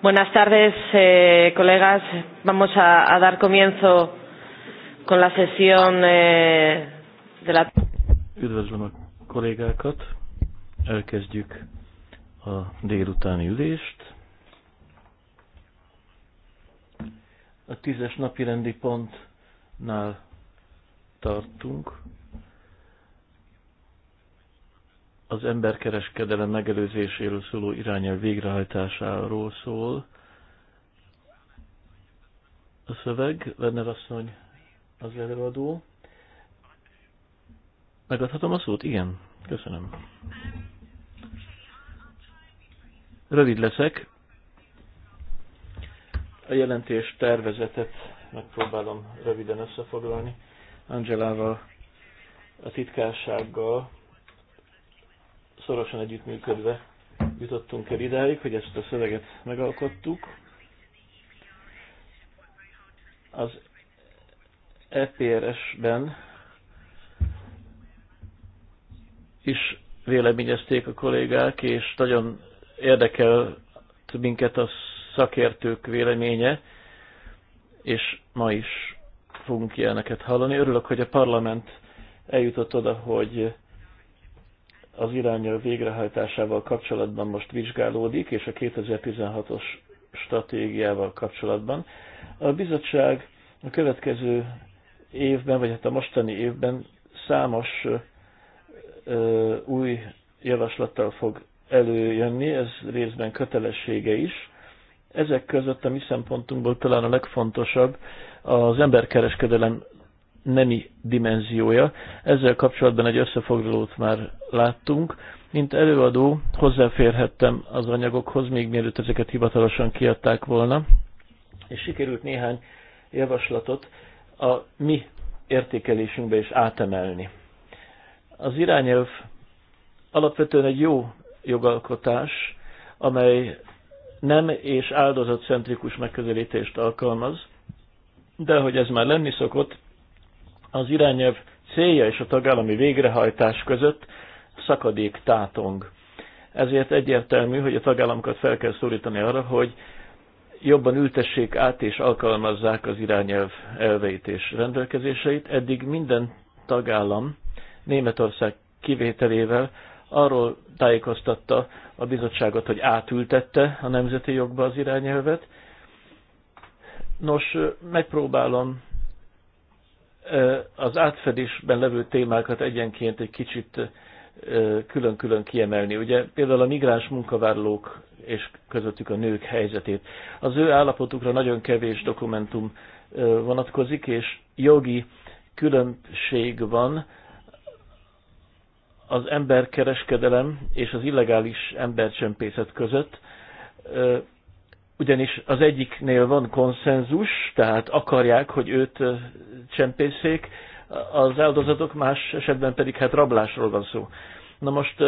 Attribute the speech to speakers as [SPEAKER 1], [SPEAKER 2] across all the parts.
[SPEAKER 1] Buenas tardes, eh, colegas. Vamos a, a dar comienzo con la sesión eh, de la.
[SPEAKER 2] Üdvözlöm a kollégákat. Elkezdjük a délutáni ülést. A tízes napi rendi pontnál tartunk. az emberkereskedelem megelőzéséről szóló irányel végrehajtásáról szól. A szöveg, Werner asszony az előadó. Megadhatom a szót? Igen. Köszönöm. Rövid leszek. A jelentés tervezetet megpróbálom röviden összefoglalni. Angelával, a titkársággal szorosan együttműködve jutottunk el idáig, hogy ezt a szöveget megalkottuk. Az EPRS-ben is véleményezték a kollégák, és nagyon érdekel minket a szakértők véleménye, és ma is fogunk ilyeneket hallani. Örülök, hogy a parlament eljutott oda, hogy az irányelv végrehajtásával kapcsolatban most vizsgálódik, és a 2016-os stratégiával kapcsolatban. A bizottság a következő évben, vagy hát a mostani évben számos ö, új javaslattal fog előjönni, ez részben kötelessége is. Ezek között a mi szempontunkból talán a legfontosabb az emberkereskedelem nemi dimenziója. Ezzel kapcsolatban egy összefoglalót már láttunk. Mint előadó hozzáférhettem az anyagokhoz, még mielőtt ezeket hivatalosan kiadták volna, és sikerült néhány javaslatot a mi értékelésünkbe is átemelni. Az irányelv alapvetően egy jó jogalkotás, amely nem és áldozatcentrikus megközelítést alkalmaz, de hogy ez már lenni szokott, az irányelv célja és a tagállami végrehajtás között szakadék tátong. Ezért egyértelmű, hogy a tagállamokat fel kell szólítani arra, hogy jobban ültessék át és alkalmazzák az irányelv elveit és rendelkezéseit. Eddig minden tagállam, Németország kivételével, arról tájékoztatta a bizottságot, hogy átültette a nemzeti jogba az irányelvet. Nos, megpróbálom az átfedésben levő témákat egyenként egy kicsit külön-külön kiemelni. Ugye például a migráns munkavállalók és közöttük a nők helyzetét. Az ő állapotukra nagyon kevés dokumentum vonatkozik, és jogi különbség van az emberkereskedelem és az illegális embercsempészet között ugyanis az egyiknél van konszenzus, tehát akarják, hogy őt csempészék, az áldozatok más esetben pedig hát rablásról van szó. Na most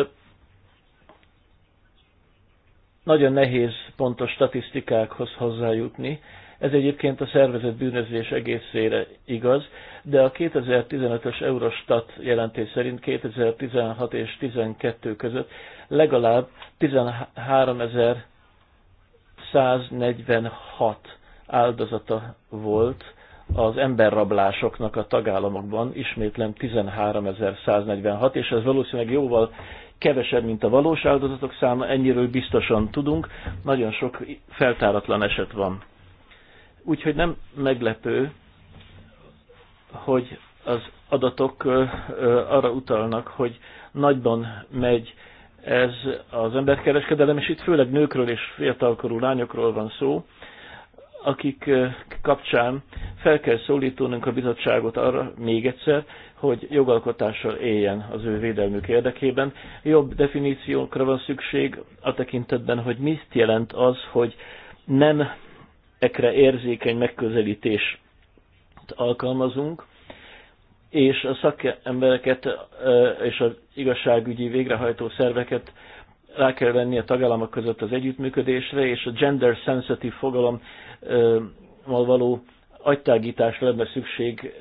[SPEAKER 2] nagyon nehéz pontos statisztikákhoz hozzájutni. Ez egyébként a szervezet bűnözés egészére igaz, de a 2015-ös Eurostat jelentés szerint 2016 és 2012 között legalább 13 ezer 146 áldozata volt az emberrablásoknak a tagállamokban, ismétlem 13.146, és ez valószínűleg jóval kevesebb, mint a valós áldozatok száma, ennyiről biztosan tudunk, nagyon sok feltáratlan eset van. Úgyhogy nem meglepő, hogy az adatok arra utalnak, hogy nagyban megy ez az emberkereskedelem, és itt főleg nőkről és fiatalkorú lányokról van szó, akik kapcsán fel kell szólítanunk a bizottságot arra még egyszer, hogy jogalkotással éljen az ő védelmük érdekében. Jobb definíciókra van szükség a tekintetben, hogy mit jelent az, hogy nem ekre érzékeny megközelítést alkalmazunk, és a szakembereket és az igazságügyi végrehajtó szerveket rá kell venni a tagállamok között az együttműködésre, és a gender sensitive fogalommal való agytágítás lenne szükség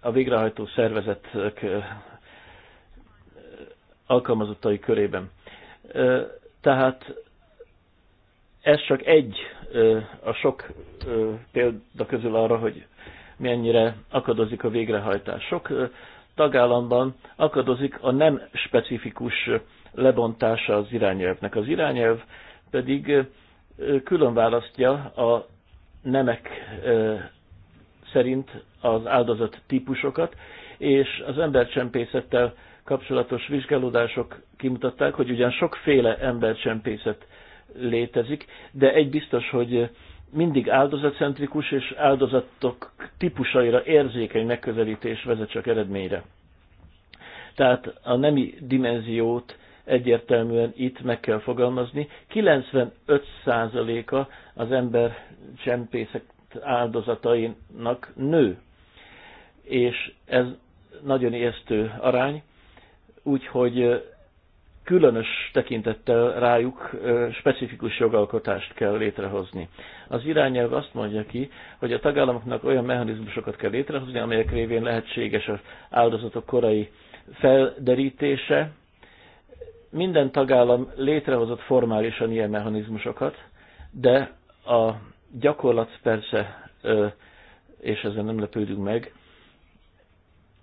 [SPEAKER 2] a végrehajtó szervezetek alkalmazottai körében. Tehát ez csak egy a sok példa közül arra, hogy mennyire akadozik a végrehajtás. Sok tagállamban akadozik a nem specifikus lebontása az irányelvnek. Az irányelv pedig külön választja a nemek szerint az áldozat típusokat, és az embercsempészettel kapcsolatos vizsgálódások kimutatták, hogy ugyan sokféle embercsempészet létezik, de egy biztos, hogy mindig áldozatcentrikus és áldozatok típusaira érzékeny megközelítés vezet csak eredményre. Tehát a nemi dimenziót egyértelműen itt meg kell fogalmazni. 95%-a az ember csempészek áldozatainak nő, és ez nagyon érztő arány, úgyhogy különös tekintettel rájuk specifikus jogalkotást kell létrehozni. Az irányelv azt mondja ki, hogy a tagállamoknak olyan mechanizmusokat kell létrehozni, amelyek révén lehetséges az áldozatok korai felderítése. Minden tagállam létrehozott formálisan ilyen mechanizmusokat, de a gyakorlat persze, és ezen nem lepődünk meg,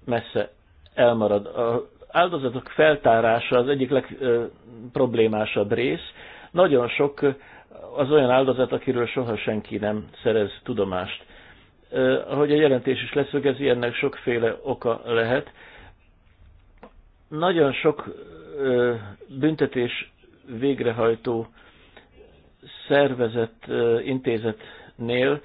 [SPEAKER 2] messze elmarad. A áldozatok feltárása az egyik legproblémásabb rész. Nagyon sok az olyan áldozat, akiről soha senki nem szerez tudomást. Ahogy a jelentés is leszögezi, ennek sokféle oka lehet. Nagyon sok büntetés végrehajtó szervezet, intézetnél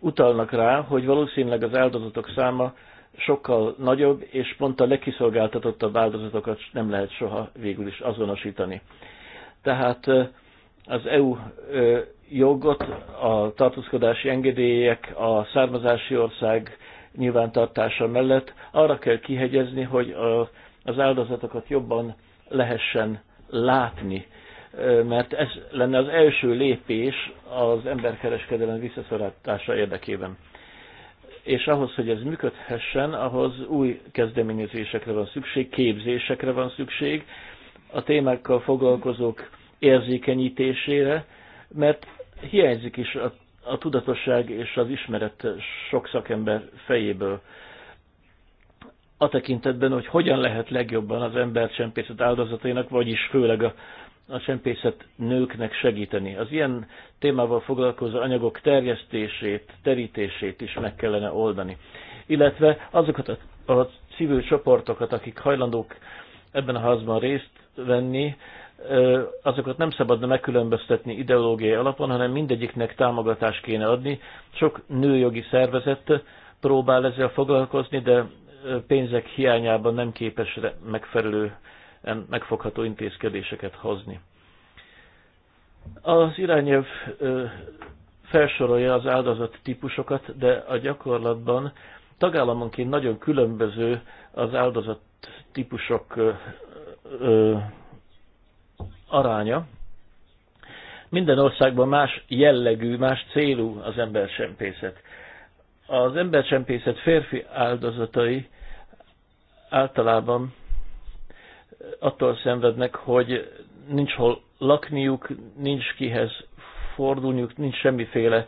[SPEAKER 2] utalnak rá, hogy valószínűleg az áldozatok száma sokkal nagyobb, és pont a legkiszolgáltatottabb áldozatokat nem lehet soha végül is azonosítani. Tehát az EU jogot, a tartózkodási engedélyek, a származási ország nyilvántartása mellett arra kell kihegyezni, hogy az áldozatokat jobban lehessen látni, mert ez lenne az első lépés az emberkereskedelem visszaszorítása érdekében és ahhoz, hogy ez működhessen, ahhoz új kezdeményezésekre van szükség, képzésekre van szükség, a témákkal foglalkozók érzékenyítésére, mert hiányzik is a, a tudatosság és az ismeret sok szakember fejéből a tekintetben, hogy hogyan lehet legjobban az embercsempészet áldozatainak, vagyis főleg a a csempészet nőknek segíteni. Az ilyen témával foglalkozó anyagok terjesztését, terítését is meg kellene oldani. Illetve azokat a, a civil csoportokat, akik hajlandók ebben a házban részt venni, azokat nem szabadna megkülönböztetni ideológiai alapon, hanem mindegyiknek támogatást kéne adni. Sok nőjogi szervezet próbál ezzel foglalkozni, de pénzek hiányában nem képes megfelelő megfogható intézkedéseket hozni. Az irányelv felsorolja az áldozat típusokat, de a gyakorlatban tagállamonként nagyon különböző az áldozat típusok aránya. Minden országban más jellegű, más célú az embercsempészet. Az embercsempészet férfi áldozatai általában attól szenvednek, hogy nincs hol lakniuk, nincs kihez fordulniuk, nincs semmiféle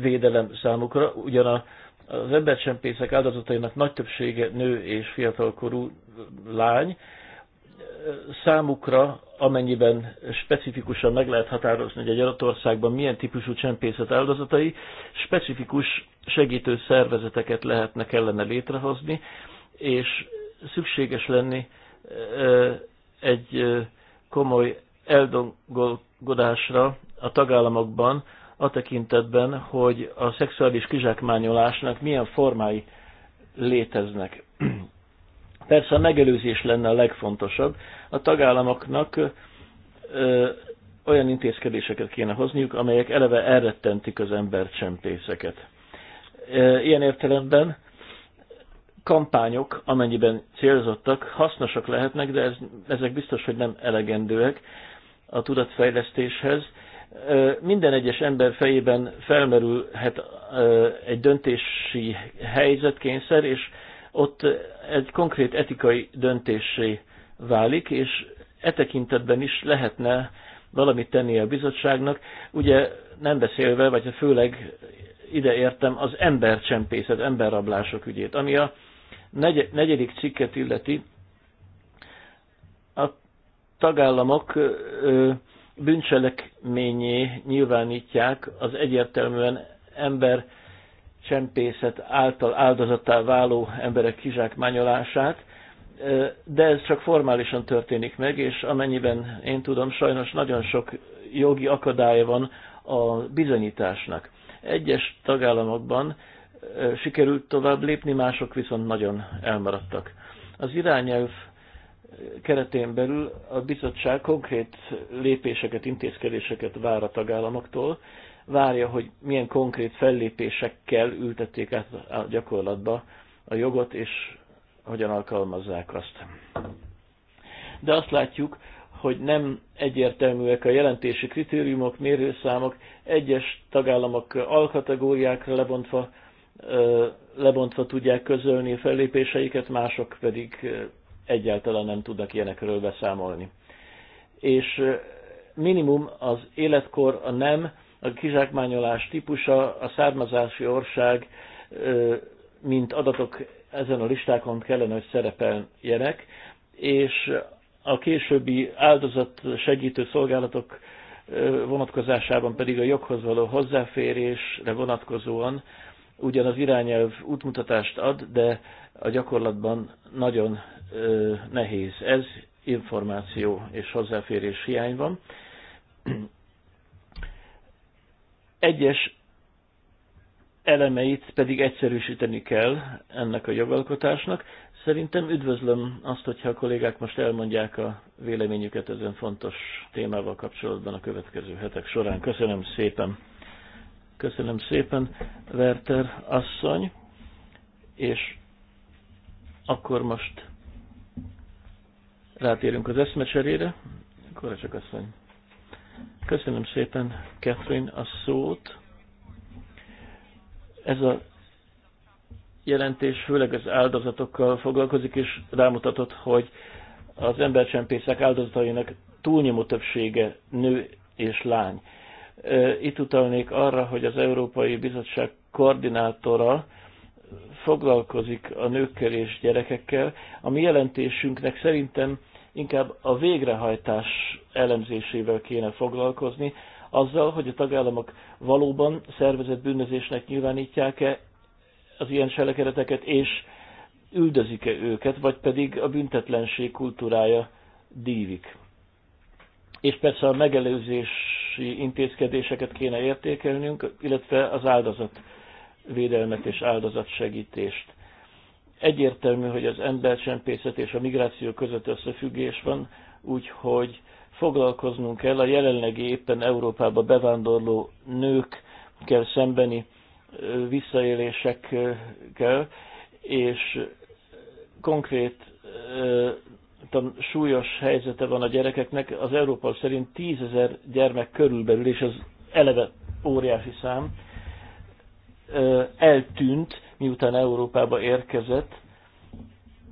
[SPEAKER 2] védelem számukra. Ugyan a, az embercsempészek áldozatainak nagy többsége nő és fiatalkorú lány, számukra, amennyiben specifikusan meg lehet határozni, hogy egy adott országban milyen típusú csempészet áldozatai, specifikus segítő szervezeteket lehetne kellene létrehozni, és szükséges lenni egy komoly eldongolgodásra a tagállamokban a tekintetben, hogy a szexuális kizsákmányolásnak milyen formái léteznek. Persze a megelőzés lenne a legfontosabb. A tagállamoknak ö, olyan intézkedéseket kéne hozniuk, amelyek eleve elrettentik az embercsempészeket. Ilyen értelemben kampányok, amennyiben célzottak, hasznosak lehetnek, de ez, ezek biztos, hogy nem elegendőek a tudatfejlesztéshez. Minden egyes ember fejében felmerülhet egy döntési helyzetkényszer, és ott egy konkrét etikai döntésé válik, és e tekintetben is lehetne valamit tenni a bizottságnak. Ugye nem beszélve, vagy főleg ide értem az embercsempészet, emberrablások ügyét, ami a negy, negyedik cikket illeti, a tagállamok ö, bűncselekményé nyilvánítják az egyértelműen ember csempészet által áldozattá váló emberek kizsákmányolását, de ez csak formálisan történik meg, és amennyiben én tudom, sajnos nagyon sok jogi akadálya van a bizonyításnak. Egyes tagállamokban sikerült tovább lépni, mások viszont nagyon elmaradtak. Az irányelv keretén belül a bizottság konkrét lépéseket, intézkedéseket vár a tagállamoktól, várja, hogy milyen konkrét fellépésekkel ültették át a gyakorlatba a jogot, és hogyan alkalmazzák azt. De azt látjuk, hogy nem egyértelműek a jelentési kritériumok, mérőszámok, egyes tagállamok alkategóriákra lebontva lebontva tudják közölni a fellépéseiket, mások pedig egyáltalán nem tudnak ilyenekről beszámolni. És minimum az életkor, a nem, a kizsákmányolás típusa, a származási ország, mint adatok ezen a listákon kellene, hogy szerepeljenek, és a későbbi áldozat segítő szolgálatok vonatkozásában pedig a joghoz való hozzáférésre vonatkozóan ugyan az irányelv útmutatást ad, de a gyakorlatban nagyon ö, nehéz. Ez információ és hozzáférés hiány van. Egyes elemeit pedig egyszerűsíteni kell ennek a jogalkotásnak. Szerintem üdvözlöm azt, hogyha a kollégák most elmondják a véleményüket ezen fontos témával kapcsolatban a következő hetek során. Köszönöm szépen! Köszönöm szépen, Werter asszony, és akkor most rátérünk az eszmecserére. Akkor csak asszony. Köszönöm szépen, Catherine, a szót. Ez a jelentés főleg az áldozatokkal foglalkozik, és rámutatott, hogy az embercsempészek áldozatainak túlnyomó többsége nő és lány. Itt utalnék arra, hogy az Európai Bizottság koordinátora foglalkozik a nőkkel és gyerekekkel. A mi jelentésünknek szerintem inkább a végrehajtás elemzésével kéne foglalkozni, azzal, hogy a tagállamok valóban szervezett bűnözésnek nyilvánítják-e az ilyen cselekedeteket, és üldözik-e őket, vagy pedig a büntetlenség kultúrája dívik. És persze a megelőzés orvosi intézkedéseket kéne értékelnünk, illetve az áldozat védelmet és áldozatsegítést. Egyértelmű, hogy az embercsempészet és a migráció között összefüggés van, úgyhogy foglalkoznunk kell a jelenlegi éppen Európába bevándorló nőkkel szembeni visszaélésekkel, és konkrét súlyos helyzete van a gyerekeknek, az Európa szerint tízezer gyermek körülbelül, és az eleve óriási szám, eltűnt, miután Európába érkezett,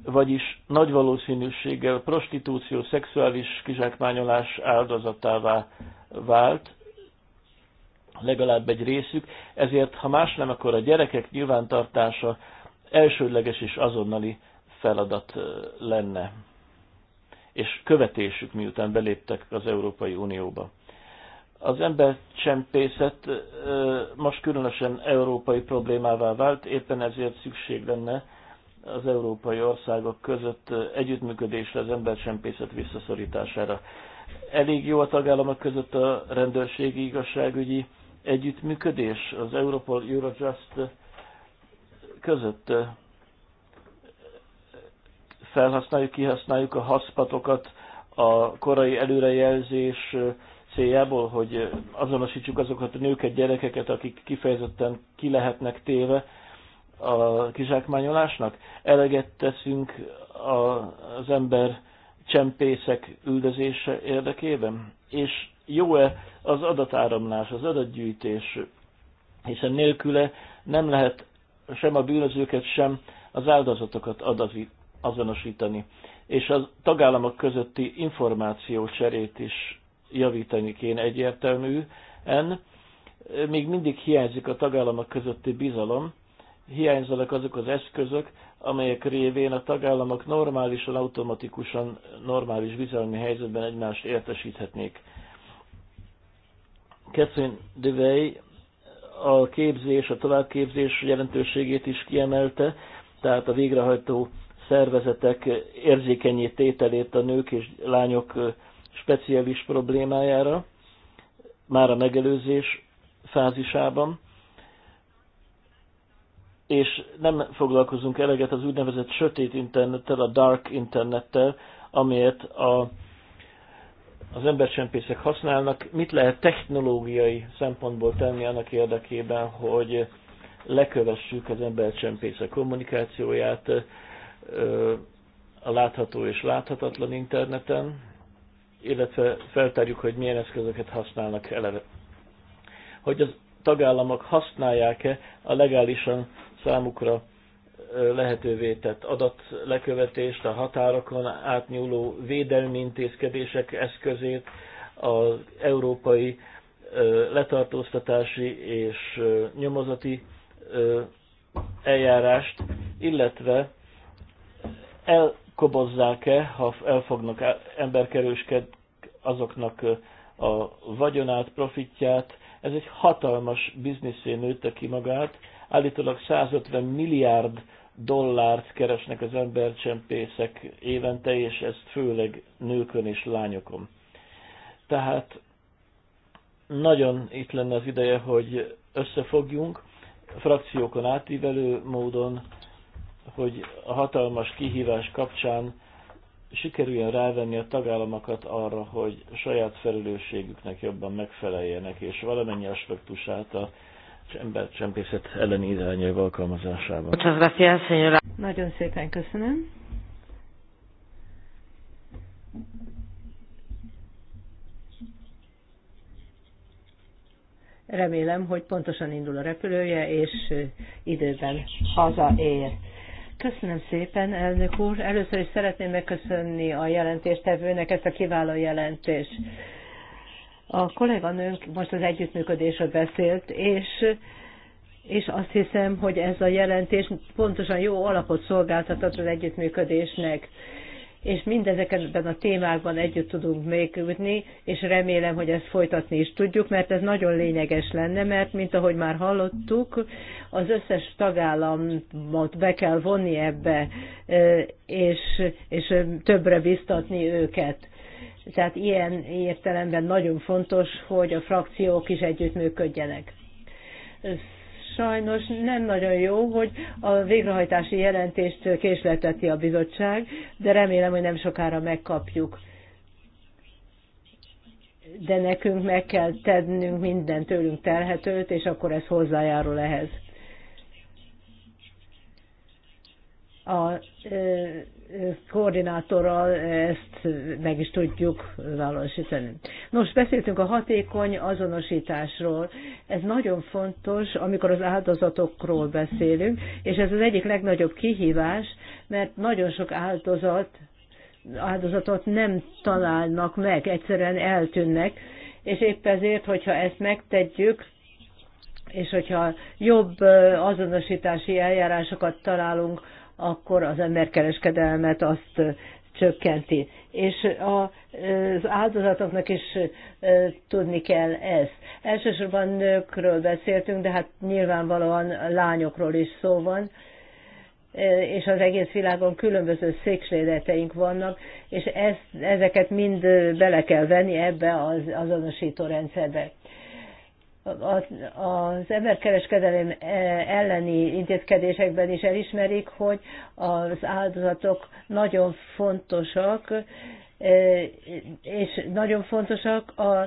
[SPEAKER 2] vagyis nagy valószínűséggel prostitúció, szexuális kizsákmányolás áldozatává vált, legalább egy részük, ezért ha más nem, akkor a gyerekek nyilvántartása elsődleges és azonnali feladat lenne és követésük, miután beléptek az Európai Unióba. Az embercsempészet most különösen európai problémává vált, éppen ezért szükség lenne az európai országok között együttműködésre, az embercsempészet visszaszorítására. Elég jó a tagállamok között a rendőrségi igazságügyi együttműködés az Europol Eurojust között felhasználjuk, kihasználjuk a haszpatokat a korai előrejelzés céljából, hogy azonosítsuk azokat a nőket, gyerekeket, akik kifejezetten ki lehetnek téve a kizsákmányolásnak. Eleget teszünk az ember csempészek üldözése érdekében? És jó-e az adatáramlás, az adatgyűjtés? Hiszen nélküle nem lehet sem a bűnözőket, sem az áldozatokat azonosítani, és a tagállamok közötti információcserét is javítani kéne egyértelműen. Még mindig hiányzik a tagállamok közötti bizalom, hiányzanak azok az eszközök, amelyek révén a tagállamok normálisan, automatikusan, normális bizalmi helyzetben egymást értesíthetnék. Catherine DeVey a képzés, a továbbképzés jelentőségét is kiemelte, tehát a végrehajtó szervezetek érzékenyét tételét a nők és lányok speciális problémájára, már a megelőzés fázisában, és nem foglalkozunk eleget az úgynevezett sötét internettel, a dark internettel, amelyet a, az embercsempészek használnak. Mit lehet technológiai szempontból tenni annak érdekében, hogy lekövessük az embercsempészek kommunikációját, a látható és láthatatlan interneten, illetve feltárjuk, hogy milyen eszközöket használnak eleve. Hogy az tagállamok használják-e a legálisan számukra lehetővé tett adatlekövetést, a határokon átnyúló védelmi intézkedések eszközét, az európai letartóztatási és nyomozati eljárást, illetve elkobozzák-e, ha elfognak emberkerősked azoknak a vagyonát, profitját. Ez egy hatalmas bizniszé nőtte ki magát. Állítólag 150 milliárd dollárt keresnek az embercsempészek évente, és ezt főleg nőkön és lányokon. Tehát nagyon itt lenne az ideje, hogy összefogjunk, frakciókon átívelő módon hogy a hatalmas kihívás kapcsán sikerüljön rávenni a tagállamokat arra, hogy saját felelősségüknek jobban megfeleljenek, és valamennyi aspektusát a embercsempészet elleni irányai alkalmazásában.
[SPEAKER 1] Nagyon szépen köszönöm. Remélem, hogy pontosan indul a repülője, és időben hazaér. Köszönöm szépen, elnök úr. Először is szeretném megköszönni a jelentéstevőnek ezt a kiváló jelentést. A kolléganőnk most az együttműködésről beszélt, és és azt hiszem, hogy ez a jelentés pontosan jó alapot szolgáltatott az együttműködésnek és mindezekben a témákban együtt tudunk működni, és remélem, hogy ezt folytatni is tudjuk, mert ez nagyon lényeges lenne, mert mint ahogy már hallottuk, az összes tagállamot be kell vonni ebbe, és, és többre biztatni őket. Tehát ilyen értelemben nagyon fontos, hogy a frakciók is együttműködjenek Sajnos nem nagyon jó, hogy a végrehajtási jelentést késleteti a bizottság, de remélem, hogy nem sokára megkapjuk. De nekünk meg kell tennünk minden tőlünk telhetőt, és akkor ez hozzájárul ehhez. A, koordinátorral ezt meg is tudjuk valósítani. Nos, beszéltünk a hatékony azonosításról. Ez nagyon fontos, amikor az áldozatokról beszélünk, és ez az egyik legnagyobb kihívás, mert nagyon sok áldozat, áldozatot nem találnak meg, egyszerűen eltűnnek, és épp ezért, hogyha ezt megtegyük, és hogyha jobb azonosítási eljárásokat találunk akkor az emberkereskedelmet azt csökkenti. És a, az áldozatoknak is tudni kell ezt. Elsősorban nőkről beszéltünk, de hát nyilvánvalóan lányokról is szó van és az egész világon különböző szükségleteink vannak, és ezt, ezeket mind bele kell venni ebbe az azonosító rendszerbe az emberkereskedelem eh, elleni intézkedésekben is elismerik, hogy az áldozatok nagyon fontosak, eh, és nagyon fontosak eh,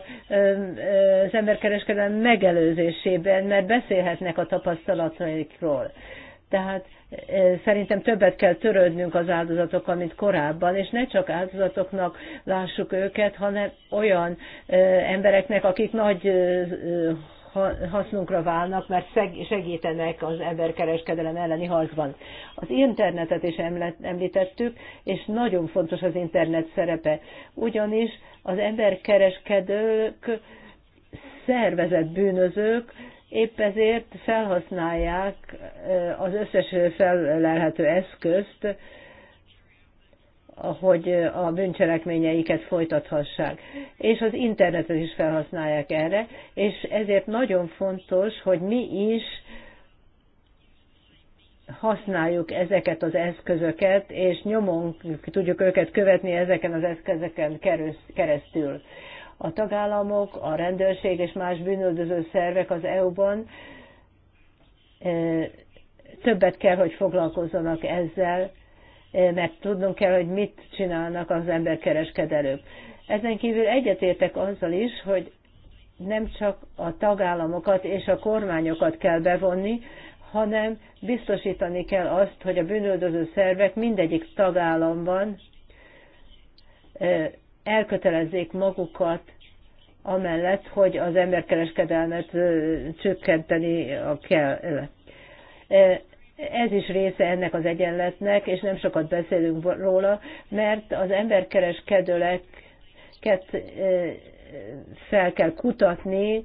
[SPEAKER 1] az emberkereskedelem megelőzésében, mert beszélhetnek a tapasztalataikról. Tehát e, szerintem többet kell törődnünk az áldozatokkal, mint korábban, és ne csak áldozatoknak lássuk őket, hanem olyan e, embereknek, akik nagy e, hasznunkra válnak, mert segítenek az emberkereskedelem elleni harcban. Az internetet is említettük, és nagyon fontos az internet szerepe, ugyanis az emberkereskedők szervezett bűnözők, Épp ezért felhasználják az összes felelhető eszközt, hogy a bűncselekményeiket folytathassák. És az internetet is felhasználják erre, és ezért nagyon fontos, hogy mi is használjuk ezeket az eszközöket, és nyomon tudjuk őket követni ezeken az eszközöken keresztül a tagállamok, a rendőrség és más bűnöldöző szervek az EU-ban e, többet kell, hogy foglalkozzanak ezzel, e, mert tudnunk kell, hogy mit csinálnak az emberkereskedelők. Ezen kívül egyetértek azzal is, hogy nem csak a tagállamokat és a kormányokat kell bevonni, hanem biztosítani kell azt, hogy a bűnöldöző szervek mindegyik tagállamban e, elkötelezzék magukat amellett, hogy az emberkereskedelmet csökkenteni kell. Ez is része ennek az egyenletnek, és nem sokat beszélünk róla, mert az emberkereskedőleket fel kell kutatni,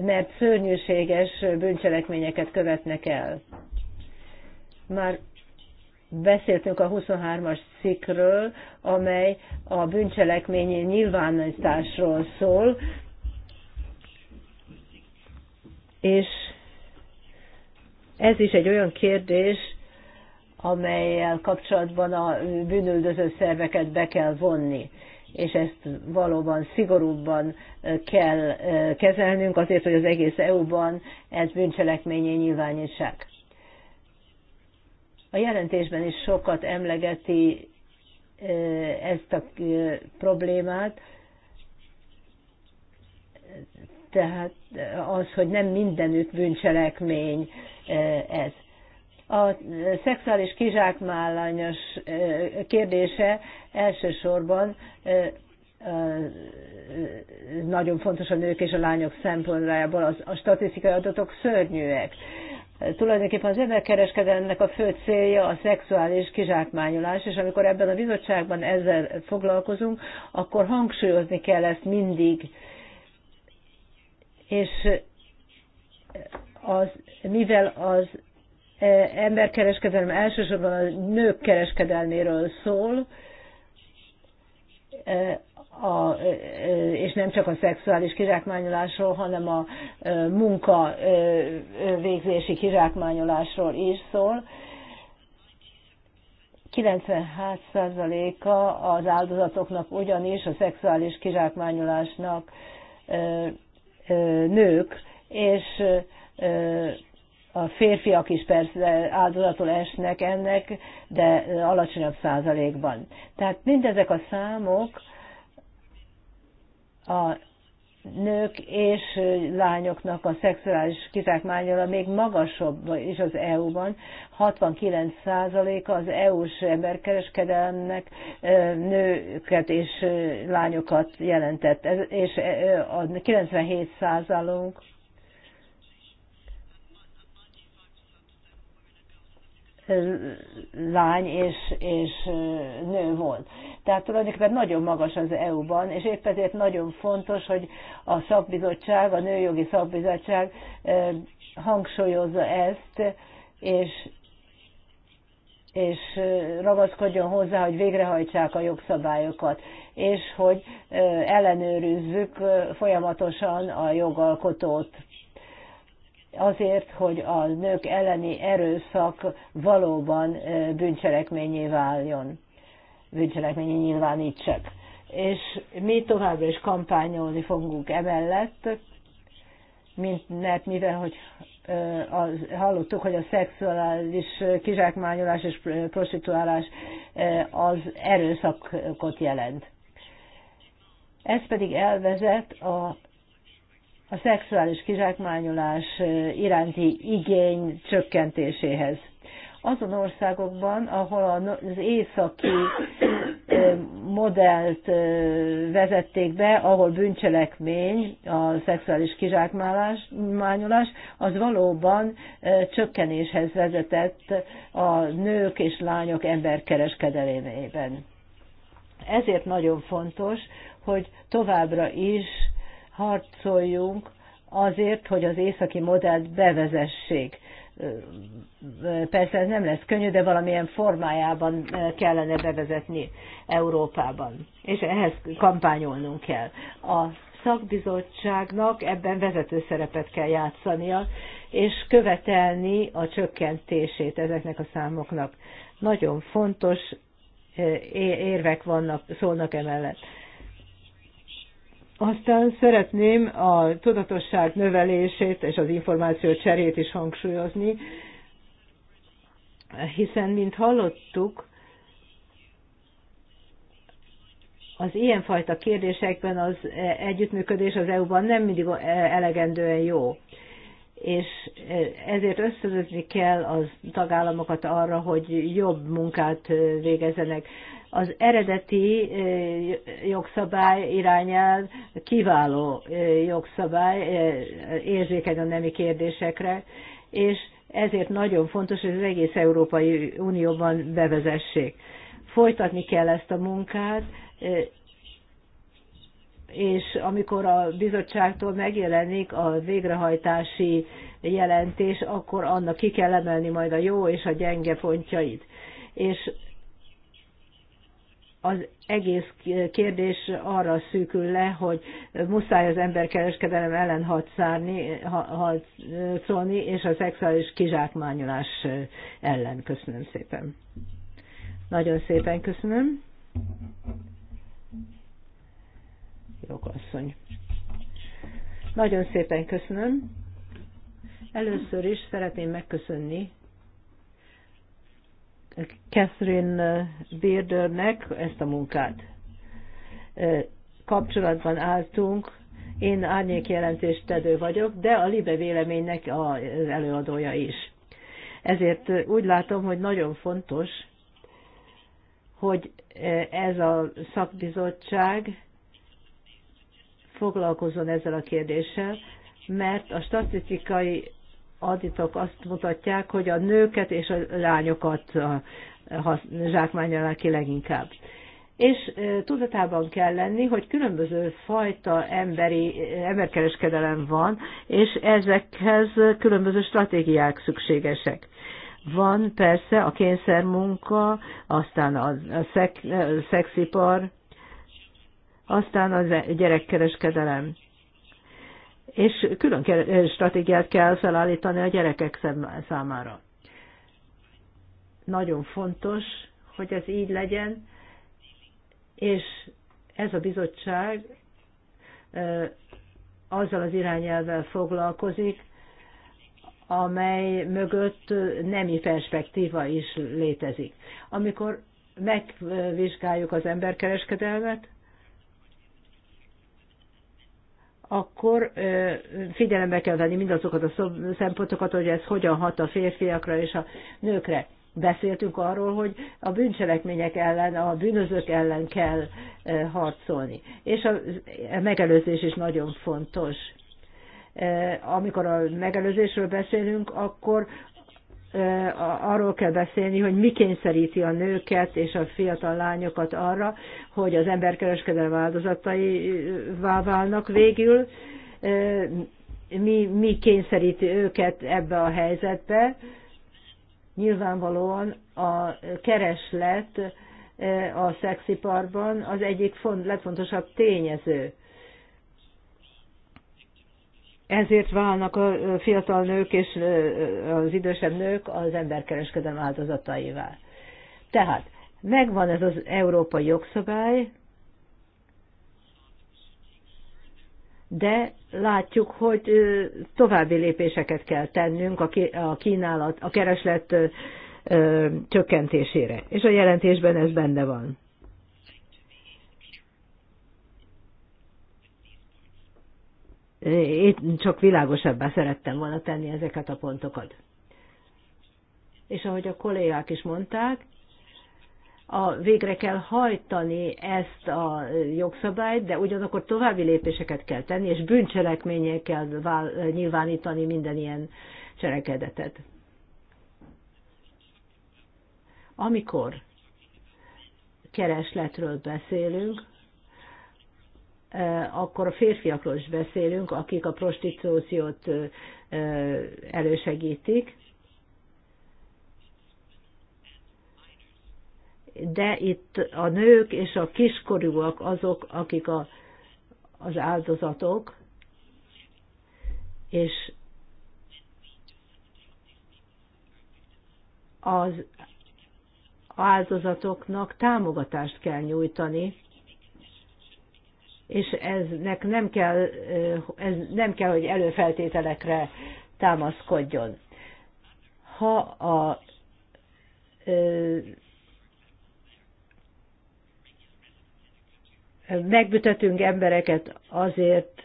[SPEAKER 1] mert szörnyűséges bűncselekményeket követnek el. Már beszéltünk a 23-as szikről, amely a bűncselekmény nyilvánításról szól, és ez is egy olyan kérdés, amelyel kapcsolatban a bűnöldöző szerveket be kell vonni és ezt valóban szigorúbban kell eh, kezelnünk azért, hogy az egész EU-ban ez bűncselekményé nyilvánítsák. A jelentésben is sokat emlegeti ezt a problémát, tehát az, hogy nem mindenütt bűncselekmény ez. A szexuális kizsákmányos kérdése elsősorban nagyon fontos a nők és a lányok szempontjából. A statisztikai adatok szörnyűek. Tulajdonképpen az emberkereskedelemnek a fő célja a szexuális kizsákmányolás, és amikor ebben a bizottságban ezzel foglalkozunk, akkor hangsúlyozni kell ezt mindig. És az, mivel az e, emberkereskedelem elsősorban a nők kereskedelméről szól, e, a, és nem csak a szexuális kizsákmányolásról, hanem a munka végzési kizsákmányolásról is szól. 97%-a az áldozatoknak ugyanis a szexuális kizsákmányolásnak nők, és a férfiak is persze áldozatul esnek ennek, de alacsonyabb százalékban. Tehát mindezek a számok a nők és lányoknak a szexuális kizsákmányola még magasabb is az EU-ban. 69%-a az EU-s emberkereskedelmnek nőket és lányokat jelentett, és a 97%-unk lány és, és nő volt. Tehát tulajdonképpen nagyon magas az EU-ban, és épp ezért nagyon fontos, hogy a szakbizottság, a nőjogi szakbizottság hangsúlyozza ezt, és, és ragaszkodjon hozzá, hogy végrehajtsák a jogszabályokat, és hogy ellenőrizzük folyamatosan a jogalkotót azért, hogy a nők elleni erőszak valóban bűncselekményé váljon, bűncselekményé nyilvánítsak. És mi továbbra is kampányolni fogunk emellett, mint, mert mivel, hogy az, hallottuk, hogy a szexuális kizsákmányolás és prostituálás az erőszakot jelent. Ez pedig elvezet a a szexuális kizsákmányolás iránti igény csökkentéséhez. Azon országokban, ahol az északi modellt vezették be, ahol bűncselekmény a szexuális kizsákmányolás, az valóban csökkenéshez vezetett a nők és lányok emberkereskedelmében. Ezért nagyon fontos, hogy továbbra is harcoljunk azért, hogy az északi modellt bevezessék. Persze ez nem lesz könnyű, de valamilyen formájában kellene bevezetni Európában, és ehhez kampányolnunk kell. A szakbizottságnak ebben vezető szerepet kell játszania, és követelni a csökkentését ezeknek a számoknak. Nagyon fontos eh, érvek vannak, szólnak emellett. Aztán szeretném a tudatosság növelését és az információ cserét is hangsúlyozni, hiszen, mint hallottuk, az ilyenfajta kérdésekben az együttműködés az EU-ban nem mindig elegendően jó. És ezért ösztönözni kell az tagállamokat arra, hogy jobb munkát végezzenek. Az eredeti jogszabály irányel kiváló jogszabály, érzékeny a nemi kérdésekre, és ezért nagyon fontos, hogy az egész Európai Unióban bevezessék. Folytatni kell ezt a munkát, és amikor a bizottságtól megjelenik a végrehajtási jelentés, akkor annak ki kell emelni majd a jó és a gyenge pontjait. És az egész kérdés arra szűkül le, hogy muszáj az emberkereskedelem ellen hadszárni, harcolni, és a szexuális kizsákmányolás ellen. Köszönöm szépen. Nagyon szépen köszönöm. Jogasszony. Nagyon szépen köszönöm. Először is szeretném megköszönni Catherine eh, Beardernek ezt a munkát. Eh, kapcsolatban álltunk, én árnyék jelentéstedő vagyok, de a Libe véleménynek az előadója is. Ezért eh, úgy látom, hogy nagyon fontos, hogy ez a szakbizottság foglalkozzon ezzel a kérdéssel, mert a statisztikai aditok azt mutatják, hogy a nőket és a lányokat zsákmányolnak ki leginkább. És tudatában kell lenni, hogy különböző fajta emberi, emberkereskedelem van, és ezekhez különböző stratégiák szükségesek. Van persze a kényszermunka, aztán a, szek, a szexipar, aztán a gyerekkereskedelem és külön eh, stratégiát kell felállítani a gyerekek számára. Nagyon fontos, hogy ez így legyen, és ez a bizottság eh, azzal az irányelvel foglalkozik, amely mögött nemi perspektíva is létezik. Amikor megvizsgáljuk az emberkereskedelmet, akkor figyelembe kell venni mindazokat a szempontokat, hogy ez hogyan hat a férfiakra és a nőkre. Beszéltünk arról, hogy a bűncselekmények ellen, a bűnözők ellen kell harcolni. És a megelőzés is nagyon fontos. Amikor a megelőzésről beszélünk, akkor arról kell beszélni, hogy mi kényszeríti a nőket és a fiatal lányokat arra, hogy az emberkereskedelmi változatai válnak végül, mi, mi kényszeríti őket ebbe a helyzetbe. Nyilvánvalóan a kereslet a szexiparban az egyik font, legfontosabb tényező ezért válnak a fiatal nők és az idősebb nők az emberkereskedelem áldozataivá. Tehát megvan ez az európai jogszabály, de látjuk, hogy további lépéseket kell tennünk a kínálat, a kereslet csökkentésére. És a jelentésben ez benne van. Én csak világosabbá szerettem volna tenni ezeket a pontokat. És ahogy a kollégák is mondták, a, végre kell hajtani ezt a jogszabályt, de ugyanakkor további lépéseket kell tenni, és bűncselekményekkel kell nyilvánítani minden ilyen cselekedetet. Amikor keresletről beszélünk, akkor a férfiakról is beszélünk, akik a prostitúciót elősegítik. De itt a nők és a kiskorúak azok, akik a, az áldozatok, és az áldozatoknak támogatást kell nyújtani, és eznek nem kell, ez nem kell, hogy előfeltételekre támaszkodjon. Ha a megbütetünk embereket azért,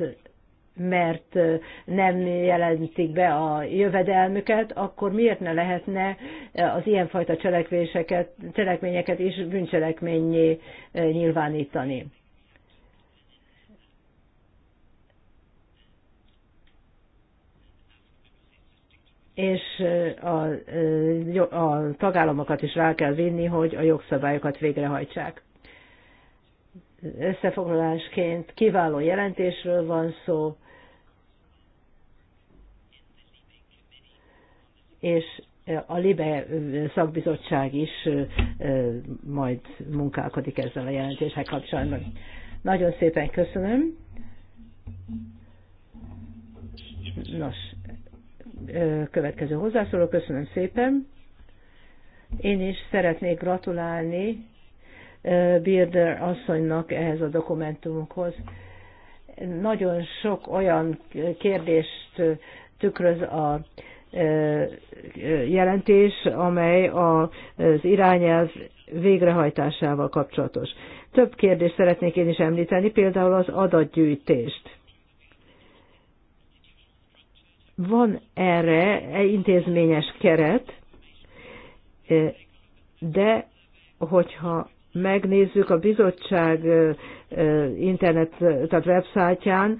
[SPEAKER 1] mert nem jelentik be a jövedelmüket, akkor miért ne lehetne az ilyenfajta cselekvéseket, cselekményeket is bűncselekményé nyilvánítani? és a, a tagállamokat is rá kell vinni, hogy a jogszabályokat végrehajtsák. Összefoglalásként kiváló jelentésről van szó, és a LIBE szakbizottság is majd munkálkodik ezzel a jelentéssel kapcsolatban. Nagyon szépen köszönöm. Nos, következő hozzászóló. Köszönöm szépen. Én is szeretnék gratulálni Birder asszonynak ehhez a dokumentumhoz. Nagyon sok olyan kérdést tükröz a jelentés, amely az irányelv végrehajtásával kapcsolatos. Több kérdést szeretnék én is említeni, például az adatgyűjtést. Van erre egy intézményes keret, de hogyha megnézzük a bizottság internet, tehát websájtján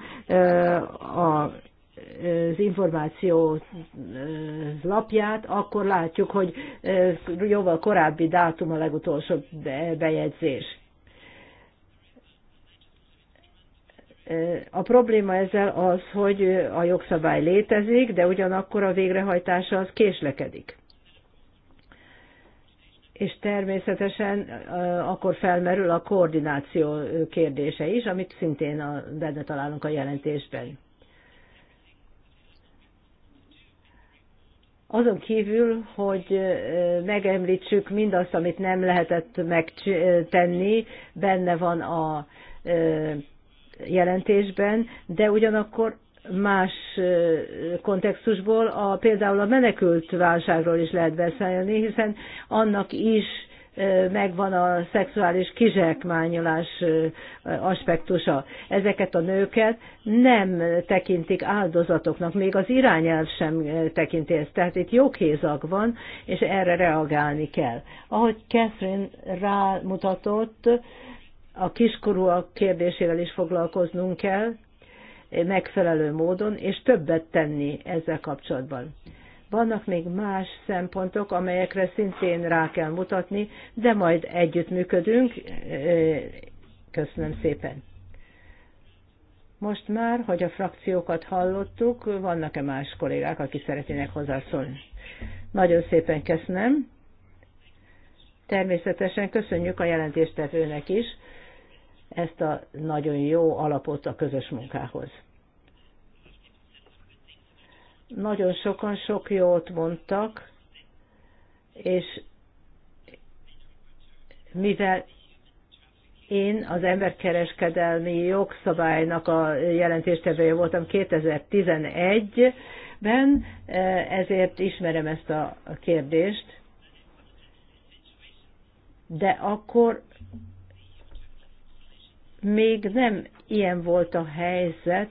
[SPEAKER 1] az információ lapját, akkor látjuk, hogy jóval korábbi dátum a legutolsó bejegyzés. A probléma ezzel az, hogy a jogszabály létezik, de ugyanakkor a végrehajtása az késlekedik. És természetesen akkor felmerül a koordináció kérdése is, amit szintén a, benne találunk a jelentésben. Azon kívül, hogy megemlítsük mindazt, amit nem lehetett megtenni, benne van a jelentésben, de ugyanakkor más kontextusból, a, például a menekült válságról is lehet beszélni, hiszen annak is megvan a szexuális kizsákmányolás aspektusa. Ezeket a nőket nem tekintik áldozatoknak, még az irányelv sem tekinti ezt. Tehát itt joghézag van, és erre reagálni kell. Ahogy Catherine rámutatott, a kiskorúak kérdésével is foglalkoznunk kell megfelelő módon, és többet tenni ezzel kapcsolatban. Vannak még más szempontok, amelyekre szintén rá kell mutatni, de majd együttműködünk. Köszönöm szépen. Most már, hogy a frakciókat hallottuk, vannak-e más kollégák, akik szeretnének hozzászólni? Nagyon szépen köszönöm. Természetesen köszönjük a jelentéstevőnek is ezt a nagyon jó alapot a közös munkához. Nagyon sokan sok jót mondtak, és mivel én az emberkereskedelmi jogszabálynak a jelentéstevője voltam 2011-ben, ezért ismerem ezt a kérdést. De akkor még nem ilyen volt a helyzet,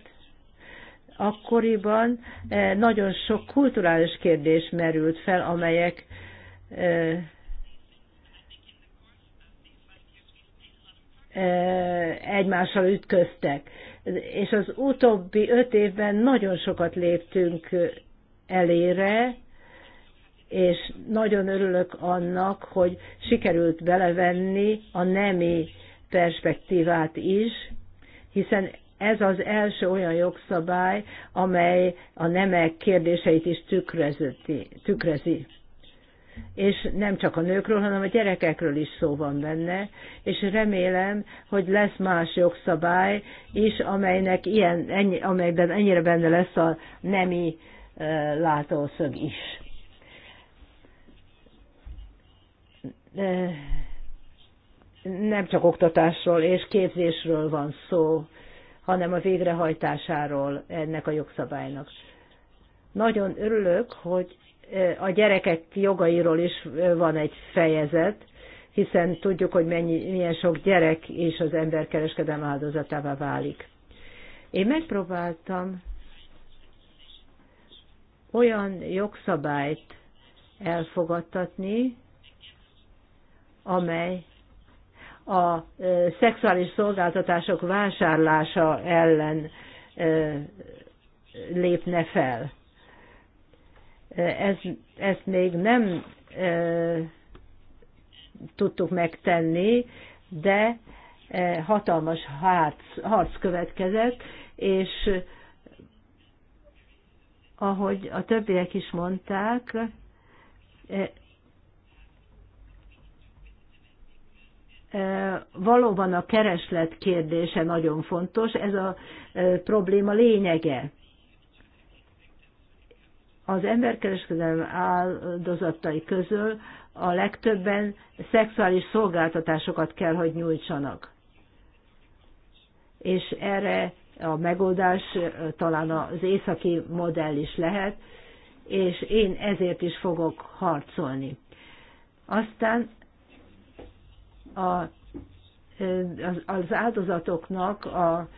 [SPEAKER 1] akkoriban eh, nagyon sok kulturális kérdés merült fel, amelyek eh, eh, egymással ütköztek. És az utóbbi öt évben nagyon sokat léptünk elére, és nagyon örülök annak, hogy sikerült belevenni a nemi perspektívát is, hiszen ez az első olyan jogszabály, amely a nemek kérdéseit is tükrezi. És nem csak a nőkről, hanem a gyerekekről is szó van benne, és remélem, hogy lesz más jogszabály is, amelynek ilyen, ennyi, amelyben ennyire benne lesz a nemi e, látószög is. De nem csak oktatásról és képzésről van szó, hanem a végrehajtásáról ennek a jogszabálynak. Nagyon örülök, hogy a gyerekek jogairól is van egy fejezet, hiszen tudjuk, hogy mennyi, milyen sok gyerek és az emberkereskedelm áldozatává válik. Én megpróbáltam olyan jogszabályt elfogadtatni, amely a e, szexuális szolgáltatások vásárlása ellen e, lépne fel. E, ez, ezt még nem tudtuk megtenni, de hatalmas harc, harc következett, és ahogy a többiek is mondták, valóban a kereslet kérdése nagyon fontos, ez a probléma lényege. Az emberkereskedelem áldozatai közül a legtöbben szexuális szolgáltatásokat kell, hogy nyújtsanak. És erre a megoldás talán az északi modell is lehet, és én ezért is fogok harcolni. Aztán a, az áldozatoknak a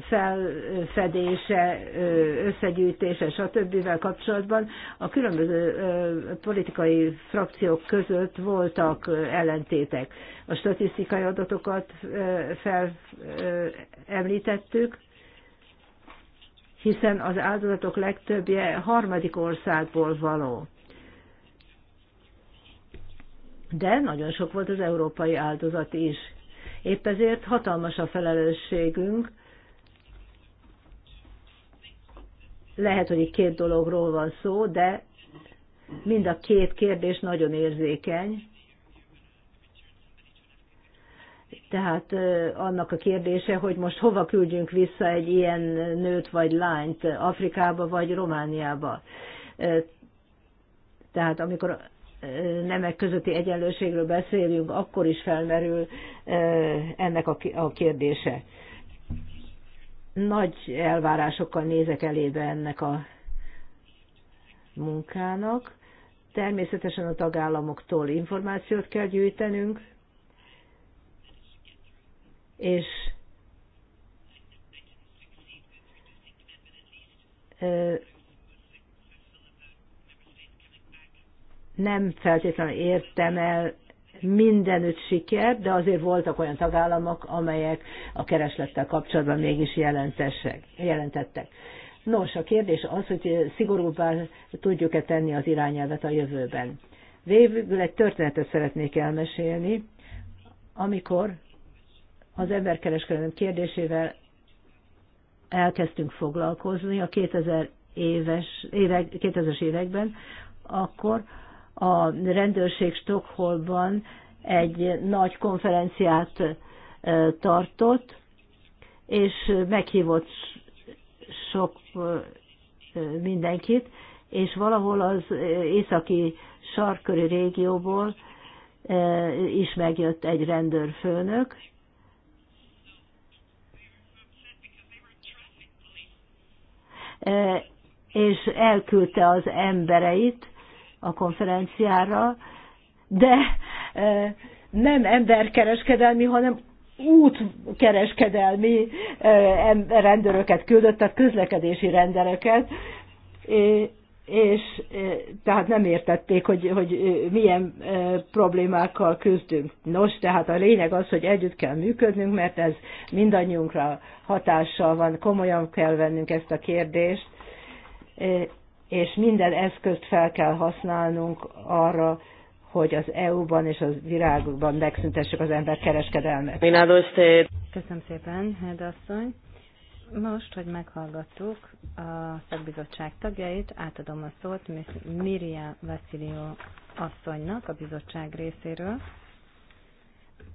[SPEAKER 1] felfedése, összegyűjtése, stb. kapcsolatban a különböző politikai frakciók között voltak ellentétek. A statisztikai adatokat fel említettük, hiszen az áldozatok legtöbbje harmadik országból való de nagyon sok volt az európai áldozat is. Épp ezért hatalmas a felelősségünk. Lehet, hogy itt két dologról van szó, de mind a két kérdés nagyon érzékeny. Tehát annak a kérdése, hogy most hova küldjünk vissza egy ilyen nőt vagy lányt, Afrikába vagy Romániába. Tehát amikor nemek közötti egyenlőségről beszélünk, akkor is felmerül ennek a kérdése. Nagy elvárásokkal nézek elébe ennek a munkának. Természetesen a tagállamoktól információt kell gyűjtenünk, és nem feltétlenül értem el mindenütt siker, de azért voltak olyan tagállamok, amelyek a kereslettel kapcsolatban mégis jelentettek. Nos, a kérdés az, hogy szigorúbbá tudjuk-e tenni az irányelvet a jövőben. Végül egy történetet szeretnék elmesélni, amikor az emberkereskedelem kérdésével elkezdtünk foglalkozni a 2000 éves, évek, 2000-es években, akkor a rendőrség Stockholmban egy nagy konferenciát tartott, és meghívott sok mindenkit, és valahol az északi sarköri régióból is megjött egy rendőrfőnök, és elküldte az embereit, a konferenciára, de nem emberkereskedelmi, hanem útkereskedelmi rendőröket küldött, tehát közlekedési rendőröket, és tehát nem értették, hogy, hogy milyen problémákkal küzdünk. Nos, tehát a lényeg az, hogy együtt kell működnünk, mert ez mindannyiunkra hatással van, komolyan kell vennünk ezt a kérdést, és minden eszközt fel kell használnunk arra, hogy az EU-ban és az világban megszüntessük az ember kereskedelmet. Köszönöm szépen, Hed asszony.
[SPEAKER 3] Most, hogy meghallgattuk a szakbizottság tagjait, átadom a szót Miriam Vasilio asszonynak a bizottság részéről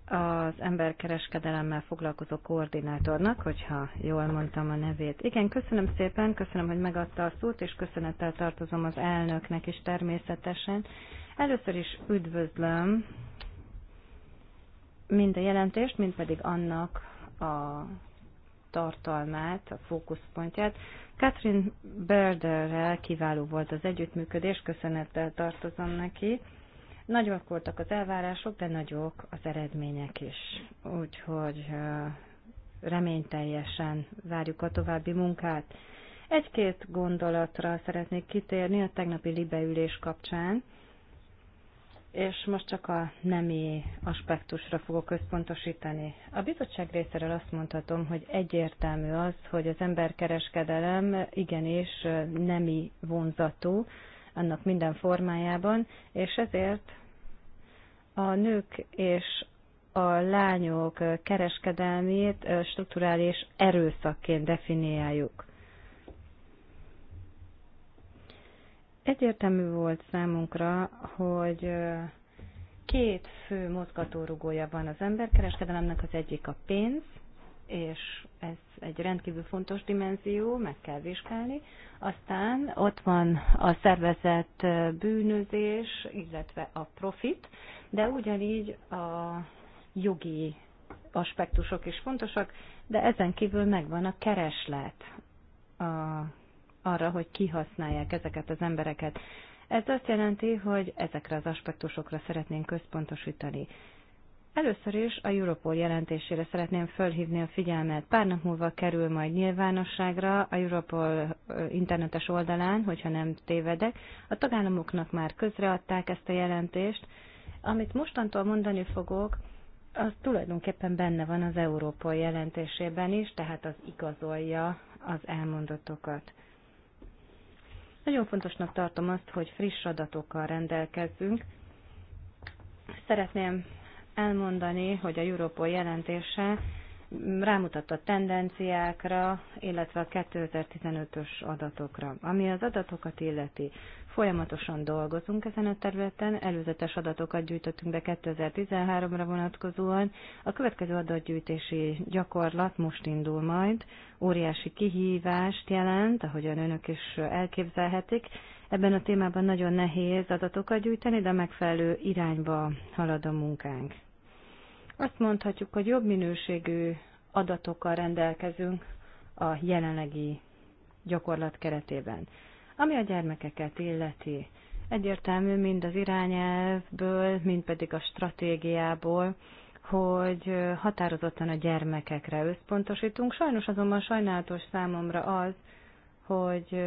[SPEAKER 3] az emberkereskedelemmel foglalkozó koordinátornak, hogyha jól mondtam a nevét. Igen, köszönöm szépen, köszönöm, hogy megadta a szót, és köszönettel tartozom az elnöknek is természetesen. Először is üdvözlöm mind a jelentést, mind pedig annak a tartalmát, a fókuszpontját. Catherine Berderrel kiváló volt az együttműködés, köszönettel tartozom neki. Nagyok voltak az elvárások, de nagyok az eredmények is. Úgyhogy reményteljesen várjuk a további munkát. Egy-két gondolatra szeretnék kitérni a tegnapi libeülés kapcsán, és most csak a nemi aspektusra fogok összpontosítani. A bizottság részéről azt mondhatom, hogy egyértelmű az, hogy az emberkereskedelem igenis nemi vonzatú, annak minden formájában, és ezért a nők és a lányok kereskedelmét strukturális erőszakként definiáljuk. Egyértelmű volt számunkra, hogy két fő mozgatórugója van az emberkereskedelemnek, az egyik a pénz, és ez egy rendkívül fontos dimenzió, meg kell vizsgálni. Aztán ott van a szervezett bűnözés, illetve a profit, de ugyanígy a jogi aspektusok is fontosak, de ezen kívül megvan a kereslet a, arra, hogy kihasználják ezeket az embereket. Ez azt jelenti, hogy ezekre az aspektusokra szeretnénk központosítani. Először is a Europol jelentésére szeretném fölhívni a figyelmet. Pár nap múlva kerül majd nyilvánosságra a Europol internetes oldalán, hogyha nem tévedek. A tagállamoknak már közreadták ezt a jelentést. Amit mostantól mondani fogok, az tulajdonképpen benne van az Európol jelentésében is, tehát az igazolja az elmondatokat. Nagyon fontosnak tartom azt, hogy friss adatokkal rendelkezzünk. Szeretném elmondani, hogy a Europol jelentése rámutatta a tendenciákra, illetve a 2015-ös adatokra. Ami az adatokat illeti, folyamatosan dolgozunk ezen a területen, előzetes adatokat gyűjtöttünk be 2013-ra vonatkozóan. A következő adatgyűjtési gyakorlat most indul majd, óriási kihívást jelent, ahogyan önök is elképzelhetik. Ebben a témában nagyon nehéz adatokat gyűjteni, de megfelelő irányba halad a munkánk. Azt mondhatjuk, hogy jobb minőségű adatokkal rendelkezünk a jelenlegi gyakorlat keretében. Ami a gyermekeket illeti, egyértelmű mind az irányelvből, mind pedig a stratégiából, hogy határozottan a gyermekekre összpontosítunk. Sajnos azonban sajnálatos számomra az, hogy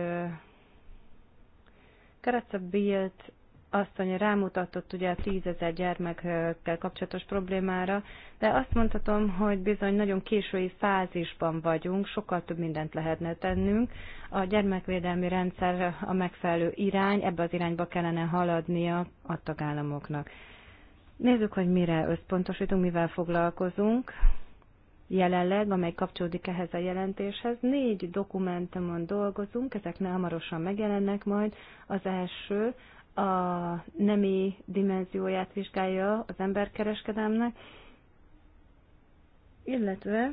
[SPEAKER 3] Karatza Bilt mondja, rámutatott ugye a tízezer gyermekkel kapcsolatos problémára, de azt mondhatom, hogy bizony nagyon késői fázisban vagyunk, sokkal több mindent lehetne tennünk. A gyermekvédelmi rendszer a megfelelő irány, ebbe az irányba kellene haladnia a tagállamoknak. Nézzük, hogy mire összpontosítunk, mivel foglalkozunk jelenleg, amely kapcsolódik ehhez a jelentéshez. Négy dokumentumon dolgozunk, ezek hamarosan megjelennek majd. Az első a nemi dimenzióját vizsgálja az emberkereskedelmnek, illetve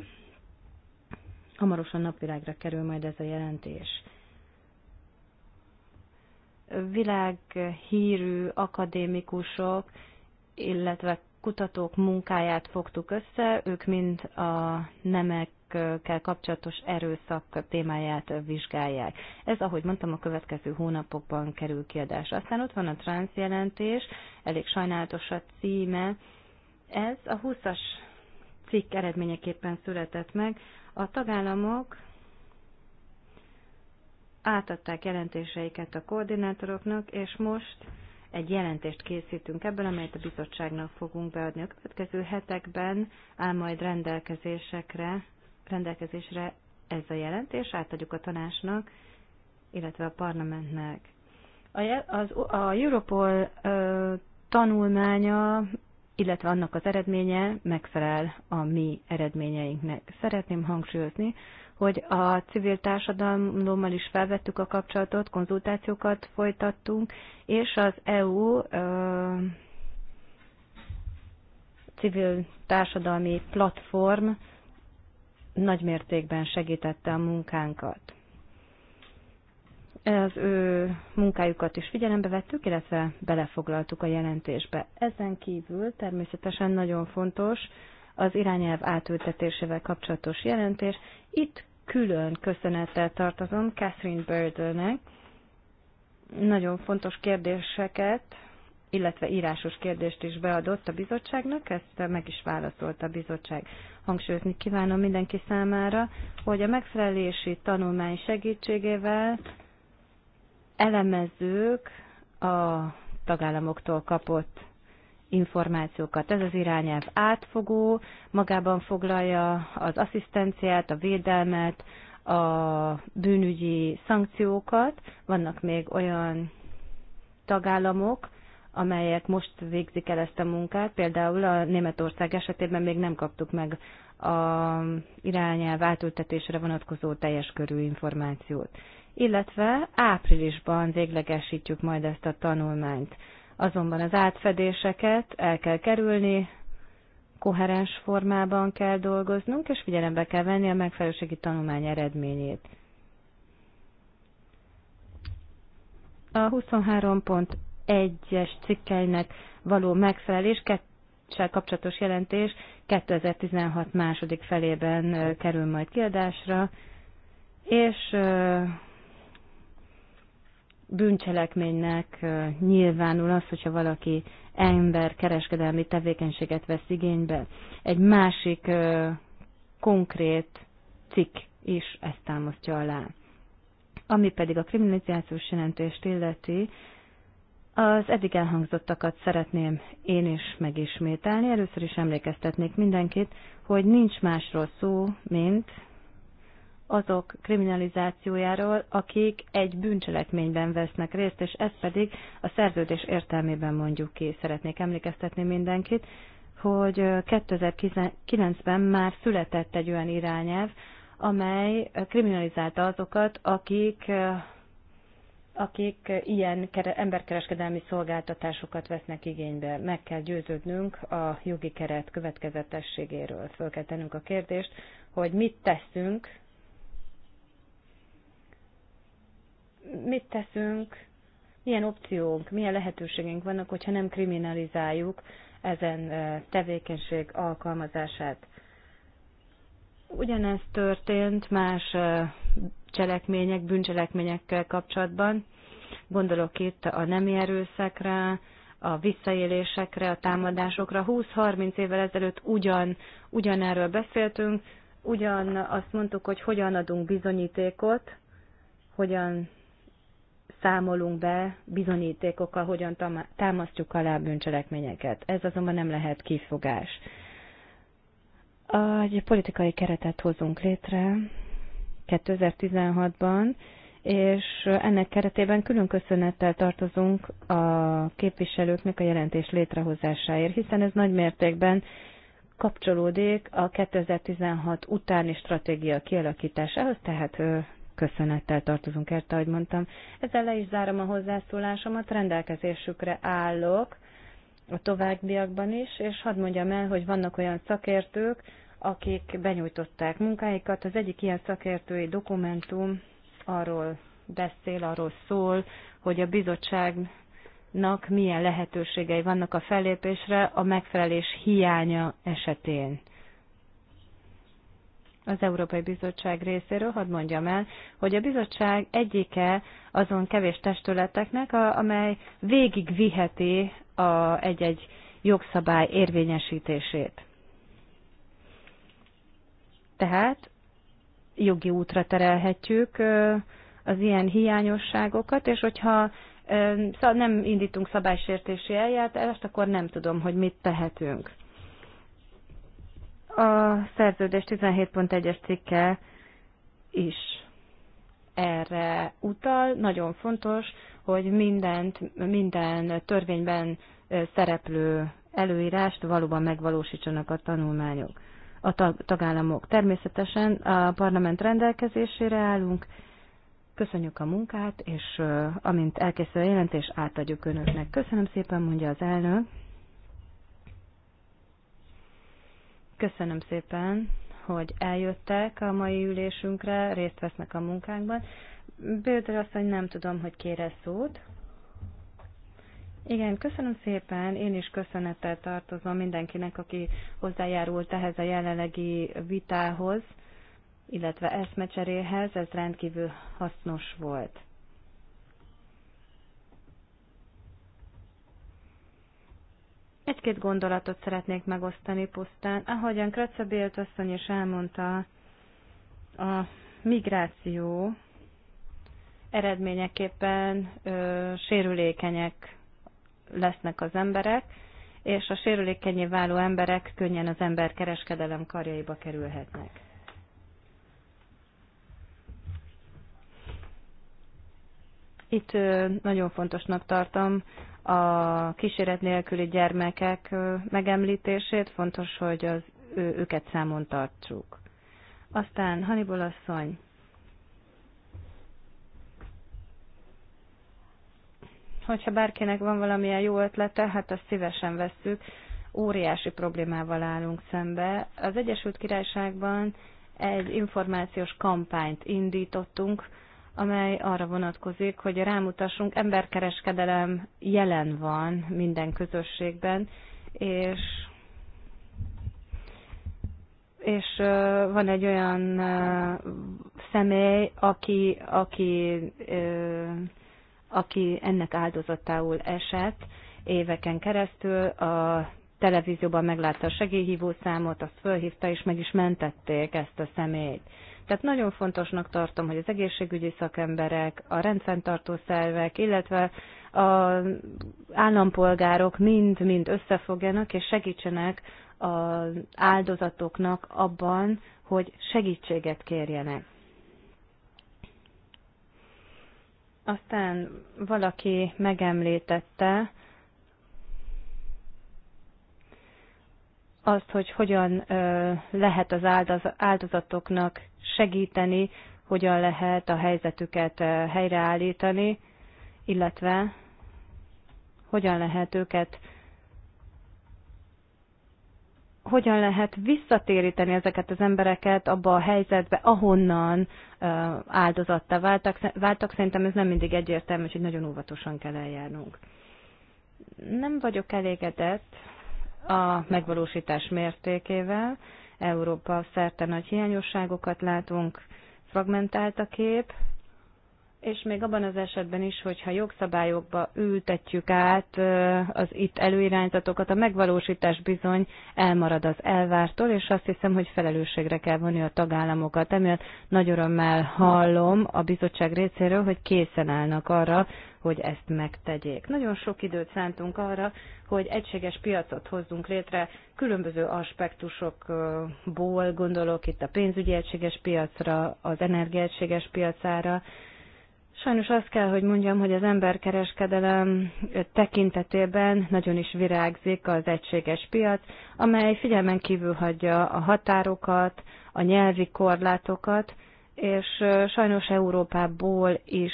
[SPEAKER 3] hamarosan napvilágra kerül majd ez a jelentés. Világhírű akadémikusok, illetve kutatók munkáját fogtuk össze, ők mind a nemek gyermekekkel kapcsolatos erőszak témáját vizsgálják. Ez, ahogy mondtam, a következő hónapokban kerül kiadásra. Aztán ott van a transzjelentés, elég sajnálatos a címe. Ez a 20-as cikk eredményeképpen született meg. A tagállamok átadták jelentéseiket a koordinátoroknak, és most egy jelentést készítünk ebből, amelyet a bizottságnak fogunk beadni a következő hetekben, áll majd rendelkezésekre rendelkezésre ez a jelentés, átadjuk a tanácsnak, illetve a parlamentnek. A, az, a Europol ö, tanulmánya, illetve annak az eredménye megfelel a mi eredményeinknek. Szeretném hangsúlyozni, hogy a civil társadalommal is felvettük a kapcsolatot, konzultációkat folytattunk, és az EU ö, civil társadalmi platform nagy mértékben segítette a munkánkat. Az ő munkájukat is figyelembe vettük, illetve belefoglaltuk a jelentésbe. Ezen kívül természetesen nagyon fontos az irányelv átültetésével kapcsolatos jelentés. Itt külön köszönettel tartozom Catherine Birdönek. Nagyon fontos kérdéseket, illetve írásos kérdést is beadott a bizottságnak, ezt meg is válaszolta a bizottság hangsúlyozni kívánom mindenki számára, hogy a megfelelési tanulmány segítségével elemezzük a tagállamoktól kapott információkat. Ez az irányelv átfogó, magában foglalja az asszisztenciát, a védelmet, a bűnügyi szankciókat. Vannak még olyan tagállamok, amelyek most végzik el ezt a munkát. Például a Németország esetében még nem kaptuk meg a irányelv átültetésre vonatkozó teljes körű információt. Illetve áprilisban véglegesítjük majd ezt a tanulmányt. Azonban az átfedéseket el kell kerülni, koherens formában kell dolgoznunk, és figyelembe kell venni a megfelelőségi tanulmány eredményét. A egyes cikkeinek való megfelelés kettsel kapcsolatos jelentés 2016 második felében kerül majd kiadásra, és bűncselekménynek nyilvánul az, hogyha valaki ember kereskedelmi tevékenységet vesz igénybe. Egy másik konkrét cikk is ezt támasztja alá. Ami pedig a kriminalizációs jelentést illeti, az eddig elhangzottakat szeretném én is megismételni. Először is emlékeztetnék mindenkit, hogy nincs másról szó, mint azok kriminalizációjáról, akik egy bűncselekményben vesznek részt, és ezt pedig a szerződés értelmében mondjuk ki. Szeretnék emlékeztetni mindenkit, hogy 2009-ben már született egy olyan irányelv, amely kriminalizálta azokat, akik akik ilyen emberkereskedelmi szolgáltatásokat vesznek igénybe. Meg kell győződnünk a jogi keret következetességéről. Föl kell tennünk a kérdést, hogy mit teszünk, mit teszünk, milyen opciónk, milyen lehetőségünk vannak, hogyha nem kriminalizáljuk ezen eh, tevékenység alkalmazását. Ugyanezt történt más cselekmények, bűncselekményekkel kapcsolatban. Gondolok itt a nemi erőszakra, a visszaélésekre, a támadásokra. 20-30 évvel ezelőtt ugyan, ugyanerről beszéltünk, ugyan azt mondtuk, hogy hogyan adunk bizonyítékot, hogyan számolunk be bizonyítékokkal, hogyan támasztjuk alá bűncselekményeket. Ez azonban nem lehet kifogás egy politikai keretet hozunk létre 2016-ban, és ennek keretében külön köszönettel tartozunk a képviselőknek a jelentés létrehozásáért, hiszen ez nagy mértékben kapcsolódik a 2016 utáni stratégia kialakításához, tehát köszönettel tartozunk érte, ahogy mondtam. Ezzel le is zárom a hozzászólásomat, rendelkezésükre állok a továbbiakban is, és hadd mondjam el, hogy vannak olyan szakértők, akik benyújtották munkáikat. Az egyik ilyen szakértői dokumentum arról beszél, arról szól, hogy a bizottságnak milyen lehetőségei vannak a fellépésre a megfelelés hiánya esetén. Az Európai Bizottság részéről hadd mondjam el, hogy a bizottság egyike azon kevés testületeknek, amely végigviheti a egy-egy jogszabály érvényesítését. Tehát jogi útra terelhetjük az ilyen hiányosságokat, és hogyha nem indítunk szabálysértési eljárást, akkor nem tudom, hogy mit tehetünk. A szerződés 17.1-es cikke is erre utal. Nagyon fontos, hogy mindent, minden törvényben szereplő előírást valóban megvalósítsanak a tanulmányok, a tagállamok. Természetesen a parlament rendelkezésére állunk, köszönjük a munkát, és amint elkészül a jelentés, átadjuk önöknek. Köszönöm szépen, mondja az elnök. Köszönöm szépen hogy eljöttek a mai ülésünkre, részt vesznek a munkánkban. Bőder azt, hogy nem tudom, hogy kére szót. Igen, köszönöm szépen, én is köszönettel tartozom mindenkinek, aki hozzájárult ehhez a jelenlegi vitához, illetve eszmecseréhez, ez rendkívül hasznos volt. Egy-két gondolatot szeretnék megosztani pusztán. Ahogyan Kratzabilt asszony is elmondta, a migráció eredményeképpen ö, sérülékenyek lesznek az emberek, és a sérülékenyé váló emberek könnyen az ember kereskedelem karjaiba kerülhetnek. Itt nagyon fontosnak tartom a kíséret nélküli gyermekek megemlítését, fontos, hogy az ő, őket számon tartsuk. Aztán Hannibal asszony. Hogyha bárkinek van valamilyen jó ötlete, hát azt szívesen vesszük. Óriási problémával állunk szembe. Az Egyesült Királyságban egy információs kampányt indítottunk, amely arra vonatkozik, hogy rámutassunk, emberkereskedelem jelen van minden közösségben, és és van egy olyan személy, aki, aki, aki ennek áldozatául esett éveken keresztül, a televízióban meglátta a segélyhívó számot, azt fölhívta, és meg is mentették ezt a személyt. Tehát nagyon fontosnak tartom, hogy az egészségügyi szakemberek, a rendfenntartó szervek, illetve az állampolgárok mind-mind összefogjanak és segítsenek az áldozatoknak abban, hogy segítséget kérjenek. Aztán valaki megemlítette azt, hogy hogyan lehet az áldozatoknak segíteni, hogyan lehet a helyzetüket helyreállítani, illetve hogyan lehet őket hogyan lehet visszatéríteni ezeket az embereket abba a helyzetbe, ahonnan áldozatta váltak. váltak. Szerintem ez nem mindig egyértelmű, hogy nagyon óvatosan kell eljárnunk. Nem vagyok elégedett a megvalósítás mértékével. Európa szerte nagy hiányosságokat látunk, fragmentált a kép, és még abban az esetben is, hogyha jogszabályokba ültetjük át az itt előirányzatokat, a megvalósítás bizony elmarad az elvártól, és azt hiszem, hogy felelősségre kell vonni a tagállamokat. Emiatt nagy örömmel hallom a bizottság részéről, hogy készen állnak arra, hogy ezt megtegyék. Nagyon sok időt szántunk arra, hogy egységes piacot hozzunk létre különböző aspektusokból, gondolok itt a pénzügyi egységes piacra, az egységes piacára, Sajnos azt kell, hogy mondjam, hogy az emberkereskedelem tekintetében nagyon is virágzik az egységes piac, amely figyelmen kívül hagyja a határokat, a nyelvi korlátokat, és sajnos Európából is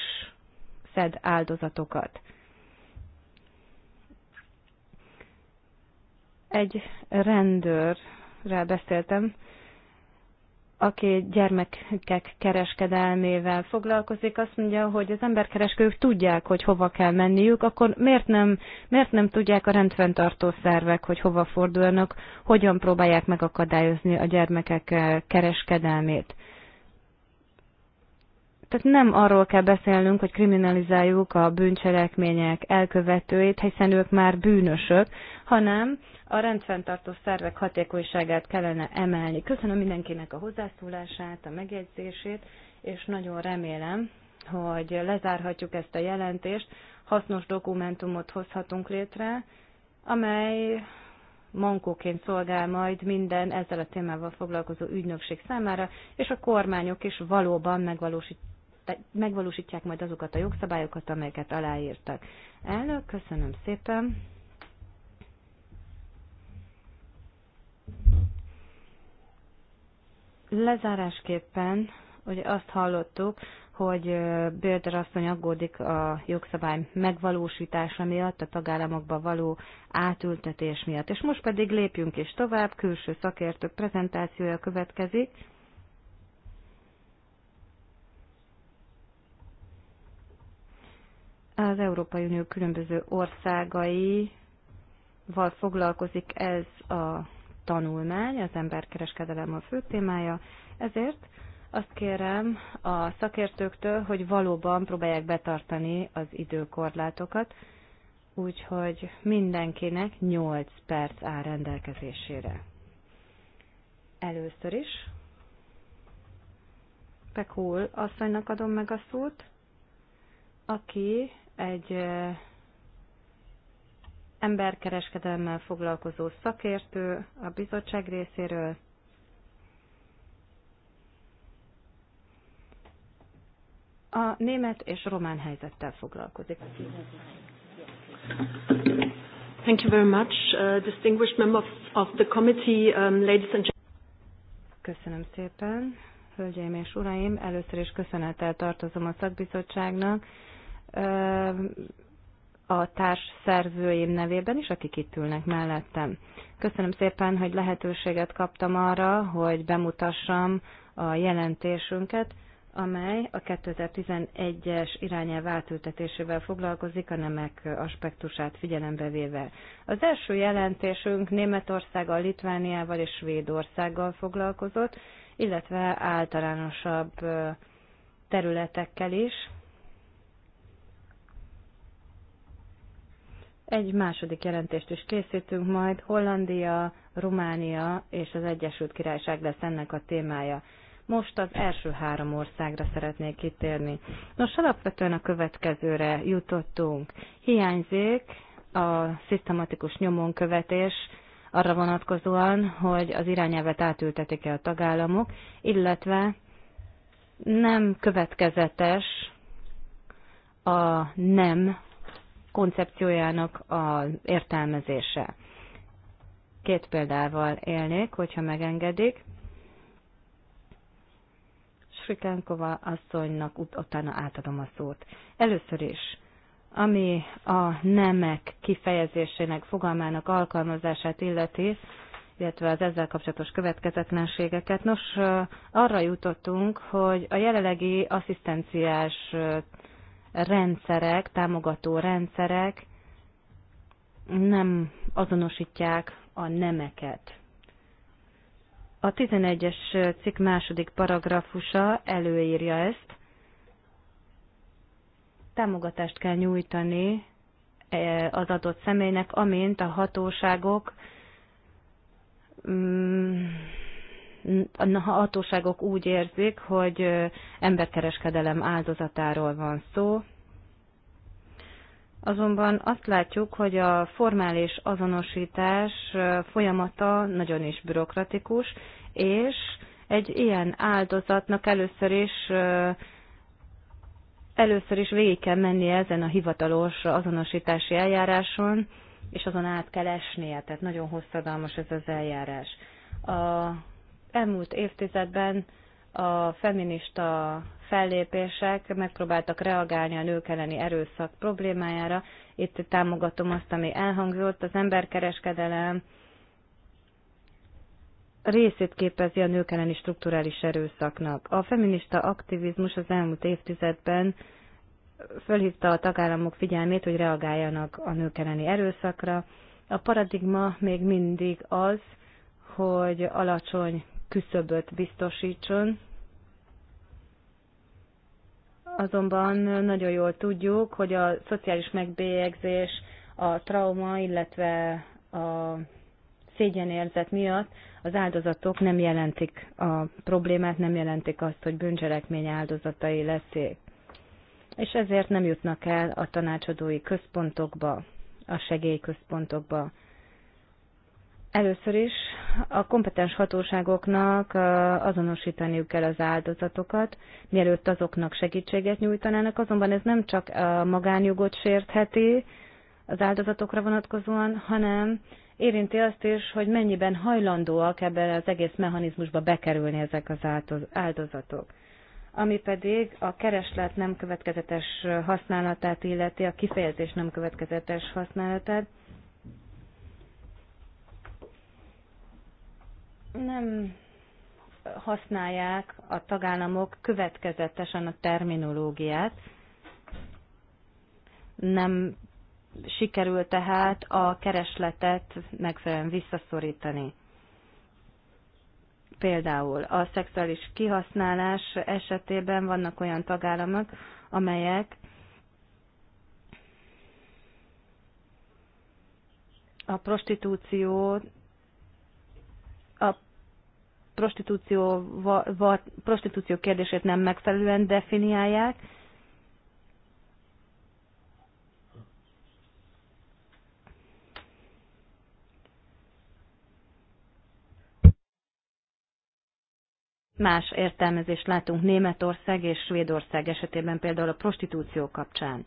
[SPEAKER 3] szed áldozatokat. Egy rendőrrel beszéltem, aki gyermekek kereskedelmével foglalkozik, azt mondja, hogy az emberkereskedők tudják, hogy hova kell menniük, akkor miért nem, miért nem tudják a rendfenntartó szervek, hogy hova fordulnak, hogyan próbálják megakadályozni a gyermekek kereskedelmét? Tehát nem arról kell beszélnünk, hogy kriminalizáljuk a bűncselekmények elkövetőit, hiszen ők már bűnösök, hanem a rendfenntartó szervek hatékonyságát kellene emelni. Köszönöm mindenkinek a hozzászólását, a megjegyzését, és nagyon remélem, hogy lezárhatjuk ezt a jelentést, hasznos dokumentumot hozhatunk létre, amely mankóként szolgál majd minden ezzel a témával foglalkozó ügynökség számára, és a kormányok is valóban megvalósít, megvalósítják majd azokat a jogszabályokat, amelyeket aláírtak. Elnök, köszönöm szépen. Lezárásképpen ugye azt hallottuk, hogy Bérder asszony aggódik a jogszabály megvalósítása miatt, a tagállamokba való átültetés miatt. És most pedig lépjünk is tovább, külső szakértők prezentációja következik. Az Európai Unió különböző országaival foglalkozik ez a tanulmány, az emberkereskedelem a fő témája, ezért azt kérem a szakértőktől, hogy valóban próbálják betartani az időkorlátokat, úgyhogy mindenkinek 8 perc áll rendelkezésére. Először is Pekul asszonynak adom meg a szót, aki egy emberkereskedelmmel foglalkozó szakértő a bizottság részéről. A német és román helyzettel foglalkozik. Thank you very much, uh, distinguished members of the committee, um, ladies and gentlemen. Köszönöm szépen, hölgyeim és uraim. Először is köszönettel tartozom a szakbizottságnak a társ szerzőim nevében is, akik itt ülnek mellettem. Köszönöm szépen, hogy lehetőséget kaptam arra, hogy bemutassam a jelentésünket, amely a 2011-es irányelv átültetésével foglalkozik, a nemek aspektusát figyelembe véve. Az első jelentésünk Németországgal, Litvániával és Svédországgal foglalkozott, illetve általánosabb területekkel is, Egy második jelentést is készítünk majd. Hollandia, Románia és az Egyesült Királyság lesz ennek a témája. Most az első három országra szeretnék kitérni. Nos, alapvetően a következőre jutottunk. Hiányzik a szisztematikus nyomonkövetés arra vonatkozóan, hogy az irányelvet átültetik-e a tagállamok, illetve nem következetes a nem koncepciójának a értelmezése. Két példával élnék, hogyha megengedik. Srikánkova asszonynak ut- utána átadom a szót. Először is, ami a nemek kifejezésének fogalmának alkalmazását illeti, illetve az ezzel kapcsolatos következetlenségeket. Nos, arra jutottunk, hogy a jelenlegi asszisztenciás rendszerek, támogató rendszerek nem azonosítják a nemeket. A 11-es cikk második paragrafusa előírja ezt. Támogatást kell nyújtani e, az adott személynek, amint a hatóságok mm, a hatóságok úgy érzik, hogy emberkereskedelem áldozatáról van szó, Azonban azt látjuk, hogy a formális azonosítás folyamata nagyon is bürokratikus, és egy ilyen áldozatnak először is először is végig kell mennie ezen a hivatalos azonosítási eljáráson, és azon át kell esnie, tehát nagyon hosszadalmas ez az eljárás. A elmúlt évtizedben a feminista fellépések megpróbáltak reagálni a nők elleni erőszak problémájára. Itt támogatom azt, ami elhangzott, az emberkereskedelem részét képezi a nők elleni strukturális erőszaknak. A feminista aktivizmus az elmúlt évtizedben fölhívta a tagállamok figyelmét, hogy reagáljanak a nők elleni erőszakra. A paradigma még mindig az, hogy alacsony küszöböt biztosítson. Azonban nagyon jól tudjuk, hogy a szociális megbélyegzés, a trauma, illetve a szégyenérzet miatt az áldozatok nem jelentik a problémát, nem jelentik azt, hogy bűncselekmény áldozatai leszék. És ezért nem jutnak el a tanácsadói központokba, a segélyközpontokba. Először is a kompetens hatóságoknak azonosítaniuk kell az áldozatokat, mielőtt azoknak segítséget nyújtanának, azonban ez nem csak a magánjogot sértheti az áldozatokra vonatkozóan, hanem érinti azt is, hogy mennyiben hajlandóak ebben az egész mechanizmusba bekerülni ezek az áldozatok. Ami pedig a kereslet nem következetes használatát illeti, a kifejezés nem következetes használatát, nem használják a tagállamok következetesen a terminológiát. Nem sikerül tehát a keresletet megfelelően visszaszorítani. Például a szexuális kihasználás esetében vannak olyan tagállamok, amelyek a prostitúciót va, prostitúció kérdését nem megfelelően definiálják. Más értelmezést látunk Németország és Svédország esetében például a prostitúció kapcsán.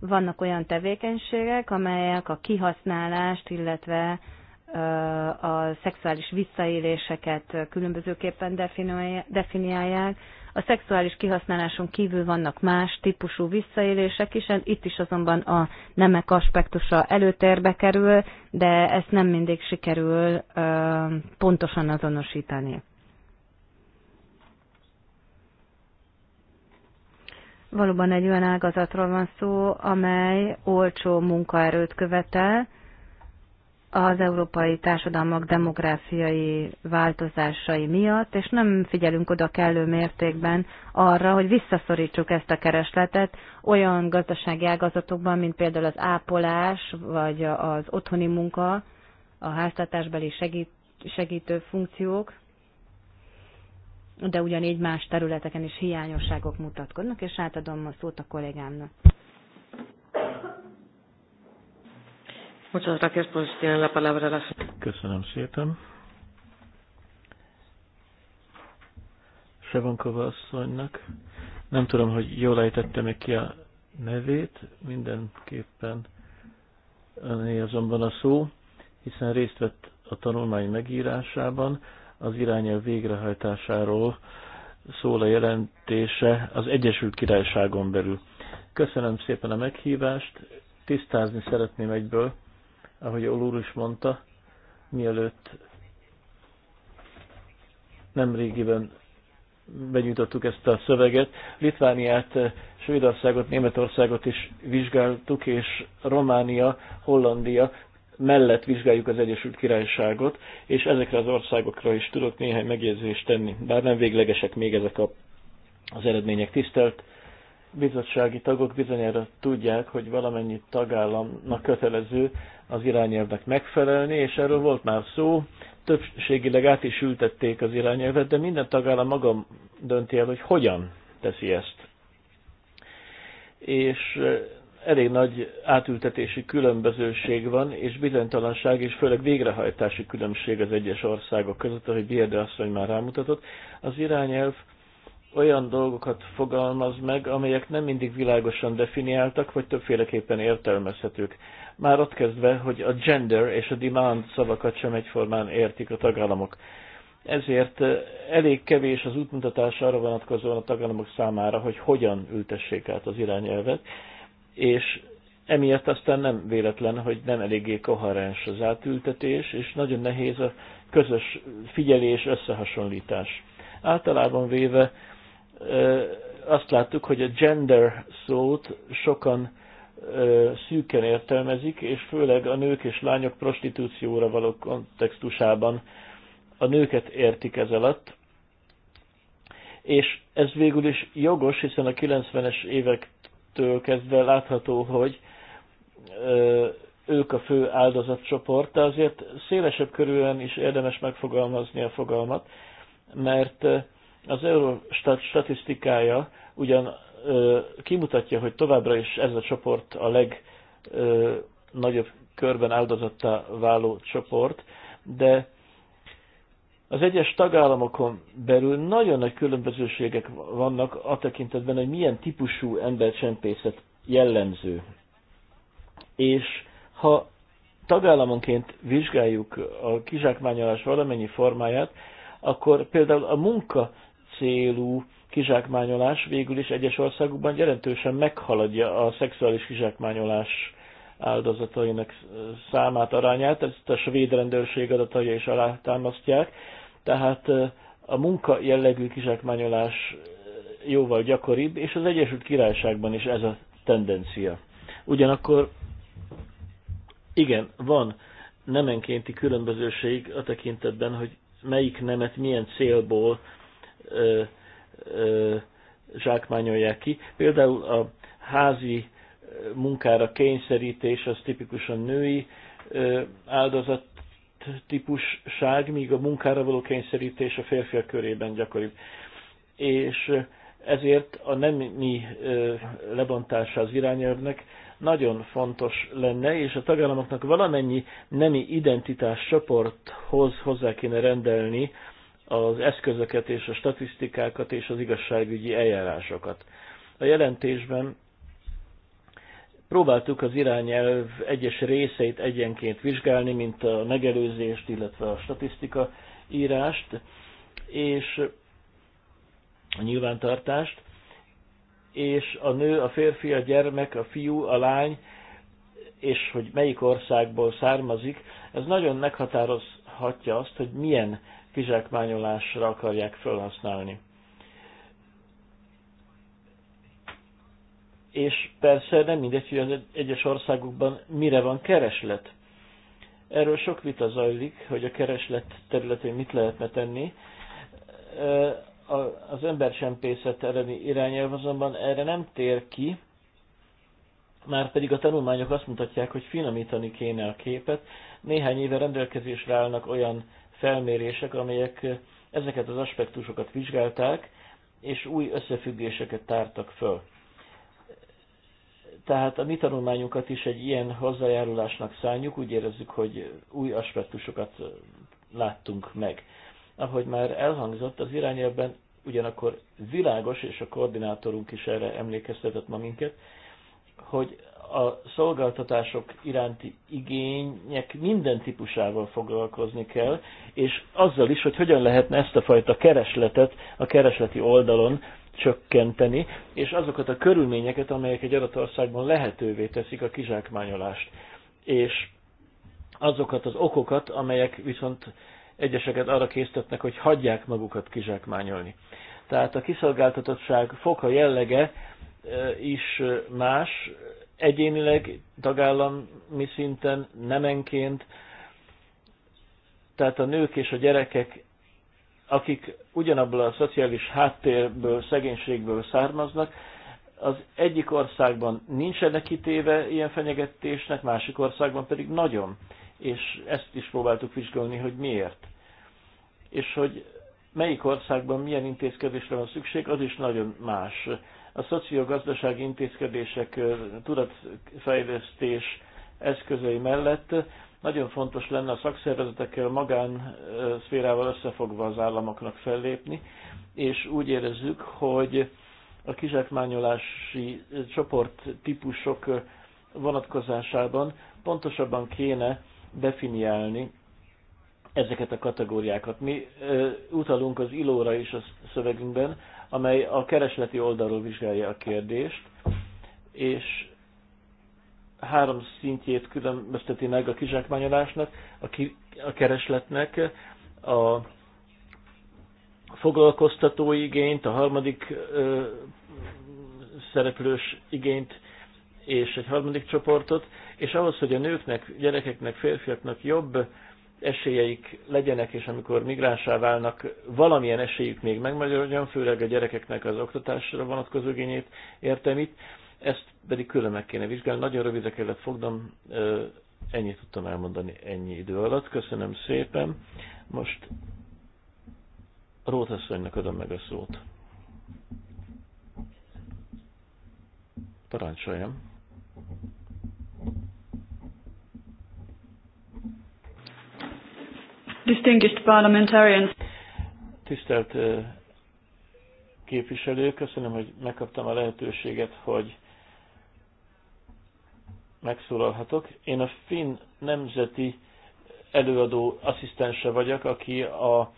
[SPEAKER 3] Vannak olyan tevékenységek, amelyek a kihasználást, illetve a szexuális visszaéléseket különbözőképpen definiálják. A szexuális kihasználáson kívül vannak más típusú visszaélések is, hát itt is azonban a nemek aspektusa előtérbe kerül, de ezt nem mindig sikerül pontosan azonosítani. Valóban egy olyan ágazatról van szó, amely olcsó munkaerőt követel, az európai társadalmak demográfiai változásai miatt, és nem figyelünk oda kellő mértékben arra, hogy visszaszorítsuk ezt a keresletet olyan gazdasági ágazatokban, mint például az ápolás, vagy az otthoni munka, a háztartásbeli segít, segítő funkciók, de ugyanígy más területeken is hiányosságok mutatkoznak, és átadom a szót a kollégámnak.
[SPEAKER 2] Muchas gracias, pues la palabra la Köszönöm szépen. Sevankova asszonynak. Nem tudom, hogy jól ejtettem-e ki a nevét, mindenképpen öné azonban a szó, hiszen részt vett a tanulmány megírásában, az irányelv végrehajtásáról szól a jelentése az Egyesült Királyságon belül. Köszönöm szépen a meghívást, tisztázni szeretném egyből, ahogy Olúr is mondta, mielőtt nemrégiben benyújtottuk ezt a szöveget. Litvániát, eh, Svédországot, Németországot is vizsgáltuk, és Románia, Hollandia mellett vizsgáljuk az Egyesült Királyságot, és ezekre az országokra is tudok néhány megjegyzést tenni, bár nem véglegesek még ezek a, az eredmények. Tisztelt bizottsági tagok bizonyára tudják, hogy valamennyi tagállamnak kötelező az irányelvnek megfelelni, és erről volt már szó, többségileg át is ültették az irányelvet, de minden tagállam maga dönti el, hogy hogyan teszi ezt. És eh, elég nagy átültetési különbözőség van, és bizonytalanság, és főleg végrehajtási különbség az egyes országok között, ahogy Bérde asszony már rámutatott. Az irányelv olyan dolgokat fogalmaz meg, amelyek nem mindig világosan definiáltak, vagy többféleképpen értelmezhetők. Már ott kezdve, hogy a gender és a demand szavakat sem egyformán értik a tagállamok. Ezért eh, elég kevés az útmutatás arra vonatkozóan a tagállamok számára, hogy hogyan ültessék át az irányelvet, és emiatt aztán nem véletlen, hogy nem eléggé koherens az átültetés, és nagyon nehéz a közös figyelés, összehasonlítás. Általában véve azt láttuk, hogy a gender szót sokan szűken értelmezik, és főleg a nők és lányok prostitúcióra való kontextusában a nőket értik ez alatt. És ez végül is jogos, hiszen a 90-es évektől kezdve látható, hogy ők a fő áldozatcsoport, de azért szélesebb körülön is érdemes megfogalmazni a fogalmat, mert az Eurostat statisztikája ugyan ö, kimutatja, hogy továbbra is ez a csoport a legnagyobb körben áldozattá váló csoport, de az egyes tagállamokon belül nagyon nagy különbözőségek vannak a tekintetben, hogy milyen típusú embercsempészet jellemző. És ha tagállamonként vizsgáljuk a kizsákmányolás valamennyi formáját, akkor például a munka célú kizsákmányolás végül is egyes országokban jelentősen meghaladja a szexuális kizsákmányolás áldozatainak számát, arányát, ezt a svéd rendőrség adatai is alátámasztják, tehát a munka jellegű kizsákmányolás jóval gyakoribb, és az Egyesült Királyságban is ez a tendencia. Ugyanakkor igen, van nemenkénti különbözőség a tekintetben, hogy melyik nemet milyen célból ö, ö, zsákmányolják ki. Például a házi munkára kényszerítés az tipikusan női ö, áldozat típusság, míg a munkára való kényszerítés a férfiak körében gyakoribb. És ezért a nemi lebontása az irányelvnek nagyon fontos lenne, és a tagállamoknak valamennyi nemi identitás csoporthoz hozzá kéne rendelni az eszközöket és a statisztikákat és az igazságügyi eljárásokat. A jelentésben próbáltuk az irányelv egyes részeit egyenként vizsgálni, mint a megelőzést, illetve a statisztika írást és a nyilvántartást, és a nő, a férfi, a gyermek, a fiú, a lány, és hogy melyik országból származik, ez nagyon meghatározhatja azt, hogy milyen kizsákmányolásra akarják felhasználni. És persze nem mindegy, hogy az egyes országokban mire van kereslet. Erről sok vita zajlik, hogy a kereslet területén mit lehetne tenni. Az embercsempészet elleni irányelv azonban erre nem tér ki, már pedig a tanulmányok azt mutatják, hogy finomítani kéne a képet. Néhány éve rendelkezésre állnak olyan felmérések, amelyek eh, ezeket az aspektusokat vizsgálták, és új összefüggéseket tártak föl. Tehát a mi tanulmányunkat is egy ilyen hozzájárulásnak szálljuk, úgy érezzük, hogy új aspektusokat eh, láttunk meg. Ahogy már elhangzott, az irányelben ugyanakkor világos, és a koordinátorunk is erre emlékeztetett ma minket, hogy a szolgáltatások iránti igények minden típusával foglalkozni kell, és azzal is, hogy hogyan lehetne ezt a fajta keresletet a keresleti oldalon csökkenteni, és azokat a körülményeket, amelyek egy adott országban lehetővé teszik a kizsákmányolást, és azokat az okokat, amelyek viszont egyeseket arra késztetnek, hogy hagyják magukat kizsákmányolni. Tehát a kiszolgáltatottság foka jellege is más, egyénileg, tagállami szinten, nemenként, tehát a nők és a gyerekek, akik ugyanabból a szociális háttérből, szegénységből származnak, az egyik országban nincsenek kitéve ilyen fenyegetésnek, másik országban pedig nagyon. És ezt is próbáltuk vizsgálni, hogy miért. És hogy melyik országban milyen intézkedésre van szükség, az is nagyon más. A szociogazdasági intézkedések, tudatfejlesztés eszközei mellett nagyon fontos lenne a szakszervezetekkel, magánszférával összefogva az államoknak fellépni, és úgy érezzük, hogy a kizsákmányolási csoport típusok vonatkozásában pontosabban kéne definiálni ezeket a kategóriákat. Mi ö, utalunk az ilóra is a szövegünkben, amely a keresleti oldalról vizsgálja a kérdést, és három szintjét különbözteti meg a kizsákmányolásnak, a, ki, a keresletnek, a foglalkoztatói igényt, a harmadik ö, szereplős igényt és egy harmadik csoportot, és ahhoz, hogy a nőknek, gyerekeknek, férfiaknak jobb esélyeik legyenek, és amikor migránsá válnak, valamilyen esélyük még megmagyarodjon, főleg a gyerekeknek az oktatásra vonatkozó igényét értem itt, ezt pedig külön meg kéne vizsgálni. Nagyon rövidre kellett fognom, ennyit tudtam elmondani ennyi idő alatt. Köszönöm szépen. Most Rótasszonynak adom meg a szót. Parancsoljam.
[SPEAKER 3] Distinguished parliamentarians.
[SPEAKER 2] Tisztelt képviselő, köszönöm, hogy megkaptam a lehetőséget, hogy megszólalhatok. Én a Finn nemzeti előadó asszisztense vagyok, aki a,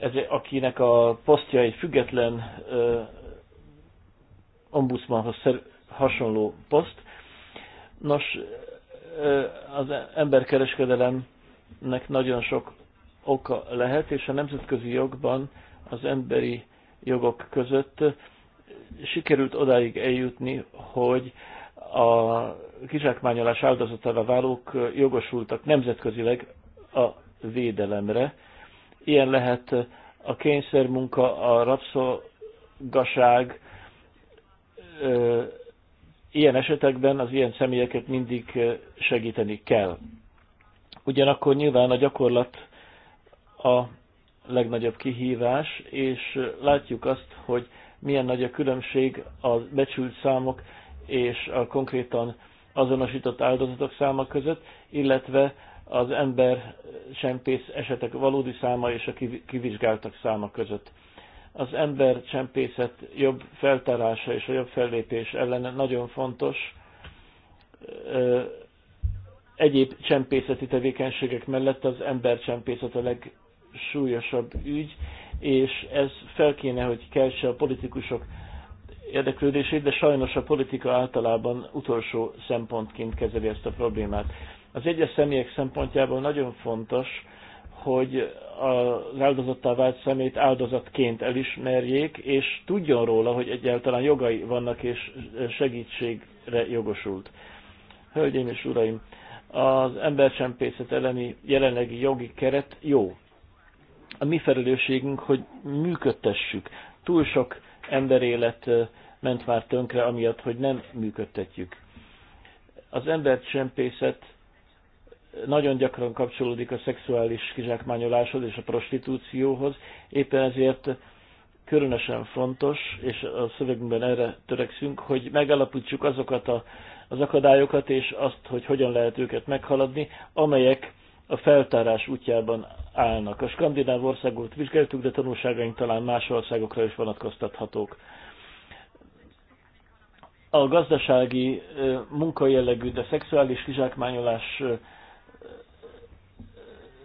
[SPEAKER 2] ez, akinek a posztja egy független ö, ombudsmanhoz szer, hasonló poszt. Nos, ö, az emberkereskedelem ennek nagyon sok oka lehet, és a nemzetközi jogban az emberi jogok között sikerült odáig eljutni, hogy a kizsákmányolás áldozatára válók jogosultak nemzetközileg a védelemre. Ilyen lehet a kényszermunka, a rabszolgaság, ilyen esetekben az ilyen személyeket mindig segíteni kell. Ugyanakkor nyilván a gyakorlat a legnagyobb kihívás, és látjuk azt, hogy milyen nagy a különbség a becsült számok és a konkrétan azonosított áldozatok száma között, illetve az ember csempész esetek valódi száma és a kivizsgáltak száma között. Az ember csempészet jobb feltárása és a jobb fellépés ellen nagyon fontos, egyéb csempészeti tevékenységek mellett az embercsempészet a legsúlyosabb ügy, és ez fel kéne, hogy keltse a politikusok érdeklődését, de sajnos a politika általában utolsó szempontként kezeli ezt a problémát. Az egyes személyek szempontjából nagyon fontos, hogy az áldozattá vált szemét áldozatként elismerjék, és tudjon róla, hogy egyáltalán jogai vannak és segítségre jogosult. Hölgyeim és uraim, az embercsempészet elleni jelenlegi jogi keret jó. A mi felelősségünk, hogy működtessük. Túl sok emberélet ment már tönkre, amiatt, hogy nem működtetjük. Az embercsempészet nagyon gyakran kapcsolódik a szexuális kizsákmányoláshoz és a prostitúcióhoz, éppen ezért különösen fontos, és a szövegünkben erre törekszünk, hogy megalapítsuk azokat a az akadályokat, és azt, hogy hogyan lehet őket meghaladni, amelyek a feltárás útjában állnak. A skandináv országot vizsgáltuk, de tanulságaink talán más országokra is vonatkoztathatók. A gazdasági, munkajellegű, de szexuális kizsákmányolás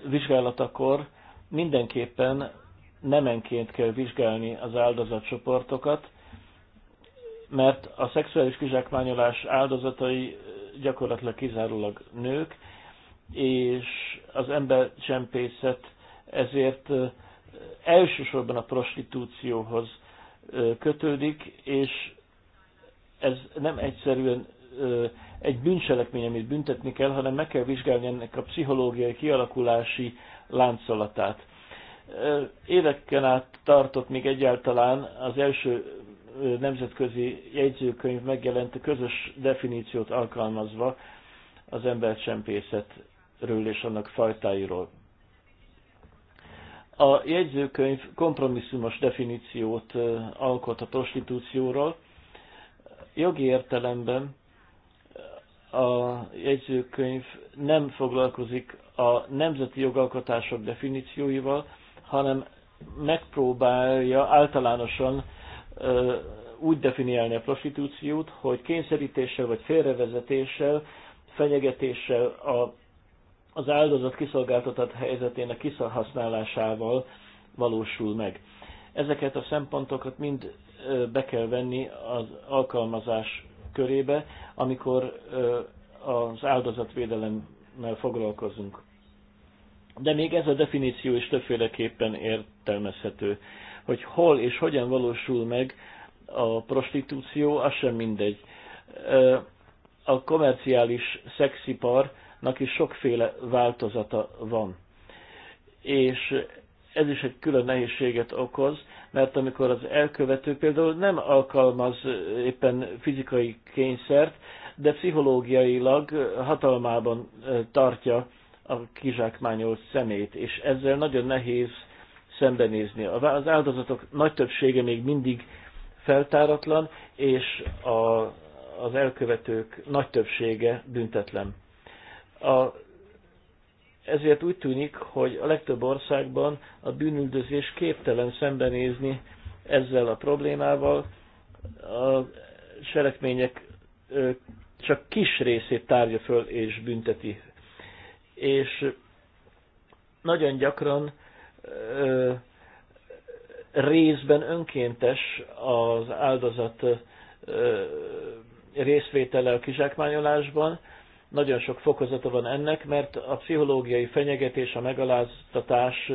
[SPEAKER 2] vizsgálatakor mindenképpen nemenként kell vizsgálni az áldozatcsoportokat, mert a szexuális kizsákmányolás áldozatai gyakorlatilag kizárólag nők, és az embercsempészet ezért elsősorban a prostitúcióhoz kötődik, és ez nem egyszerűen egy bűncselekmény, amit büntetni kell, hanem meg kell vizsgálni ennek a pszichológiai kialakulási láncolatát. Éveken át tartott még egyáltalán az első nemzetközi jegyzőkönyv megjelent közös definíciót alkalmazva az embercsempészetről és annak fajtáiról. A jegyzőkönyv kompromisszumos definíciót alkot a prostitúcióról. Jogi értelemben a jegyzőkönyv nem foglalkozik a nemzeti jogalkotások definícióival, hanem megpróbálja általánosan úgy definiálni a prostitúciót, hogy kényszerítéssel vagy félrevezetéssel, fenyegetéssel, a, az áldozat kiszolgáltatott helyzetének kiszahasználásával valósul meg. Ezeket a szempontokat mind be kell venni az alkalmazás körébe, amikor az áldozatvédelemmel foglalkozunk. De még ez a definíció is többféleképpen értelmezhető hogy hol és hogyan valósul meg a prostitúció, az sem mindegy. A komerciális szexiparnak is sokféle változata van. És ez is egy külön nehézséget okoz, mert amikor az elkövető például nem alkalmaz éppen fizikai kényszert, de pszichológiailag hatalmában tartja a kizsákmányolt szemét, és ezzel nagyon nehéz szembenézni. Az áldozatok nagy többsége még mindig feltáratlan, és a, az elkövetők nagy többsége büntetlen. A, ezért úgy tűnik, hogy a legtöbb országban a bűnüldözés képtelen szembenézni ezzel a problémával, a cselekmények csak kis részét tárja föl és bünteti. És nagyon gyakran részben önkéntes az áldozat részvétele a kizsákmányolásban. Nagyon sok fokozata van ennek, mert a pszichológiai fenyegetés, a megaláztatás,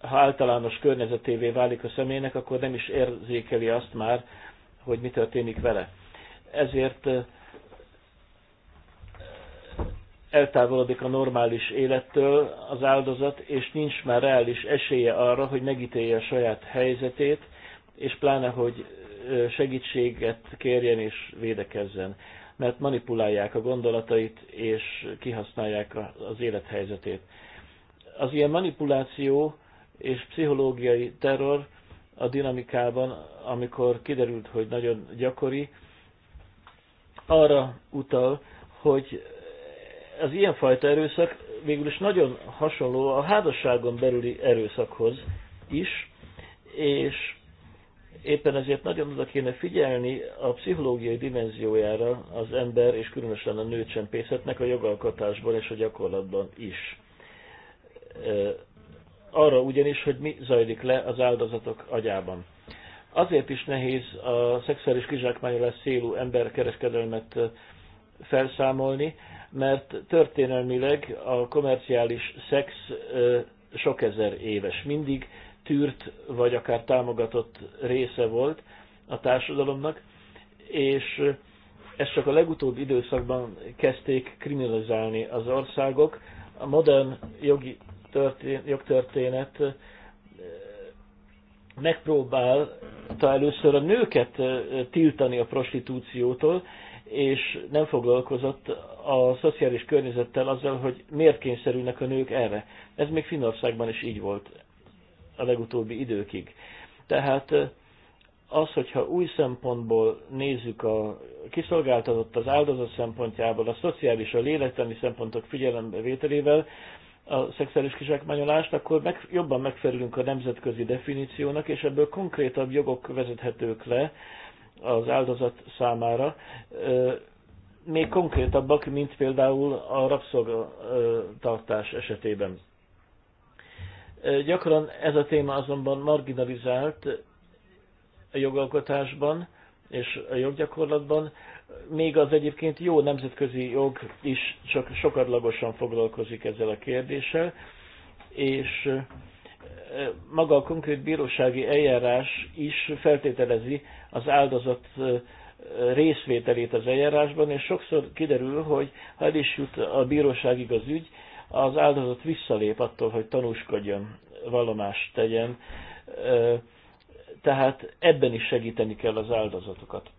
[SPEAKER 2] ha általános környezetévé válik a személynek, akkor nem is érzékeli azt már, hogy mi történik vele. Ezért eltávolodik a normális élettől az áldozat, és nincs már reális esélye arra, hogy megítélje a saját helyzetét, és pláne, hogy segítséget kérjen és védekezzen, mert manipulálják a gondolatait, és kihasználják az élethelyzetét. Az ilyen manipuláció és pszichológiai terror a dinamikában, amikor kiderült, hogy nagyon gyakori, arra utal, hogy az ilyenfajta erőszak végül is nagyon hasonló a házasságon belüli erőszakhoz is, és éppen ezért nagyon oda kéne figyelni a pszichológiai dimenziójára az ember, és különösen a nőcsempészetnek a jogalkotásban és a gyakorlatban is. Arra ugyanis, hogy mi zajlik le az áldozatok agyában. Azért is nehéz a szexuális kizsákmányolás célú emberkereskedelmet felszámolni, mert történelmileg a komerciális szex sok ezer éves mindig tűrt vagy akár támogatott része volt a társadalomnak, és ezt csak a legutóbbi időszakban kezdték kriminalizálni az országok. A modern jogi történet, jogtörténet megpróbálta először a nőket tiltani a prostitúciótól, és nem foglalkozott a szociális környezettel azzal, hogy miért kényszerülnek a nők erre. Ez még Finnországban is így volt a legutóbbi időkig. Tehát az, hogyha új szempontból nézzük a kiszolgáltatott az áldozat szempontjából, a szociális, a lélektani szempontok figyelembevételével, a szexuális kizsákmányolást, akkor meg, jobban megfelelünk a nemzetközi definíciónak, és ebből konkrétabb jogok vezethetők le az áldozat számára, még konkrétabbak, mint például a rabszolgatartás esetében. Gyakran ez a téma azonban marginalizált a jogalkotásban és a joggyakorlatban, még az egyébként jó nemzetközi jog is csak sokadlagosan foglalkozik ezzel a kérdéssel, és maga a konkrét bírósági eljárás is feltételezi az áldozat részvételét az eljárásban, és sokszor kiderül, hogy ha el is jut a bíróságig az ügy, az áldozat visszalép attól, hogy tanúskodjon, vallomást tegyen. Tehát ebben is segíteni kell az áldozatokat.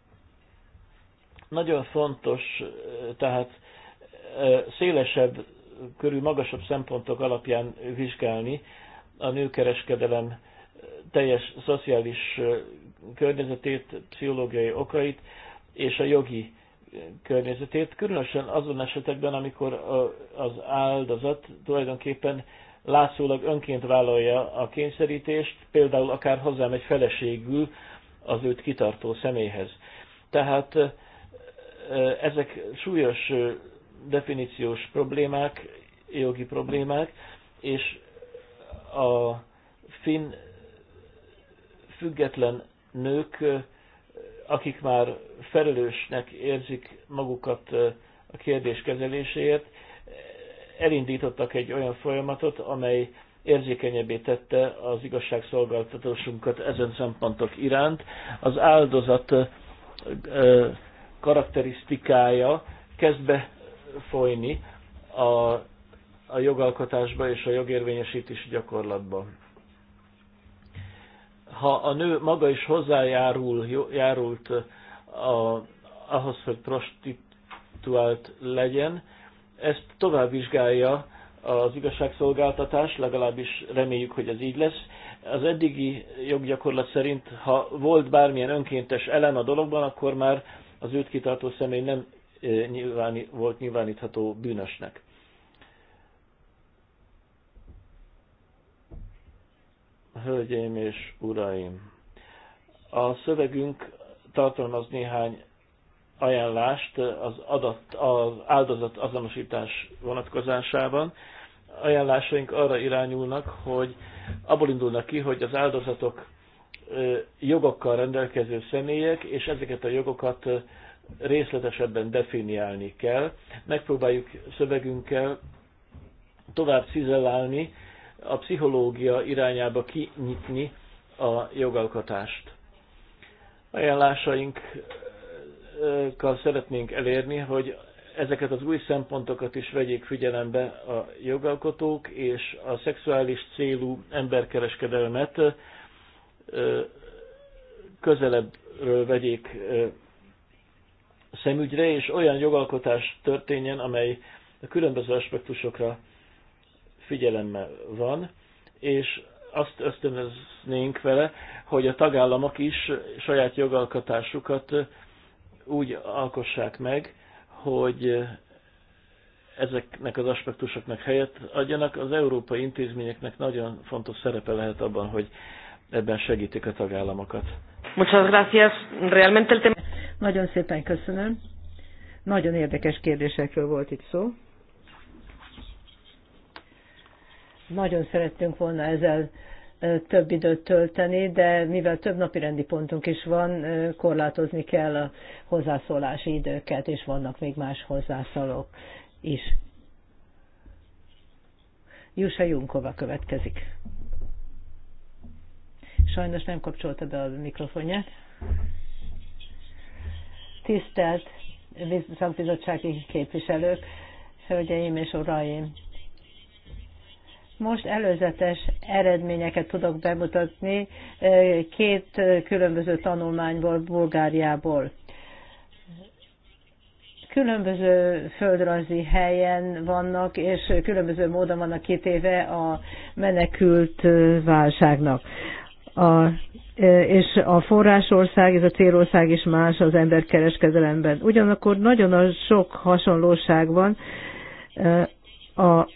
[SPEAKER 2] Nagyon fontos tehát szélesebb körül magasabb szempontok alapján vizsgálni a nőkereskedelem teljes szociális környezetét, pszichológiai okait és a jogi környezetét, különösen azon esetekben, amikor az áldozat tulajdonképpen látszólag önként vállalja a kényszerítést, például akár hozzám egy feleségül az őt kitartó személyhez. Tehát ezek súlyos definíciós problémák, jogi problémák, és a finn független nők, akik már felelősnek érzik magukat a kérdés kezeléséért, elindítottak egy olyan folyamatot, amely érzékenyebbé tette az igazságszolgáltatásunkat ezen szempontok iránt. Az áldozat karakterisztikája kezd befolyni a, a jogalkotásba és a jogérvényesítési gyakorlatba. Ha a nő maga is hozzájárul, járult a, ahhoz, hogy prostituált legyen, ezt tovább vizsgálja az igazságszolgáltatás, legalábbis reméljük, hogy ez így lesz. Az eddigi joggyakorlat szerint, ha volt bármilyen önkéntes elem a dologban, akkor már az őt kitartó személy nem e, nyilváni, volt nyilvánítható bűnösnek. Hölgyeim és uraim! A szövegünk tartalmaz néhány ajánlást az, adat, az áldozat azonosítás vonatkozásában. Ajánlásaink arra irányulnak, hogy abból indulnak ki, hogy az áldozatok jogokkal rendelkező személyek, és ezeket a jogokat részletesebben definiálni kell. Megpróbáljuk szövegünkkel tovább cizelálni, a pszichológia irányába kinyitni a jogalkotást. Ajánlásainkkal szeretnénk elérni, hogy ezeket az új szempontokat is vegyék figyelembe a jogalkotók, és a szexuális célú emberkereskedelmet közelebbről vegyék szemügyre, és olyan jogalkotás történjen, amely a különböző aspektusokra figyelemmel van, és azt ösztönöznénk vele, hogy a tagállamok is saját jogalkotásukat úgy alkossák meg, hogy ezeknek az aspektusoknak helyet adjanak. Az európai intézményeknek nagyon fontos szerepe lehet abban, hogy ebben segítik a tagállamokat.
[SPEAKER 1] Muchas gracias. Realmente el tema... Nagyon szépen köszönöm. Nagyon érdekes kérdésekről volt itt szó. Nagyon szerettünk volna ezzel több időt tölteni, de mivel több napi rendi pontunk is van, korlátozni kell a hozzászólási időket, és vannak még más hozzászólók is. Jusa Junkova következik. Sajnos nem kapcsolta be a mikrofonját. Tisztelt szakbizottsági képviselők, hölgyeim és uraim! Most előzetes eredményeket tudok bemutatni két különböző tanulmányból, Bulgáriából. Különböző földrajzi helyen vannak, és különböző módon vannak kitéve a menekült válságnak a, e, és a forrásország és a célország is más az emberkereskedelemben. Ugyanakkor nagyon a sok hasonlóság van e, a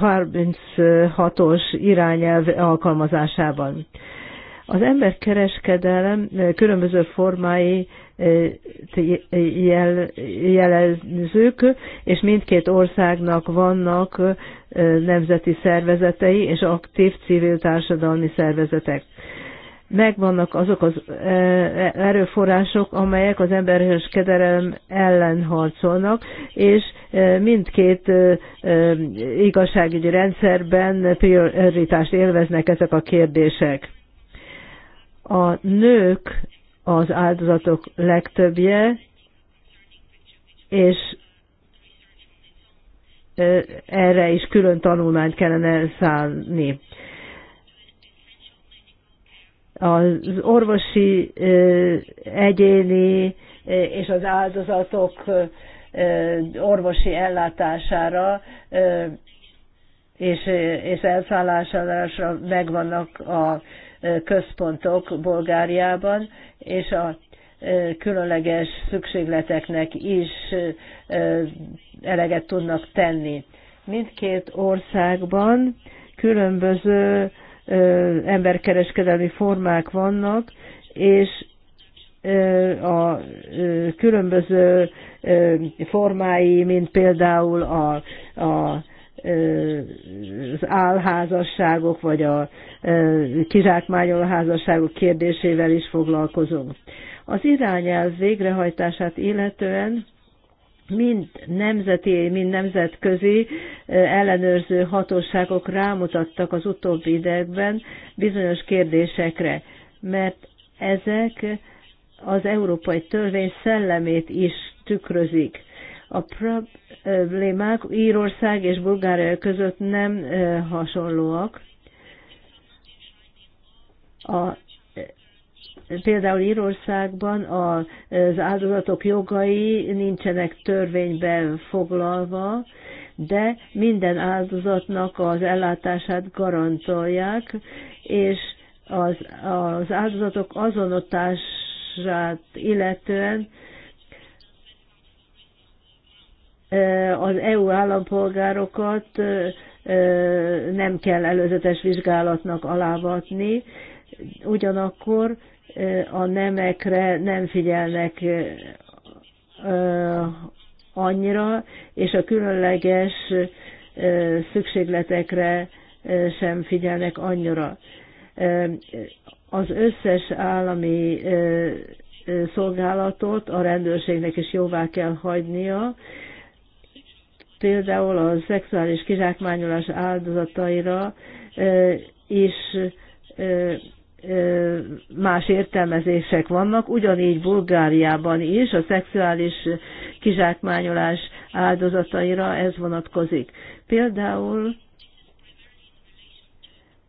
[SPEAKER 1] 36-os e, irányelv alkalmazásában. Az emberkereskedelem különböző formái jel, és mindkét országnak vannak nemzeti szervezetei és aktív civil társadalmi szervezetek. Megvannak azok az erőforrások, amelyek az emberhős kederelem ellen harcolnak, és mindkét igazságügyi rendszerben prioritást élveznek ezek a kérdések. A nők az áldozatok legtöbbje, és erre is külön tanulmányt kellene szállni. Az orvosi egyéni és az áldozatok orvosi ellátására és, elszállására megvannak a központok Bulgáriában, és a e, különleges szükségleteknek is e, e, eleget tudnak tenni. Mindkét országban különböző emberkereskedelmi formák vannak, és a különböző formái, mint például a, a az álházasságok vagy a kizsákmányoló házasságok kérdésével is foglalkozunk. Az irányelv végrehajtását illetően mind nemzeti, mind nemzetközi ellenőrző hatóságok rámutattak az utóbbi idegben bizonyos kérdésekre, mert ezek az európai törvény szellemét is tükrözik a problémák Írország és Bulgária között nem eh, hasonlóak. A eh, például Írországban az áldozatok jogai nincsenek törvénybe foglalva, de minden áldozatnak az ellátását garantolják, és az, az áldozatok azonotását illetően az EU állampolgárokat nem kell előzetes vizsgálatnak alávatni, ugyanakkor a nemekre nem figyelnek annyira, és a különleges szükségletekre sem figyelnek annyira. Az összes állami szolgálatot a rendőrségnek is jóvá kell hagynia, például a szexuális kizsákmányolás áldozataira is más értelmezések vannak, ugyanígy Bulgáriában is a szexuális kizsákmányolás áldozataira ez vonatkozik. Például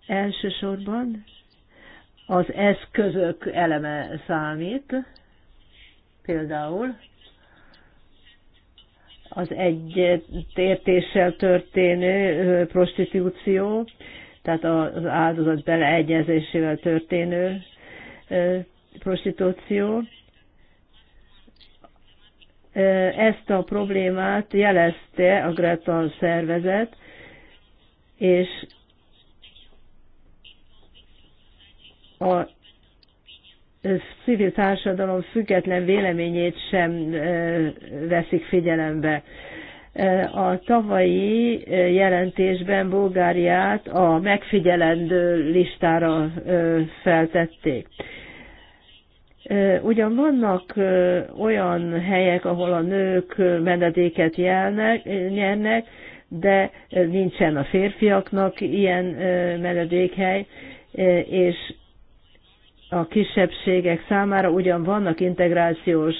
[SPEAKER 1] elsősorban az eszközök eleme számít, például az értéssel történő prostitúció, tehát az áldozat beleegyezésével történő prostitúció. Ezt a problémát jelezte a Greta szervezet, és a civil társadalom független véleményét sem veszik figyelembe. A tavalyi jelentésben Bulgáriát a megfigyelendő listára feltették. Ugyan vannak olyan helyek, ahol a nők menedéket jelnek, nyernek, de nincsen a férfiaknak ilyen menedékhely, és a kisebbségek számára, ugyan vannak integrációs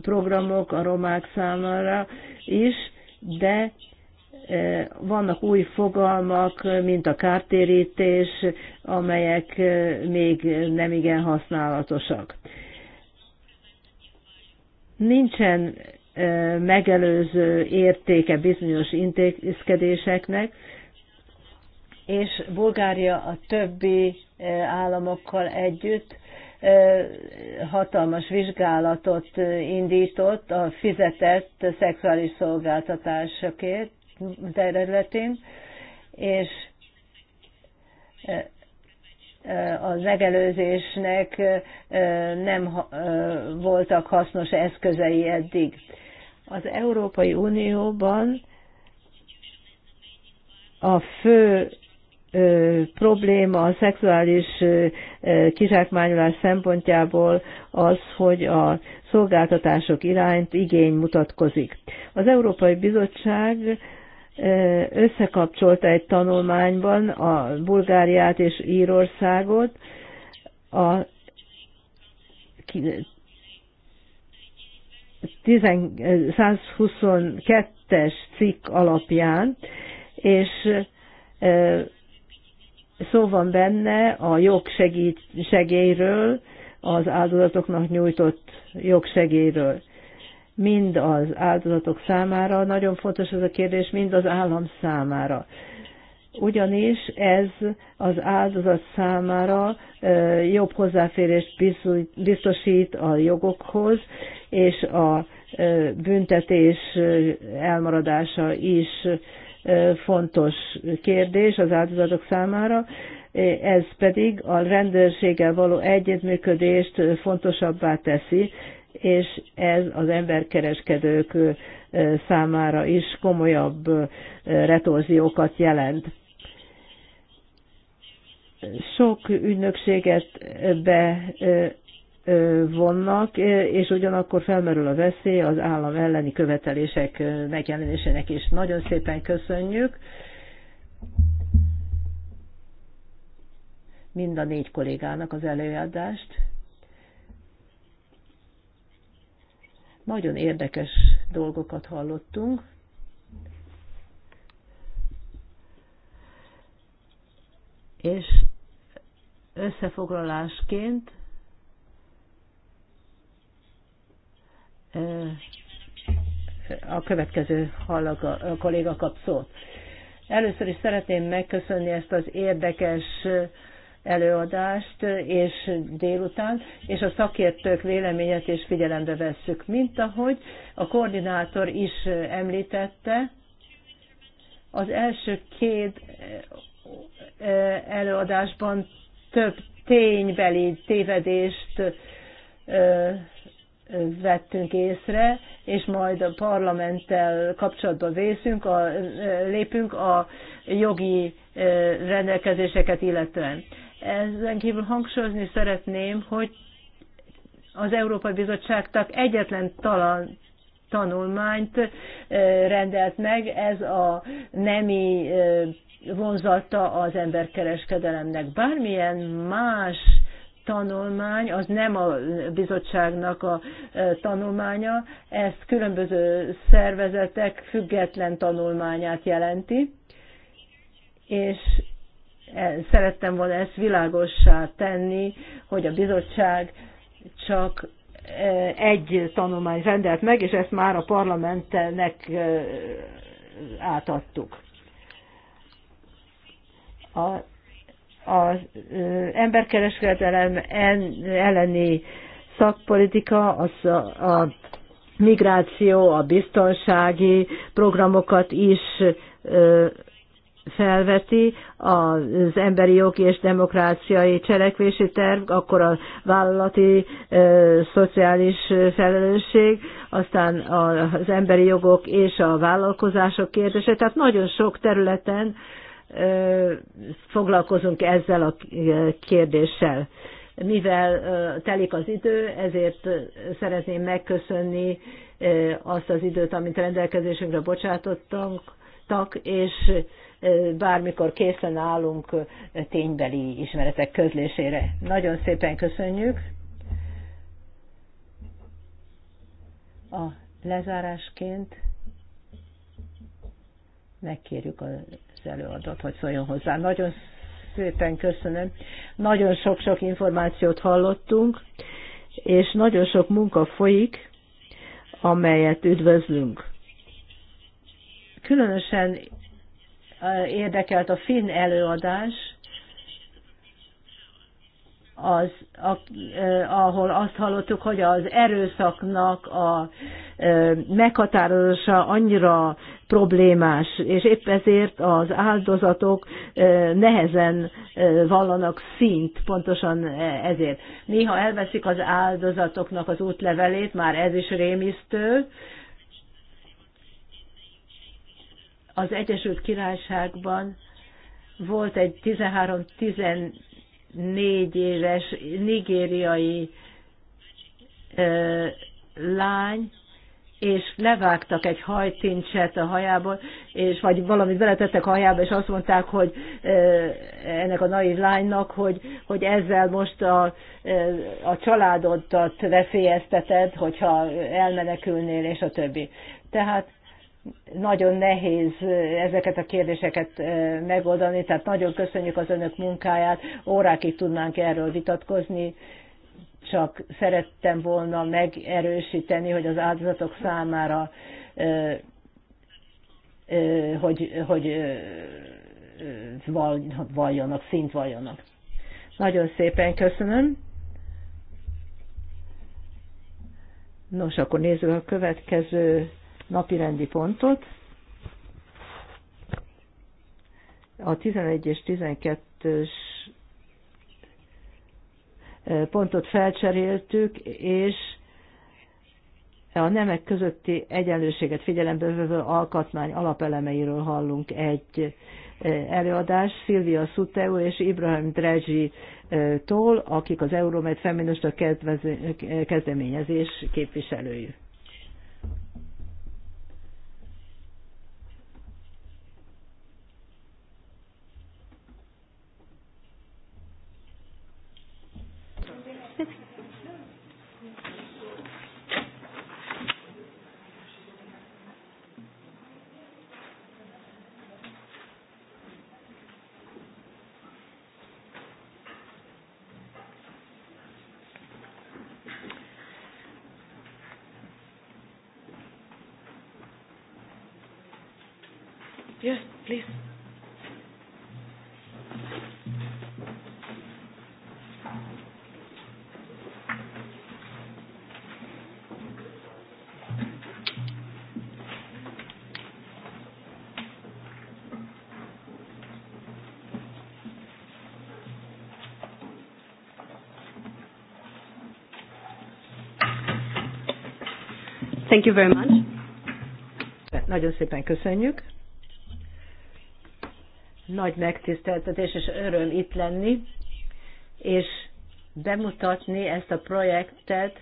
[SPEAKER 1] programok a romák számára is, de vannak új fogalmak, mint a kártérítés, amelyek még nem igen használatosak. Nincsen megelőző értéke bizonyos intézkedéseknek, és Bulgária a többi eh, államokkal együtt eh, hatalmas vizsgálatot eh, indított a fizetett szexuális szolgáltatásokért területén, és a megelőzésnek nem voltak hasznos eszközei eddig. Az Európai Unióban a fő probléma a szexuális kizsákmányolás szempontjából az, hogy a szolgáltatások irányt igény mutatkozik. Az Európai Bizottság összekapcsolta egy tanulmányban a Bulgáriát és Írországot a 122-es cikk alapján, és Szó van benne a jogsegélyről, az áldozatoknak nyújtott jogsegélyről. Mind az áldozatok számára, nagyon fontos ez a kérdés, mind az állam számára. Ugyanis ez az áldozat számára jobb hozzáférést biztosít a jogokhoz, és a büntetés elmaradása is fontos kérdés az áldozatok számára, ez pedig a rendőrséggel való együttműködést fontosabbá teszi, és ez az emberkereskedők számára is komolyabb retorziókat jelent. Sok ügynökséget be vannak és ugyanakkor felmerül a veszély az állam elleni követelések megjelenésének is. Nagyon szépen köszönjük mind a négy kollégának az előadást. Nagyon érdekes dolgokat hallottunk. És összefoglalásként a következő hallaga, a kolléga kap szót. Először is szeretném megköszönni ezt az érdekes előadást és délután, és a szakértők véleményet is figyelembe vesszük, mint ahogy a koordinátor is említette, az első két előadásban több ténybeli tévedést vettünk észre, és majd a parlamenttel kapcsolatba vészünk, a, lépünk a jogi rendelkezéseket illetően. Ezen kívül hangsúlyozni szeretném, hogy az Európai Bizottság egyetlen talan, tanulmányt rendelt meg, ez a nemi vonzata az emberkereskedelemnek. Bármilyen más tanulmány, az nem a bizottságnak a e, tanulmánya, ez különböző szervezetek független tanulmányát jelenti, és e, szerettem volna ezt világossá tenni, hogy a bizottság csak e, egy tanulmány rendelt meg, és ezt már a parlamentnek átadtuk. A az emberkereskedelem elleni szakpolitika, az a migráció, a biztonsági programokat is felveti az emberi jogi és demokráciai cselekvési terv, akkor a vállalati e, szociális felelősség, aztán az emberi jogok és a vállalkozások kérdése. Tehát nagyon sok területen e, foglalkozunk ezzel a kérdéssel. Mivel telik az idő, ezért szeretném megköszönni azt az időt, amit rendelkezésünkre bocsátottak, és bármikor készen állunk ténybeli ismeretek közlésére. Nagyon szépen köszönjük. A lezárásként megkérjük a előadót, hogy szóljon hozzá. Nagyon szépen köszönöm. Nagyon sok-sok információt hallottunk, és nagyon sok munka folyik, amelyet üdvözlünk. Különösen eh, érdekelt a finn előadás, az, a, ahol azt hallottuk, hogy az erőszaknak a meghatározása annyira problémás, és épp ezért az áldozatok nehezen vallanak szint, pontosan ezért. Néha elveszik az áldozatoknak az útlevelét, már ez is rémisztő. Az Egyesült Királyságban volt egy 13 négy éves nigériai ö, lány, és levágtak egy hajtincset a hajából, és vagy valamit beletettek a hajába, és azt mondták, hogy ö, ennek a naív lánynak, hogy, hogy ezzel most a, a családodat veszélyezteted, hogyha elmenekülnél, és a többi. Tehát nagyon nehéz ezeket a kérdéseket megoldani, tehát nagyon köszönjük az önök munkáját, órákig tudnánk erről vitatkozni, csak szerettem volna megerősíteni, hogy az áldozatok számára, hogy, hogy valljanak, szint valljanak. Nagyon szépen köszönöm. Nos, akkor nézzük a következő Napi rendi pontot. A 11 és 12-ös pontot felcseréltük, és a nemek közötti egyenlőséget figyelembe vevő alkotmány alapelemeiről hallunk egy előadás Szilvia Szuteu és Ibrahim Drezsi tól, akik az Euromed feminista kezdeményezés képviselői. Please. Thank you very much. Nagyon szépen köszönjük. Nagy megtiszteltetés és öröm itt lenni, és bemutatni ezt a projektet,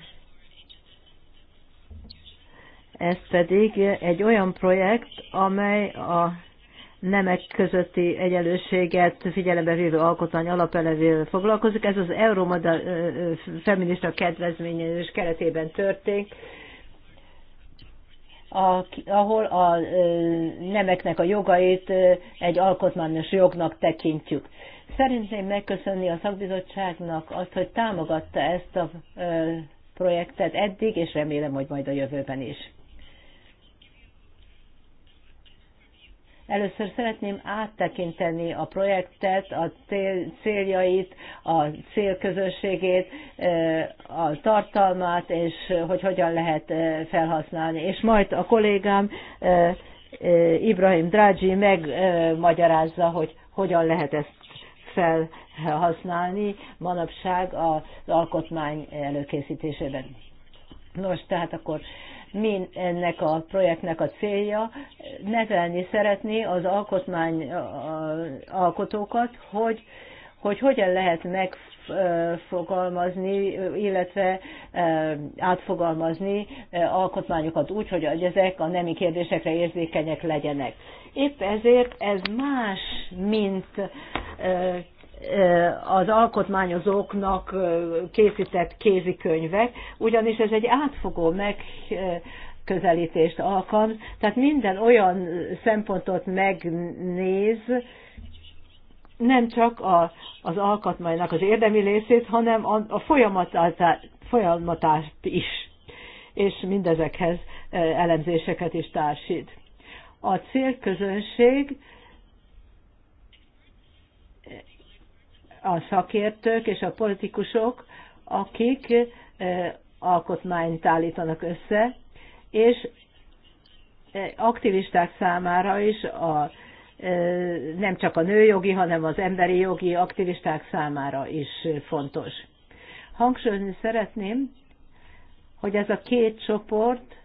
[SPEAKER 1] ez pedig egy olyan projekt, amely a nemek közötti egyenlőséget figyelembe vívő alkotmány alapelevével foglalkozik. Ez az Euromada feminista kedvezményezés keretében történt a, ahol a nemeknek a jogait egy alkotmányos jognak tekintjük. Szerintem megköszönni a szakbizottságnak azt, hogy támogatta ezt a projektet eddig, és remélem, hogy majd a jövőben is. Először szeretném áttekinteni a projektet, a cél, céljait, a célközösségét, a tartalmát, és hogy hogyan lehet felhasználni. És majd a kollégám Ibrahim Drágyi megmagyarázza, hogy hogyan lehet ezt felhasználni manapság az alkotmány előkészítésében. Nos, tehát akkor mi ennek a projektnek a célja, nevelni szeretné az alkotmány alkotókat, hogy, hogy hogyan lehet megfogalmazni, illetve e, átfogalmazni e, alkotmányokat úgy, hogy ezek a nemi kérdésekre érzékenyek legyenek. Épp ezért ez más, mint e, az alkotmányozóknak készített kézikönyvek, ugyanis ez egy átfogó megközelítést alkalmaz, tehát minden olyan szempontot megnéz, nem csak a, az alkotmánynak az érdemi részét, hanem a, a folyamatát, folyamatát is, és mindezekhez elemzéseket is társít. A célközönség a szakértők és a politikusok, akik eh, alkotmányt állítanak össze, és eh, aktivisták számára is a, eh, nem csak a nőjogi, hanem az emberi jogi aktivisták számára is fontos. Hangsúlyozni szeretném, hogy ez a két csoport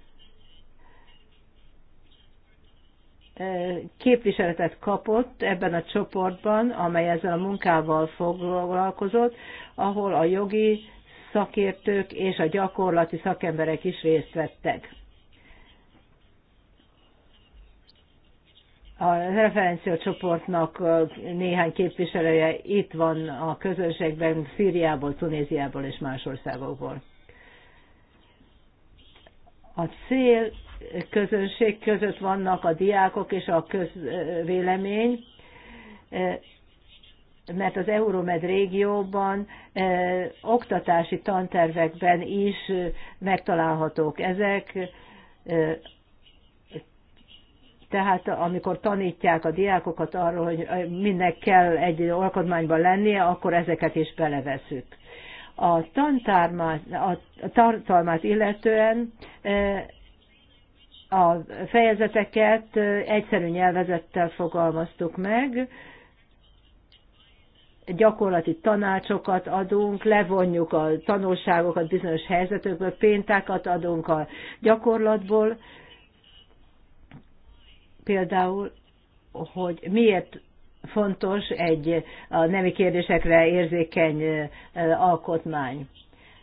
[SPEAKER 1] képviseletet kapott ebben a csoportban, amely ezzel a munkával foglalkozott, ahol a jogi szakértők és a gyakorlati szakemberek is részt vettek. A referenciacsoportnak néhány képviselője itt van a közönségben, Szíriából, Tunéziából és más országokból. A cél közönség között vannak a diákok és a közvélemény, mert az Euromed régióban eh, oktatási tantervekben is megtalálhatók ezek, eh, tehát amikor tanítják a diákokat arról, hogy eh, minek kell egy alkotmányban lennie, akkor ezeket is beleveszük. A, a tartalmát illetően a fejezeteket egyszerű nyelvezettel fogalmaztuk meg, gyakorlati tanácsokat adunk, levonjuk a tanulságokat bizonyos helyzetekből, péntákat adunk a gyakorlatból, például, hogy miért fontos egy a nemi kérdésekre érzékeny alkotmány.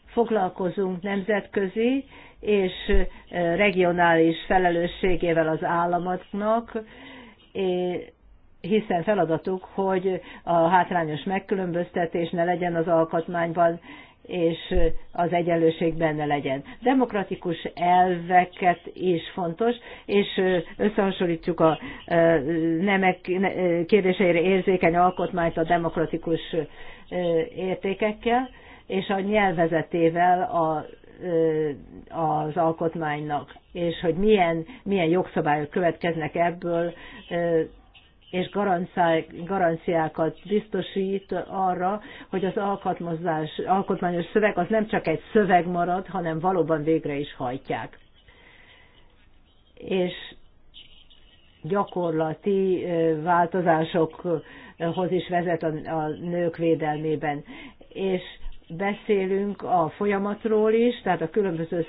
[SPEAKER 1] Foglalkozunk nemzetközi és regionális felelősségével az államoknak, hiszen feladatuk, hogy a hátrányos megkülönböztetés ne legyen az alkotmányban, és az egyenlőség benne legyen. Demokratikus elveket is fontos, és összehasonlítjuk a nemek kérdéseire érzékeny alkotmányt a demokratikus értékekkel, és a nyelvezetével a az alkotmánynak, és hogy milyen, milyen jogszabályok következnek ebből, és garanciákat biztosít arra, hogy az alkotmazás, alkotmányos szöveg az nem csak egy szöveg marad, hanem valóban végre is hajtják. És gyakorlati változásokhoz is vezet a, nők védelmében. És beszélünk a folyamatról is, tehát a különböző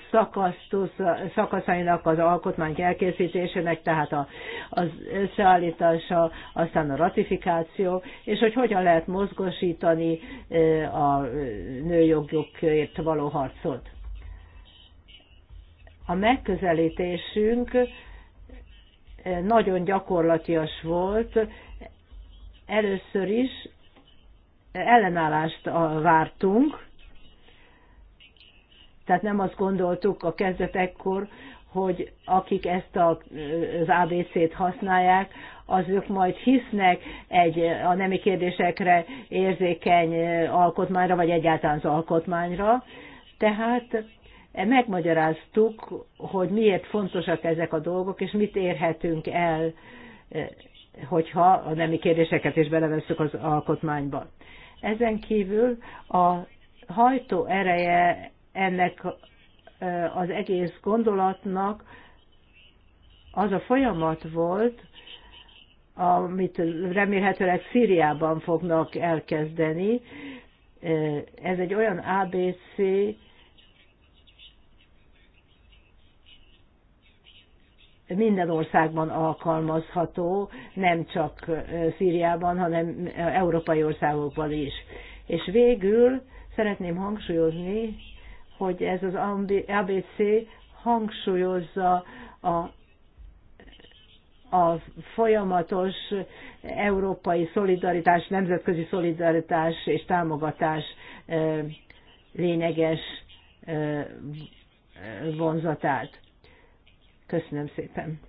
[SPEAKER 1] szakaszainak az alkotmány elkészítésének, tehát a, az összeállítása, aztán a ratifikáció, és hogy hogyan lehet mozgosítani eh, a nőjogokért való harcot. A megközelítésünk eh, nagyon gyakorlatias volt, először is ellenállást vártunk, tehát nem azt gondoltuk a kezdetekkor, hogy akik ezt a, az ABC-t használják, azok majd hisznek egy a nemi kérdésekre érzékeny alkotmányra, vagy egyáltalán az alkotmányra. Tehát megmagyaráztuk, hogy miért fontosak ezek a dolgok, és mit érhetünk el, hogyha a nemi kérdéseket is belevesszük az alkotmányba. Ezen kívül a hajtó ereje ennek az egész gondolatnak az a folyamat volt, amit remélhetőleg Szíriában fognak elkezdeni. Ez egy olyan ABC minden országban alkalmazható, nem csak Szíriában, hanem európai országokban is. És végül szeretném hangsúlyozni, hogy ez az ABC hangsúlyozza a a folyamatos európai szolidaritás, nemzetközi szolidaritás és támogatás lényeges vonzatát. Köszönöm szépen.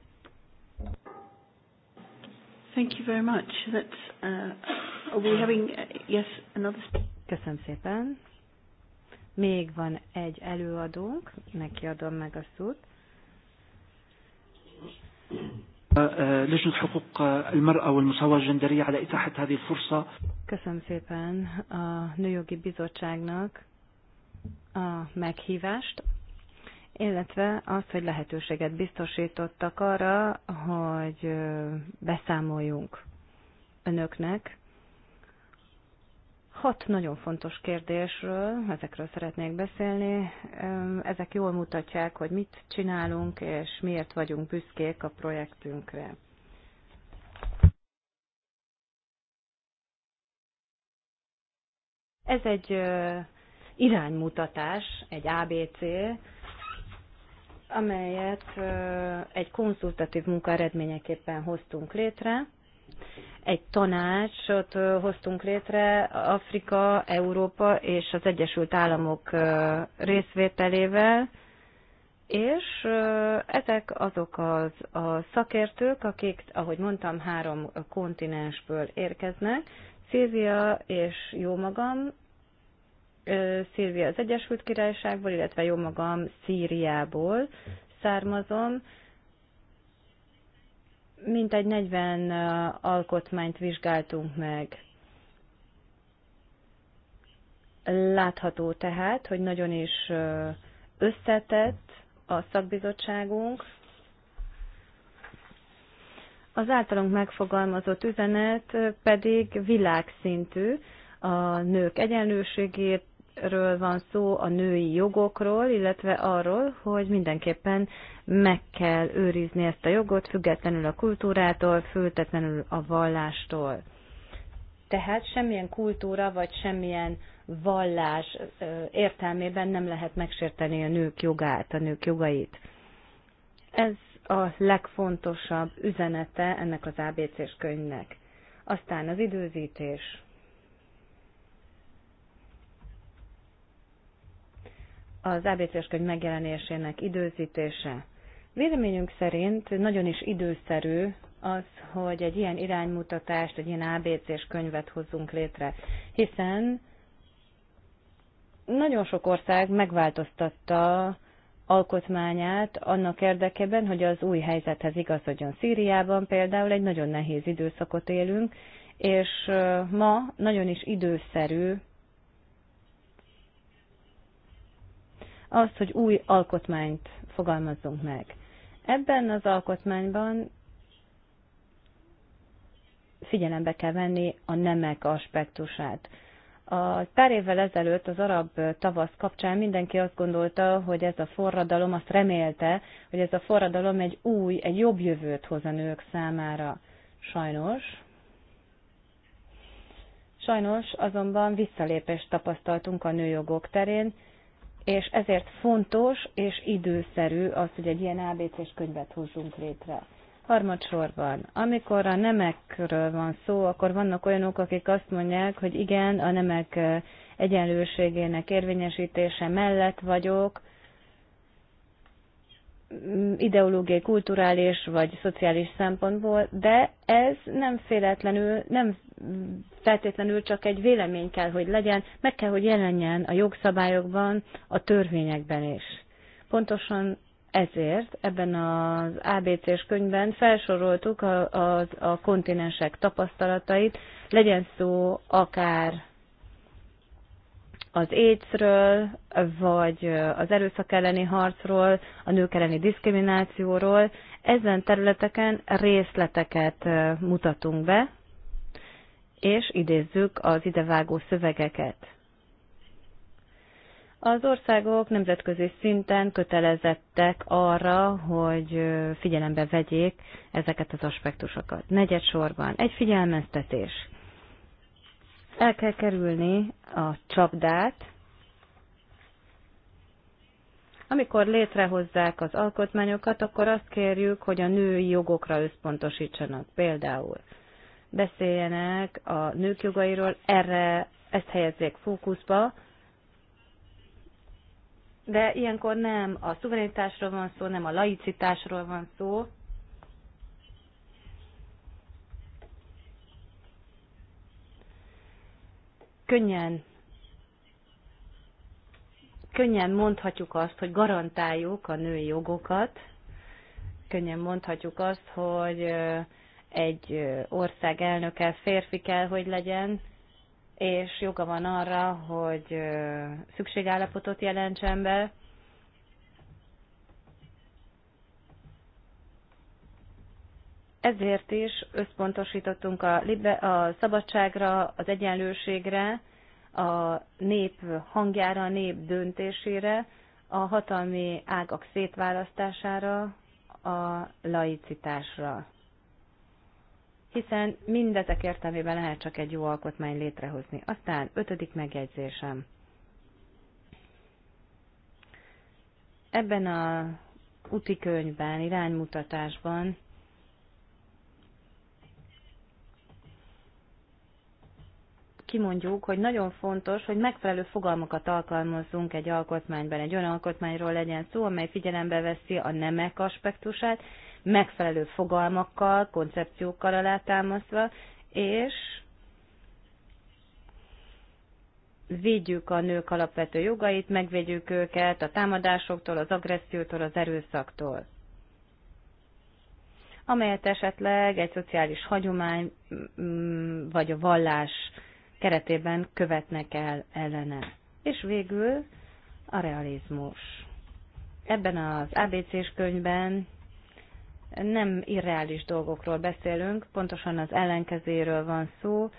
[SPEAKER 3] Thank you very much. That's, uh,
[SPEAKER 1] are we having, uh,
[SPEAKER 3] yes, another... Köszönöm szépen. Még van egy előadónk, neki adom meg a szót.
[SPEAKER 2] Uh, uh, لجنة حقوق المرأة والمساواة الجندرية على إتاحة هذه الفرصة.
[SPEAKER 3] Köszönöm szépen a Nőjogi Bizottságnak a meghívást illetve az, hogy lehetőséget biztosítottak arra, hogy beszámoljunk önöknek. Hat nagyon fontos kérdésről, ezekről szeretnék beszélni. Ezek jól mutatják, hogy mit csinálunk, és miért vagyunk büszkék a projektünkre. Ez egy iránymutatás, egy ABC, amelyet egy konzultatív munka eredményeképpen hoztunk létre. Egy tanácsot hoztunk létre Afrika, Európa és az Egyesült Államok részvételével, és ezek azok az, a szakértők, akik, ahogy mondtam, három kontinensből érkeznek, Szilvia és jó magam Szilvia az Egyesült Királyságból, illetve jó magam Szíriából származom. Mintegy 40 alkotmányt vizsgáltunk meg. Látható tehát, hogy nagyon is összetett a szakbizottságunk. Az általunk megfogalmazott üzenet pedig világszintű, a nők egyenlőségét ről van szó, a női jogokról, illetve arról, hogy mindenképpen meg kell őrizni ezt a jogot, függetlenül a kultúrától, függetlenül a vallástól. Tehát semmilyen kultúra vagy semmilyen vallás értelmében nem lehet megsérteni a nők jogát, a nők jogait. Ez a legfontosabb üzenete ennek az ABC-s könyvnek. Aztán az időzítés. az ABC-s könyv megjelenésének időzítése. Véleményünk szerint nagyon is időszerű az, hogy egy ilyen iránymutatást, egy ilyen ABC-s könyvet hozzunk létre, hiszen nagyon sok ország megváltoztatta alkotmányát annak érdekében, hogy az új helyzethez igazodjon. Szíriában például egy nagyon nehéz időszakot élünk, és ma nagyon is időszerű az, hogy új alkotmányt fogalmazzunk meg. Ebben az alkotmányban figyelembe kell venni a nemek aspektusát. A pár évvel ezelőtt az arab tavasz kapcsán mindenki azt gondolta, hogy ez a forradalom, azt remélte, hogy ez a forradalom egy új, egy jobb jövőt hoz a nők számára. Sajnos. Sajnos azonban visszalépést tapasztaltunk a nőjogok terén, és ezért fontos és időszerű az, hogy egy ilyen ABC-s könyvet hozzunk létre. Harmadsorban, amikor a nemekről van szó, akkor vannak olyanok, akik azt mondják, hogy igen, a nemek eh, egyenlőségének érvényesítése mellett vagyok, ideológiai, kulturális vagy szociális szempontból, de ez nem féletlenül, nem feltétlenül csak egy vélemény kell, hogy legyen, meg kell, hogy jelenjen a jogszabályokban, a törvényekben is. Pontosan ezért ebben az ABC-s könyvben felsoroltuk a, a, a kontinensek tapasztalatait, legyen szó akár az AIDS-ről, vagy az erőszak elleni harcról, a nők elleni diszkriminációról. Ezen területeken részleteket mutatunk be, és idézzük az idevágó szövegeket. Az országok nemzetközi szinten kötelezettek arra, hogy figyelembe vegyék ezeket az aspektusokat. Negyed sorban egy figyelmeztetés el kell kerülni a csapdát, amikor létrehozzák az alkotmányokat, akkor azt kérjük, hogy a női jogokra összpontosítsanak. Például beszéljenek a nők jogairól, erre ezt helyezzék fókuszba, de ilyenkor nem a szuverenitásról van szó, nem a laicitásról van szó, könnyen könnyen mondhatjuk azt, hogy garantáljuk a női jogokat, könnyen mondhatjuk azt, hogy egy ország elnöke férfi kell, hogy legyen, és joga van arra, hogy szükségállapotot jelentsen be, Ezért is összpontosítottunk a, a szabadságra, az egyenlőségre, a nép hangjára, a nép döntésére, a hatalmi ágak szétválasztására, a laicitásra. Hiszen mindezek értelmében lehet csak egy jó alkotmány létrehozni. Aztán ötödik megjegyzésem. Ebben a útikönyvben, iránymutatásban kimondjuk, hogy nagyon fontos, hogy megfelelő fogalmakat alkalmazzunk egy alkotmányban. Egy olyan alkotmányról legyen szó, amely figyelembe veszi a nemek aspektusát, megfelelő fogalmakkal, koncepciókkal alátámasztva, és védjük a nők alapvető jogait, megvédjük őket a támadásoktól, az agressziótól, az erőszaktól amelyet esetleg egy szociális hagyomány mm, vagy a vallás keretében követnek el ellene. És végül a realizmus. Ebben az ABC-s könyvben nem irreális dolgokról beszélünk, pontosan az ellenkezéről van szó,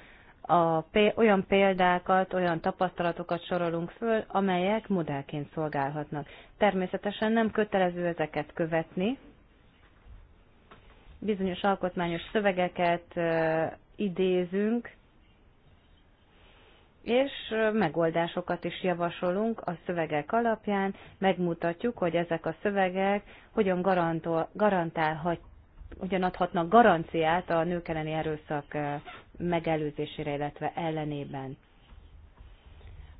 [SPEAKER 3] a, olyan példákat, olyan tapasztalatokat sorolunk föl, amelyek modellként szolgálhatnak. Természetesen nem kötelező ezeket követni. Bizonyos alkotmányos szövegeket idézünk, és megoldásokat is javasolunk a szövegek alapján, megmutatjuk, hogy ezek a szövegek hogyan garantol, garantálhat, hogyan adhatnak garanciát a nők elleni erőszak megelőzésére, illetve ellenében.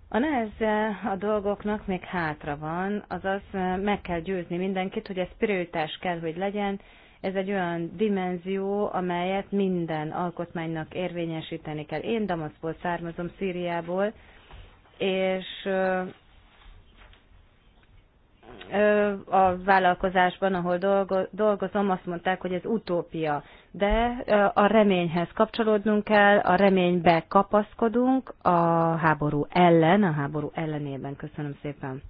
[SPEAKER 3] A neheze a dolgoknak még hátra van, azaz meg kell győzni mindenkit, hogy ez prioritás kell, hogy legyen, ez egy olyan dimenzió, amelyet minden alkotmánynak érvényesíteni kell. Én Damaszból származom, Szíriából, és a vállalkozásban, ahol dolgozom, azt mondták, hogy ez utópia. De a reményhez kapcsolódnunk kell, a reménybe kapaszkodunk a háború ellen, a háború ellenében. Köszönöm szépen.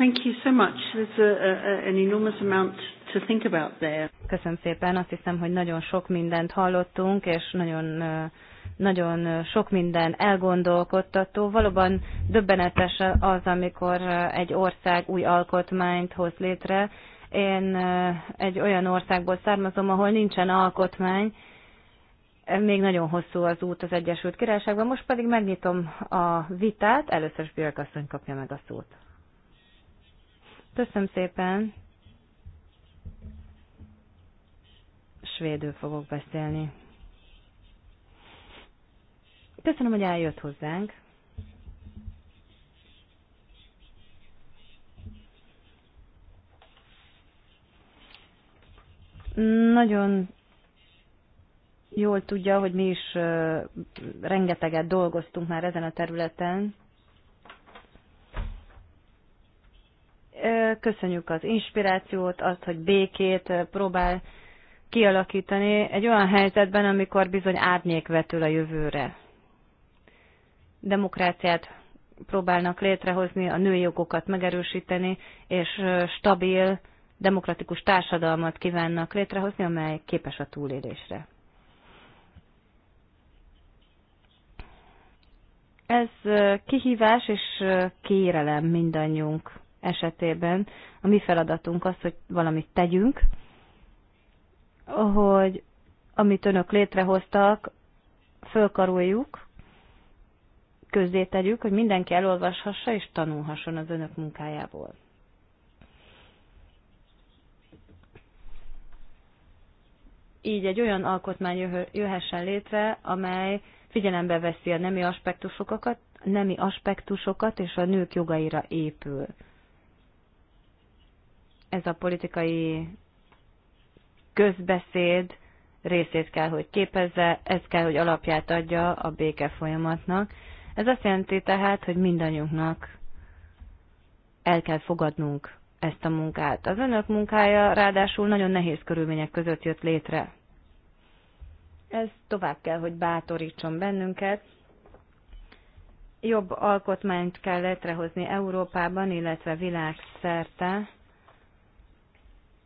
[SPEAKER 1] Thank you so much. There's a, a,
[SPEAKER 3] an enormous amount to think about there. Köszönöm szépen. Azt hiszem, hogy nagyon sok mindent hallottunk, és nagyon nagyon sok minden elgondolkodtató. Valóban döbbenetes az, amikor egy ország új alkotmányt hoz létre. Én egy olyan országból származom, ahol nincsen alkotmány, még nagyon hosszú az út az Egyesült Királyságban. Most pedig megnyitom a vitát, először is Björk asszony kapja meg a szót. Köszönöm szépen. Svédül fogok beszélni. Köszönöm, hogy eljött hozzánk. Nagyon jól tudja, hogy mi is rengeteget dolgoztunk már ezen a területen, köszönjük az inspirációt, azt, hogy békét próbál kialakítani egy olyan helyzetben, amikor bizony árnyék vetül a jövőre. Demokráciát próbálnak létrehozni, a női jogokat megerősíteni, és stabil, demokratikus társadalmat kívánnak létrehozni, amely képes a túlélésre. Ez kihívás és kérelem mindannyiunk esetében a mi feladatunk az, hogy valamit tegyünk, hogy amit önök létrehoztak, fölkaroljuk, közzé tegyük, hogy mindenki elolvashassa és tanulhasson az önök munkájából. Így egy olyan alkotmány jöhessen létre, amely figyelembe veszi a nemi aspektusokat, nemi aspektusokat és a nők jogaira épül ez a politikai közbeszéd részét kell, hogy képezze, ez kell, hogy alapját adja a béke folyamatnak. Ez azt jelenti tehát, hogy mindannyiunknak el kell fogadnunk ezt a munkát. Az önök munkája ráadásul nagyon nehéz körülmények között jött létre. Ez tovább kell, hogy bátorítson bennünket. Jobb alkotmányt kell létrehozni Európában, illetve világszerte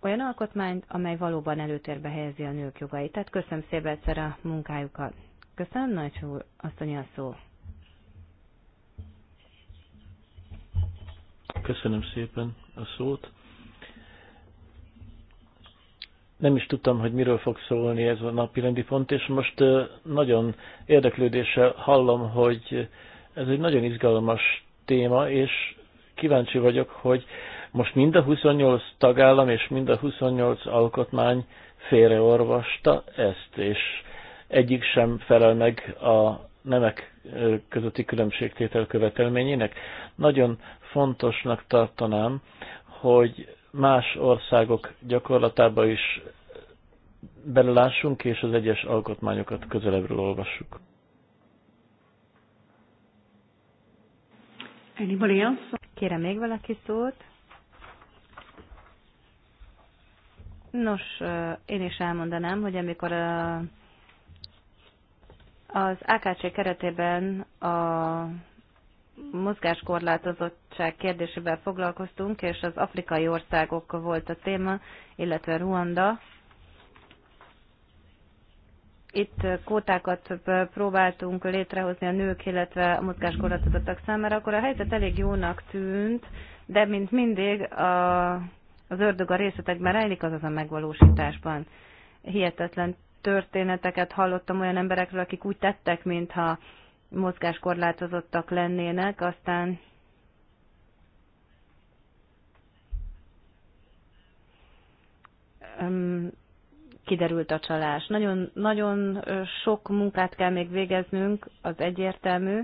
[SPEAKER 3] olyan alkotmányt, amely valóban előtérbe helyezi a nők jogait. Tehát köszönöm szépen egyszer a munkájukat. Köszönöm, Nagy úr, azt a szó.
[SPEAKER 2] Köszönöm szépen a szót. Nem is tudtam, hogy miről fog szólni ez a napi rendi pont, és most nagyon érdeklődéssel hallom, hogy ez egy nagyon izgalmas téma, és kíváncsi vagyok, hogy most mind a 28 tagállam és mind a 28 alkotmány félreorvasta ezt, és egyik sem felel meg a nemek közötti különbségtétel követelményének. Nagyon fontosnak tartanám, hogy más országok gyakorlatába is belelássunk, és az egyes alkotmányokat közelebbről olvassuk.
[SPEAKER 3] Kérem még valaki szót? Nos, én is elmondanám, hogy amikor a, az AKC keretében a mozgáskorlátozottság kérdésével foglalkoztunk, és az afrikai országok volt a téma, illetve Ruanda. Itt kótákat próbáltunk létrehozni a nők, illetve a mozgáskorlátozottak számára, akkor a helyzet elég jónak tűnt, de mint mindig a az ördög a részletekben rejlik, azaz a megvalósításban. Hihetetlen történeteket hallottam olyan emberekről, akik úgy tettek, mintha mozgáskorlátozottak lennének, aztán kiderült a csalás. Nagyon, nagyon sok munkát kell még végeznünk, az egyértelmű,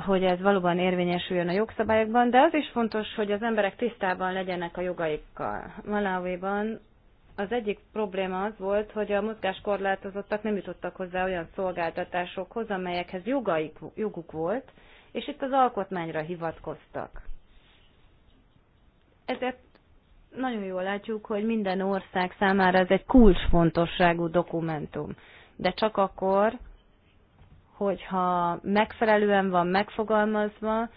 [SPEAKER 3] hogy ez valóban érvényesüljön a jogszabályokban, de az is fontos, hogy az emberek tisztában legyenek a jogaikkal. Malawiban az egyik probléma az volt, hogy a mozgáskorlátozottak nem jutottak hozzá olyan szolgáltatásokhoz, amelyekhez jogaik, joguk volt, és itt az alkotmányra hivatkoztak. Ezért nagyon jól látjuk, hogy minden ország számára ez egy kulcsfontosságú dokumentum. De csak akkor, hogyha megfelelően van megfogalmazva,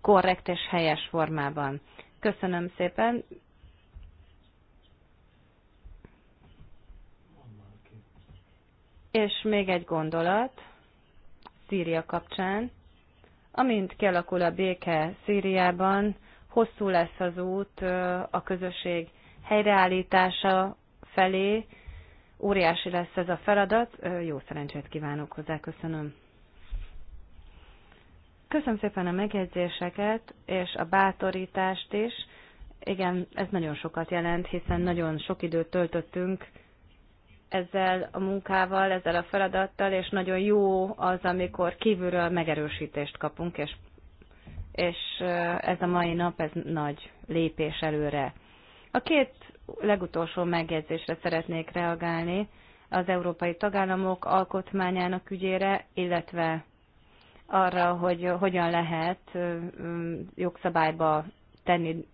[SPEAKER 3] korrekt és helyes formában. Köszönöm szépen. És még egy gondolat Szíria kapcsán. Amint kialakul a béke Szíriában, hosszú lesz az út a közösség helyreállítása felé, Óriási lesz ez a feladat, jó szerencsét kívánok hozzá, köszönöm. Köszönöm szépen a megjegyzéseket és a bátorítást is. Igen, ez nagyon sokat jelent, hiszen nagyon sok időt töltöttünk ezzel a munkával, ezzel a feladattal, és nagyon jó az, amikor kívülről megerősítést kapunk, és, és ez a mai nap, ez nagy lépés előre. A két legutolsó megjegyzésre szeretnék reagálni az európai tagállamok alkotmányának ügyére, illetve arra, hogy hogyan lehet jogszabályba tenni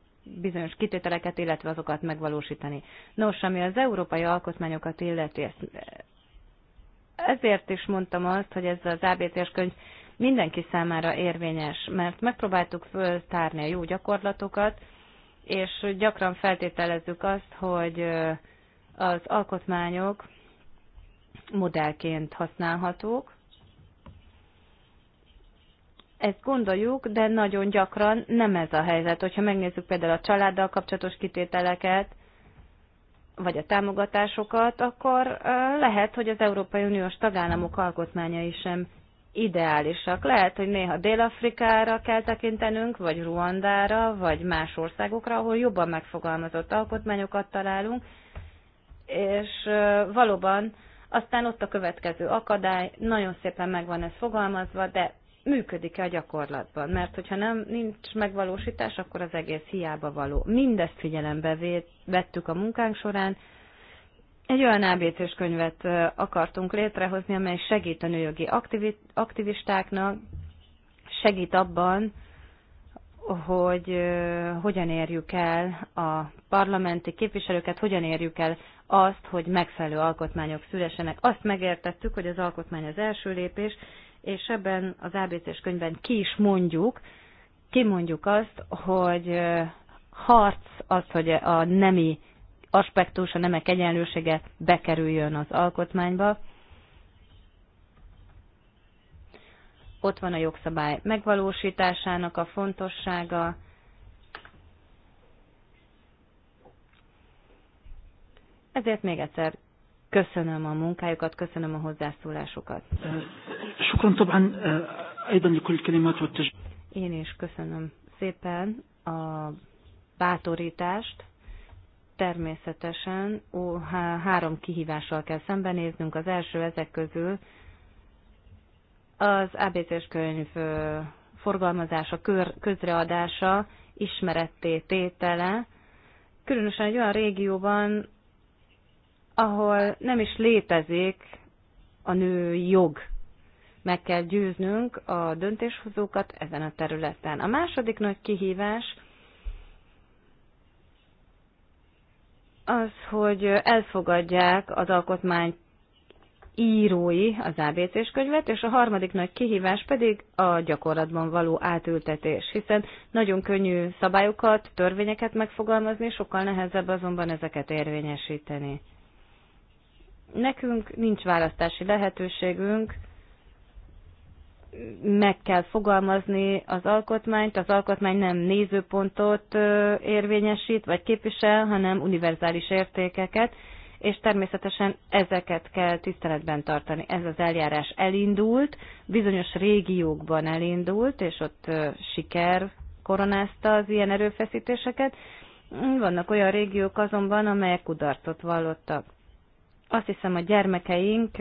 [SPEAKER 3] bizonyos kitételeket, illetve azokat megvalósítani. Nos, ami az európai alkotmányokat illeti, ezért is mondtam azt, hogy ez az ABCS könyv mindenki számára érvényes, mert megpróbáltuk föltárni a jó gyakorlatokat, és gyakran feltételezzük azt, hogy az alkotmányok modellként használhatók. Ezt gondoljuk, de nagyon gyakran nem ez a helyzet. Hogyha megnézzük például a családdal kapcsolatos kitételeket, vagy a támogatásokat, akkor lehet, hogy az Európai Uniós tagállamok alkotmányai sem ideálisak. Lehet, hogy néha Dél-Afrikára kell tekintenünk, vagy Ruandára, vagy más országokra, ahol jobban megfogalmazott alkotmányokat találunk, és valóban aztán ott a következő akadály, nagyon szépen megvan ez fogalmazva, de működik-e a gyakorlatban? Mert hogyha nem nincs megvalósítás, akkor az egész hiába való. Mindezt figyelembe vettük a munkánk során, egy olyan ABC-s könyvet akartunk létrehozni, amely segít a nőjogi aktivistáknak, segít abban, hogy hogyan érjük el a parlamenti képviselőket, hogyan érjük el azt, hogy megfelelő alkotmányok szülesenek. Azt megértettük, hogy az alkotmány az első lépés, és ebben az ABC-s könyvben ki is mondjuk, mondjuk azt, hogy harc az, hogy a nemi aspektus, a nemek egyenlősége bekerüljön az alkotmányba. Ott van a jogszabály megvalósításának a fontossága, Ezért még egyszer köszönöm a munkájukat, köszönöm a hozzászólásukat. Eh, Én is köszönöm szépen a bátorítást természetesen ó, három kihívással kell szembenéznünk. Az első ezek közül az ABC-s könyv forgalmazása, kör, közreadása, ismeretté tétele, különösen egy olyan régióban, ahol nem is létezik a nő jog. Meg kell győznünk a döntéshozókat ezen a területen. A második nagy kihívás az, hogy elfogadják az alkotmány írói az ABC-s könyvet, és a harmadik nagy kihívás pedig a gyakorlatban való átültetés, hiszen nagyon könnyű szabályokat, törvényeket megfogalmazni, sokkal nehezebb azonban ezeket érvényesíteni. Nekünk nincs választási lehetőségünk, meg kell fogalmazni az alkotmányt, az alkotmány nem nézőpontot érvényesít vagy képvisel, hanem univerzális értékeket, és természetesen ezeket kell tiszteletben tartani. Ez az eljárás elindult, bizonyos régiókban elindult, és ott siker koronázta az ilyen erőfeszítéseket. Vannak olyan régiók azonban, amelyek kudarcot vallottak. Azt hiszem, a gyermekeink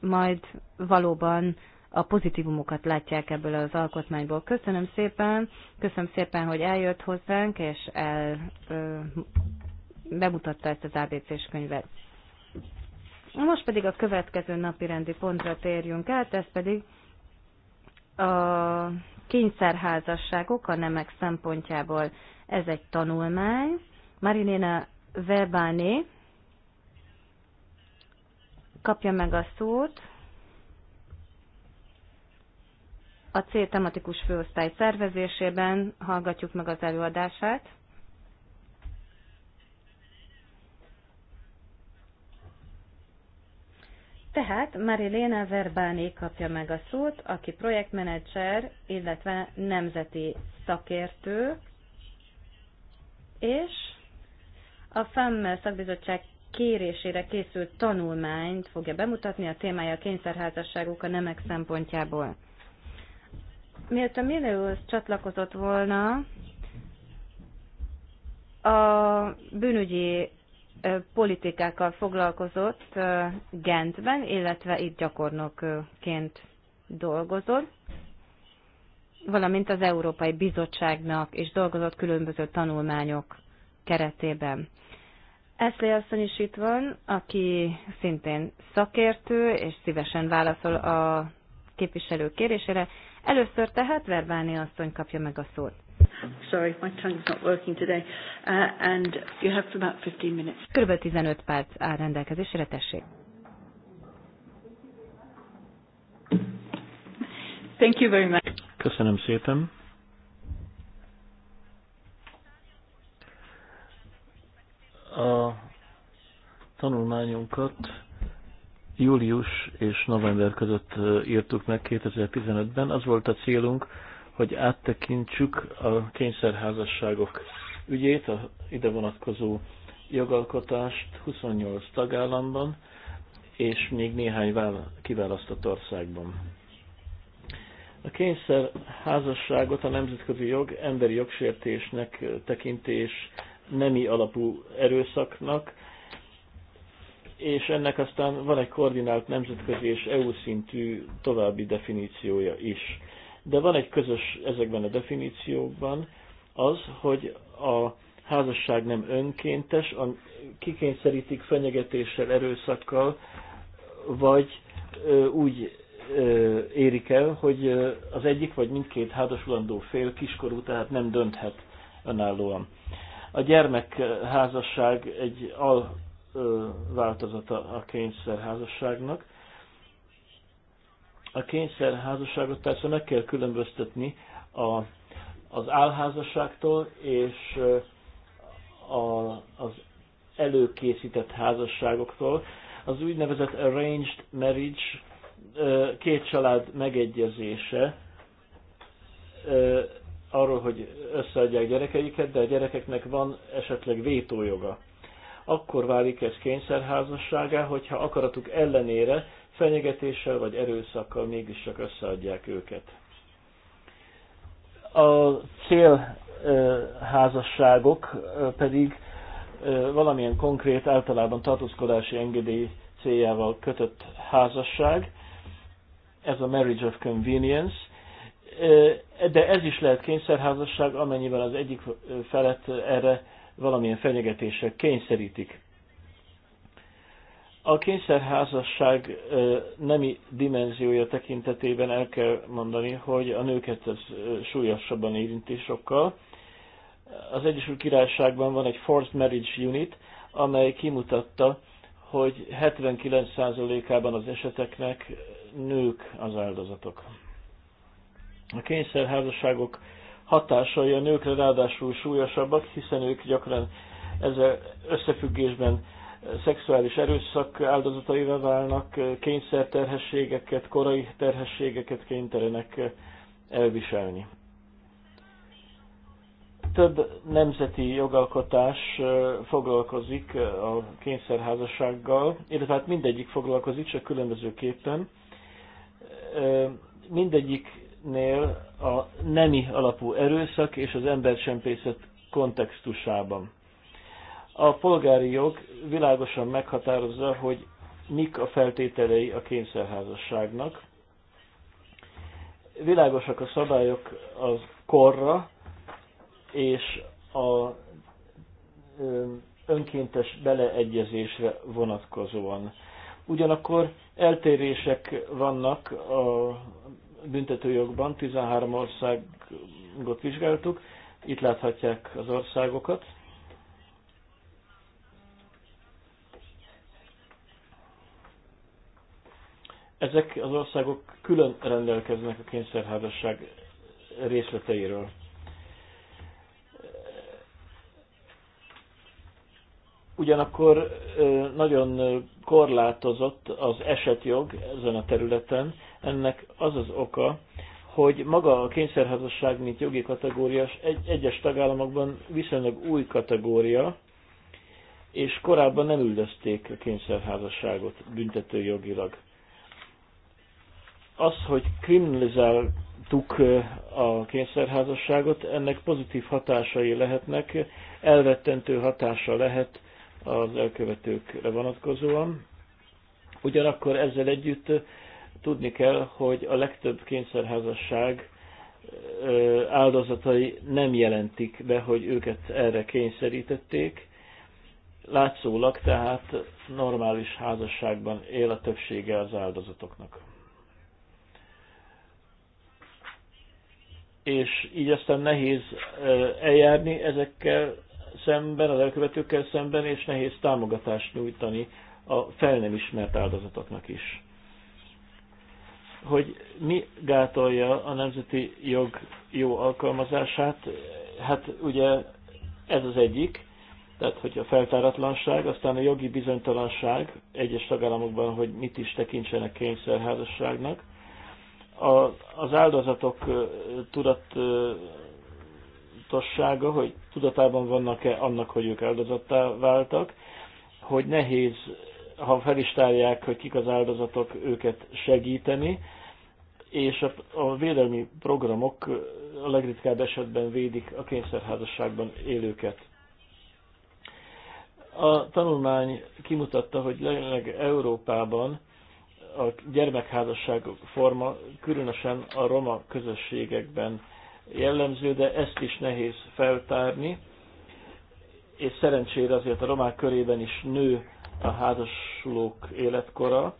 [SPEAKER 3] majd valóban a pozitívumokat látják ebből az alkotmányból. Köszönöm szépen, köszönöm szépen, hogy eljött hozzánk, és el, ö, bemutatta ezt az ABC-s könyvet. Most pedig a következő napi rendi pontra térjünk át, ez pedig a kényszerházasságok a nemek szempontjából. Ez egy tanulmány. Marinina Verbáné kapja meg a szót. A C tematikus főosztály szervezésében hallgatjuk meg az előadását. Tehát Marilena Verbáné kapja meg a szót, aki projektmenedzser, illetve nemzeti szakértő, és a FEM szakbizottság kérésére készült tanulmányt fogja bemutatni, a témája a kényszerházasságok a nemek szempontjából. Miért a millióhoz csatlakozott volna, a bűnügyi politikákkal foglalkozott Gentben, illetve itt gyakornokként dolgozott, valamint az Európai Bizottságnak is dolgozott különböző tanulmányok keretében. Eszlé asszony is itt van, aki szintén szakértő, és szívesen válaszol a képviselő kérésére. Először tehát Verbáni asszony kapja meg a szót. Sorry, my tongue's not working today. Uh, and you have for about 15 minutes. Körülbelül 15 perc áll rendelkezésre, tessék.
[SPEAKER 1] Thank you very much.
[SPEAKER 2] Köszönöm szépen. A tanulmányunkat július és november között írtuk meg 2015-ben. Az volt a célunk, hogy áttekintsük a kényszerházasságok ügyét, a ide vonatkozó jogalkotást 28 tagállamban, és még néhány kiválasztott országban. A kényszer házasságot a nemzetközi jog emberi jogsértésnek tekintés nemi alapú erőszaknak, és ennek aztán van egy koordinált nemzetközi és EU szintű további definíciója is. De van egy közös ezekben a definíciókban az, hogy a házasság nem önkéntes, a, kikényszerítik fenyegetéssel, erőszakkal, vagy ö, úgy ö, érik el, hogy ö, az egyik vagy mindkét házasulandó fél kiskorú, tehát nem dönthet önállóan. A gyermekházasság egy al változata a kényszerházasságnak. A kényszerházasságot persze meg kell különböztetni a, az álházasságtól és a, az előkészített házasságoktól. Az úgynevezett arranged marriage két család megegyezése arról, hogy összeadják gyerekeiket, de a gyerekeknek van esetleg vétójoga akkor válik ez kényszerházasságá, hogyha akaratuk ellenére fenyegetéssel vagy erőszakkal mégis csak összeadják őket. A célházasságok pedig valamilyen konkrét, általában tartózkodási engedély céljával kötött házasság, ez a marriage of convenience, de ez is lehet kényszerházasság, amennyiben az egyik felett erre valamilyen fenyegetések kényszerítik. A kényszerházasság nemi dimenziója tekintetében el kell mondani, hogy a nőket ez súlyosabban érinti sokkal. Az Egyesült Királyságban van egy Forced Marriage Unit, amely kimutatta, hogy 79%-ában az eseteknek nők az áldozatok. A kényszerházasságok hatásai a nőkre ráadásul súlyosabbak, hiszen ők gyakran ezzel összefüggésben szexuális erőszak áldozataira válnak, kényszerterhességeket, korai terhességeket kénytelenek elviselni. Több nemzeti jogalkotás foglalkozik a kényszerházassággal, illetve hát mindegyik foglalkozik, csak különbözőképpen. Mindegyik nél a nemi alapú erőszak és az embercsempészet kontextusában. A polgári jog világosan meghatározza, hogy mik a feltételei a kényszerházasságnak. Világosak a szabályok az korra és a önkéntes beleegyezésre vonatkozóan. Ugyanakkor eltérések vannak a büntetőjogban 13 országot vizsgáltuk, itt láthatják az országokat. Ezek az országok külön rendelkeznek a kényszerházasság részleteiről. Ugyanakkor nagyon korlátozott az esetjog ezen a területen. Ennek az az oka, hogy maga a kényszerházasság, mint jogi kategória, egy, egyes tagállamokban viszonylag új kategória, és korábban nem üldözték a kényszerházasságot büntető jogilag. Az, hogy kriminalizáltuk a kényszerházasságot, ennek pozitív hatásai lehetnek, elrettentő hatása lehet az elkövetőkre vonatkozóan. Ugyanakkor ezzel együtt tudni kell, hogy a legtöbb kényszerházasság áldozatai nem jelentik be, hogy őket erre kényszerítették. Látszólag tehát normális házasságban él a többsége az áldozatoknak. És így aztán nehéz eljárni ezekkel szemben, az elkövetőkkel szemben, és nehéz támogatást nyújtani a fel nem ismert áldozatoknak is. Hogy mi gátolja a nemzeti jog jó alkalmazását, hát ugye ez az egyik, tehát hogy a feltáratlanság, aztán a jogi bizonytalanság egyes tagállamokban, hogy mit is tekintsenek kényszerházasságnak, a, az áldozatok tudat tudatossága, hogy tudatában vannak-e annak, hogy ők áldozattá váltak, hogy nehéz, ha tárják, hogy kik az áldozatok, őket segíteni, és a, a védelmi programok a legritkább esetben védik a kényszerházasságban élőket. A tanulmány kimutatta, hogy jelenleg Európában a gyermekházasság forma különösen a roma közösségekben jellemző, de ezt is nehéz feltárni, és szerencsére azért a romák körében is nő a házasulók életkora,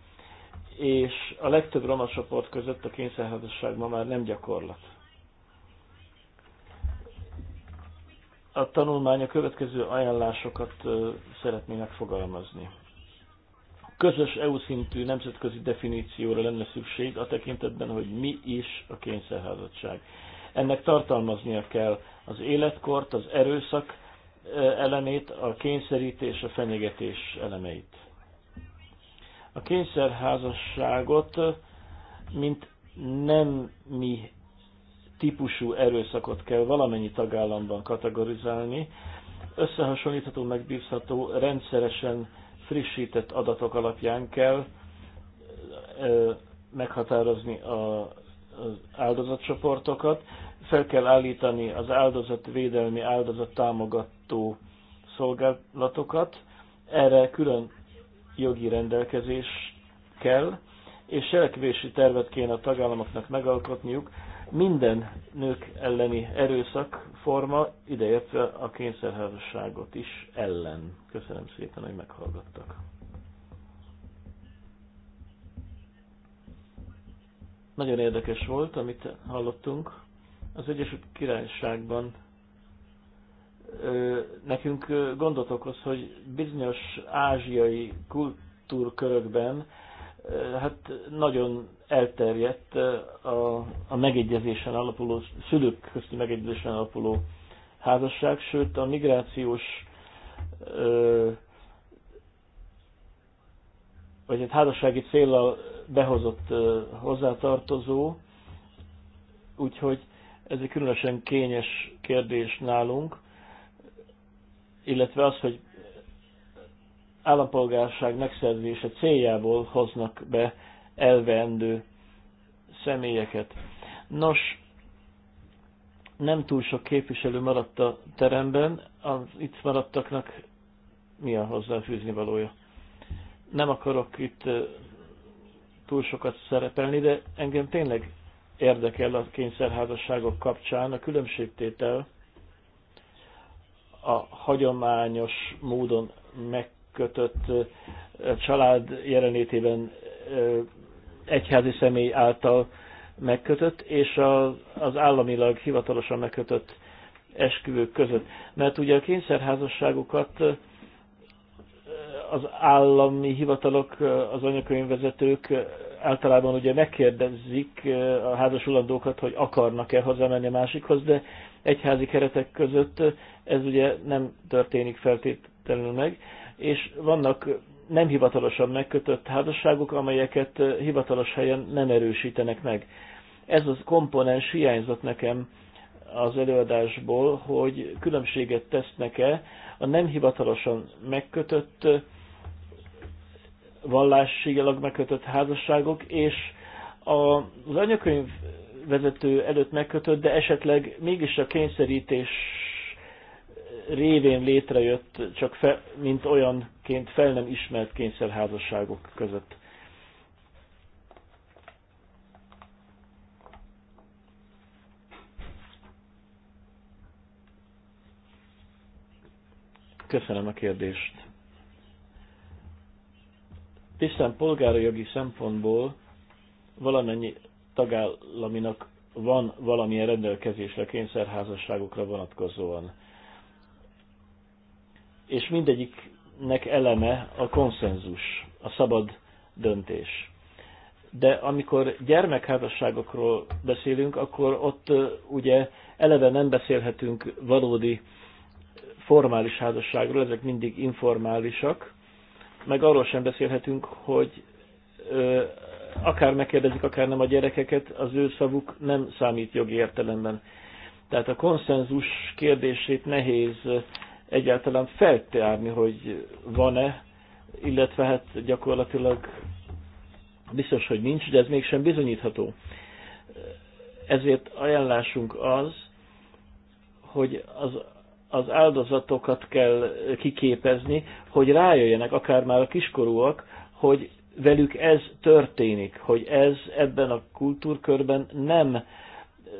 [SPEAKER 2] és a legtöbb roma csoport között a kényszerházasság ma már nem gyakorlat. A tanulmány a következő ajánlásokat szeretné megfogalmazni közös EU szintű nemzetközi definícióra lenne szükség a tekintetben, hogy mi is a kényszerházasság. Ennek tartalmaznia kell az életkort, az erőszak elemét, a kényszerítés, a fenyegetés elemeit. A kényszerházasságot, mint nem mi típusú erőszakot kell valamennyi tagállamban kategorizálni, összehasonlítható, megbízható, rendszeresen frissített adatok alapján kell meghatározni az áldozatcsoportokat, fel kell állítani az áldozat védelmi áldozat támogató szolgálatokat, erre külön jogi rendelkezés kell, és cselekvési tervet kéne a tagállamoknak megalkotniuk minden nők elleni erőszak forma, ideértve a kényszerházasságot is ellen. Köszönöm szépen, hogy meghallgattak. Nagyon érdekes volt, amit hallottunk az Egyesült Királyságban nekünk gondot okoz, hogy bizonyos ázsiai kultúrkörökben hát nagyon elterjedt a, a megegyezésen alapuló, szülők közti megegyezésen alapuló házasság, sőt a migrációs ö, vagy egy hát házassági célral behozott hozzátartozó, úgyhogy ez egy különösen kényes kérdés nálunk, illetve az, hogy állampolgárság megszerzése céljából hoznak be elvendő személyeket. Nos, nem túl sok képviselő maradt a teremben, az itt maradtaknak mi a hozzáfűzni valója. Nem akarok itt túl sokat szerepelni, de engem tényleg érdekel a kényszerházasságok kapcsán. A különbségtétel a hagyományos módon megkötött család jelenlétében egyházi személy által megkötött, és az államilag hivatalosan megkötött esküvők között. Mert ugye a kényszerházasságokat az állami hivatalok, az anyakönyvvezetők általában ugye megkérdezik eh, a házasulandókat, hogy akarnak-e hazamenni a másikhoz, de egyházi keretek között eh, ez ugye nem történik feltétlenül meg, és vannak nem hivatalosan megkötött házasságok, amelyeket eh, hivatalos helyen nem erősítenek meg. Ez az komponens hiányzott nekem az előadásból, hogy különbséget tesznek-e a nem hivatalosan megkötött vallásilag megkötött házasságok, és az anyakönyv vezető előtt megkötött, de esetleg mégis a kényszerítés révén létrejött, csak fe, mint olyanként fel nem ismert kényszerházasságok között. Köszönöm a kérdést tisztán jogi szempontból valamennyi tagállaminak van valamilyen rendelkezésre kényszerházasságokra vonatkozóan. És mindegyiknek eleme a konszenzus, a szabad döntés. De amikor gyermekházasságokról beszélünk, akkor ott ugye eleve nem beszélhetünk valódi formális házasságról, ezek mindig informálisak, meg arról sem beszélhetünk, hogy ö, akár megkérdezik, akár nem a gyerekeket, az ő szavuk nem számít jogi értelemben. Tehát a konszenzus kérdését nehéz egyáltalán feltárni, hogy van-e, illetve hát gyakorlatilag biztos, hogy nincs, de ez mégsem bizonyítható. Ezért ajánlásunk az, hogy az az áldozatokat kell kiképezni, hogy rájöjjenek, akár már a kiskorúak, hogy velük ez történik, hogy ez ebben a kultúrkörben nem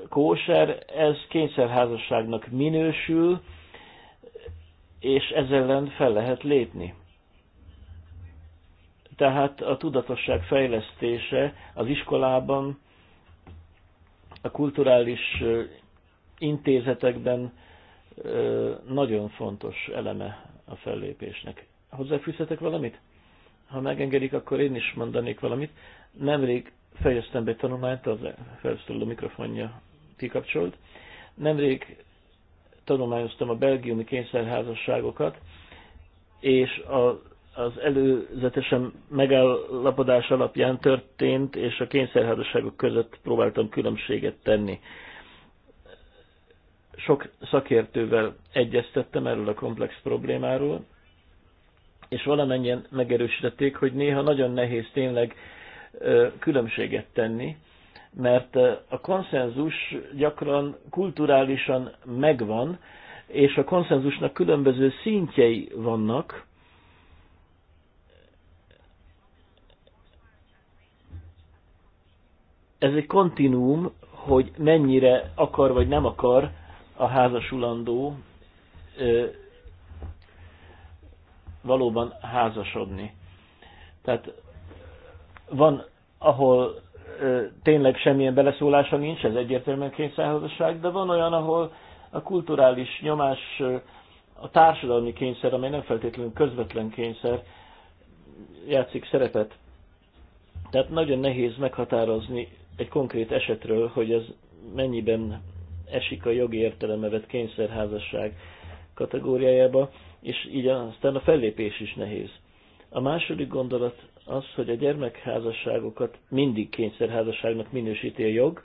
[SPEAKER 2] kóser, ez kényszerházasságnak minősül, és ezzel ellen fel lehet lépni. Tehát a tudatosság fejlesztése az iskolában, a kulturális intézetekben, nagyon fontos eleme a fellépésnek. Hozzáfűzhetek valamit? Ha megengedik, akkor én is mondanék valamit. Nemrég fejeztem be tanulmányt, az felszóló mikrofonja kikapcsolt. Nemrég tanulmányoztam a belgiumi kényszerházasságokat, és a az előzetesen megállapodás alapján történt, és a kényszerházasságok között próbáltam különbséget tenni sok szakértővel egyeztettem erről a komplex problémáról, és valamennyien megerősítették, hogy néha nagyon nehéz tényleg különbséget tenni, mert a konszenzus gyakran kulturálisan megvan, és a konszenzusnak különböző szintjei vannak. Ez egy kontinuum, hogy mennyire akar vagy nem akar a házasulandó valóban házasodni. Tehát van, ahol ö, tényleg semmilyen beleszólása nincs, ez egyértelműen kényszerházasság, de van olyan, ahol a kulturális nyomás, a társadalmi kényszer, amely nem feltétlenül közvetlen kényszer, játszik szerepet. Tehát nagyon nehéz meghatározni egy konkrét esetről, hogy ez mennyiben esik a jogi értelembe vett kényszerházasság kategóriájába, és így aztán a fellépés is nehéz. A második gondolat az, hogy a gyermekházasságokat mindig kényszerházasságnak minősíti a jog,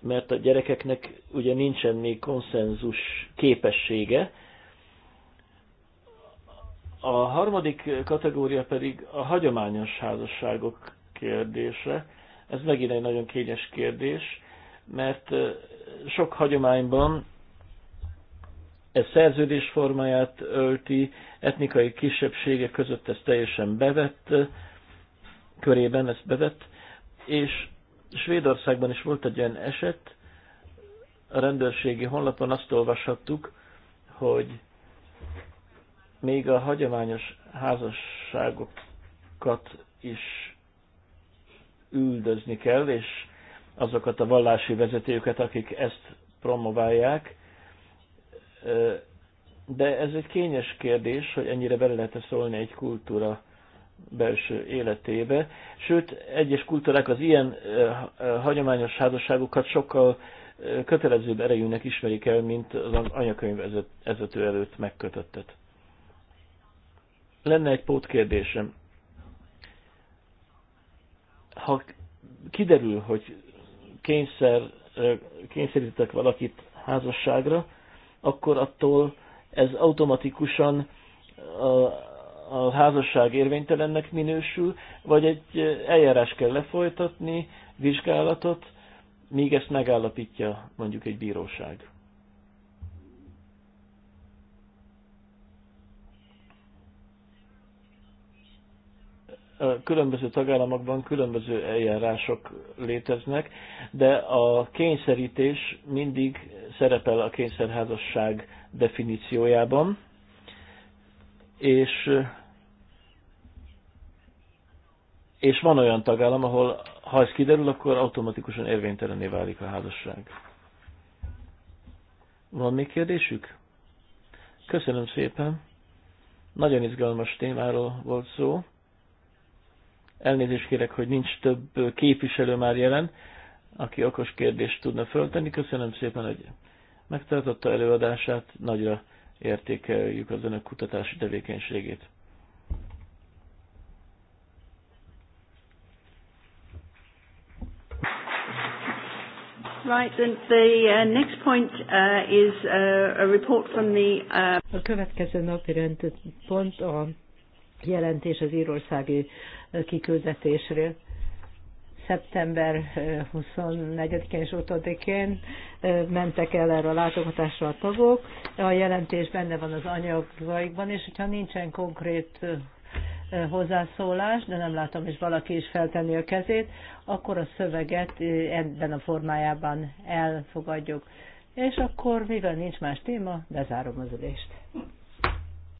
[SPEAKER 2] mert a gyerekeknek ugye nincsen még konszenzus képessége. A harmadik kategória pedig a hagyományos házasságok kérdése. Ez megint egy nagyon kényes kérdés mert sok hagyományban ez szerződés formáját ölti, etnikai kisebbségek között ez teljesen bevett, körében ez bevett, és Svédországban is volt egy olyan eset, a rendőrségi honlapon azt olvashattuk, hogy még a hagyományos házasságokat is üldözni kell, és azokat a vallási vezetőket, akik ezt promoválják. De ez egy kényes kérdés, hogy ennyire bele lehet szólni egy kultúra belső életébe. Sőt, egyes kultúrák az ilyen hagyományos házasságokat sokkal kötelezőbb erejűnek ismerik el, mint az anyakönyv ezető előtt megkötöttet. Lenne egy pótkérdésem. Ha kiderül, hogy kényszer, kényszerítek valakit házasságra, akkor attól ez automatikusan a, a házasság érvénytelennek minősül, vagy egy eljárás kell lefolytatni, vizsgálatot, míg ezt megállapítja mondjuk egy bíróság. különböző tagállamokban különböző eljárások léteznek, de a kényszerítés mindig szerepel a kényszerházasság definíciójában, és, és van olyan tagállam, ahol ha ez kiderül, akkor automatikusan érvénytelenné válik a házasság. Van még kérdésük? Köszönöm szépen! Nagyon izgalmas témáról volt szó. Elnézést kérek, hogy nincs több képviselő már jelen, aki okos kérdést tudna föltenni. Köszönöm szépen, hogy megtartotta előadását, nagyra értékeljük az önök kutatási tevékenységét.
[SPEAKER 1] Right, the uh, next point uh, is uh, a report from the. A következő napi rend pont a jelentés az írországi kiküldetésről. Szeptember 24-én és 5-én mentek el erre a látogatásra a tagok. A jelentés benne van az anyagaikban, és hogyha nincsen konkrét hozzászólás, de nem látom, és valaki is feltenni a kezét, akkor a szöveget ebben a formájában elfogadjuk. És akkor, mivel nincs más téma, bezárom az ülést.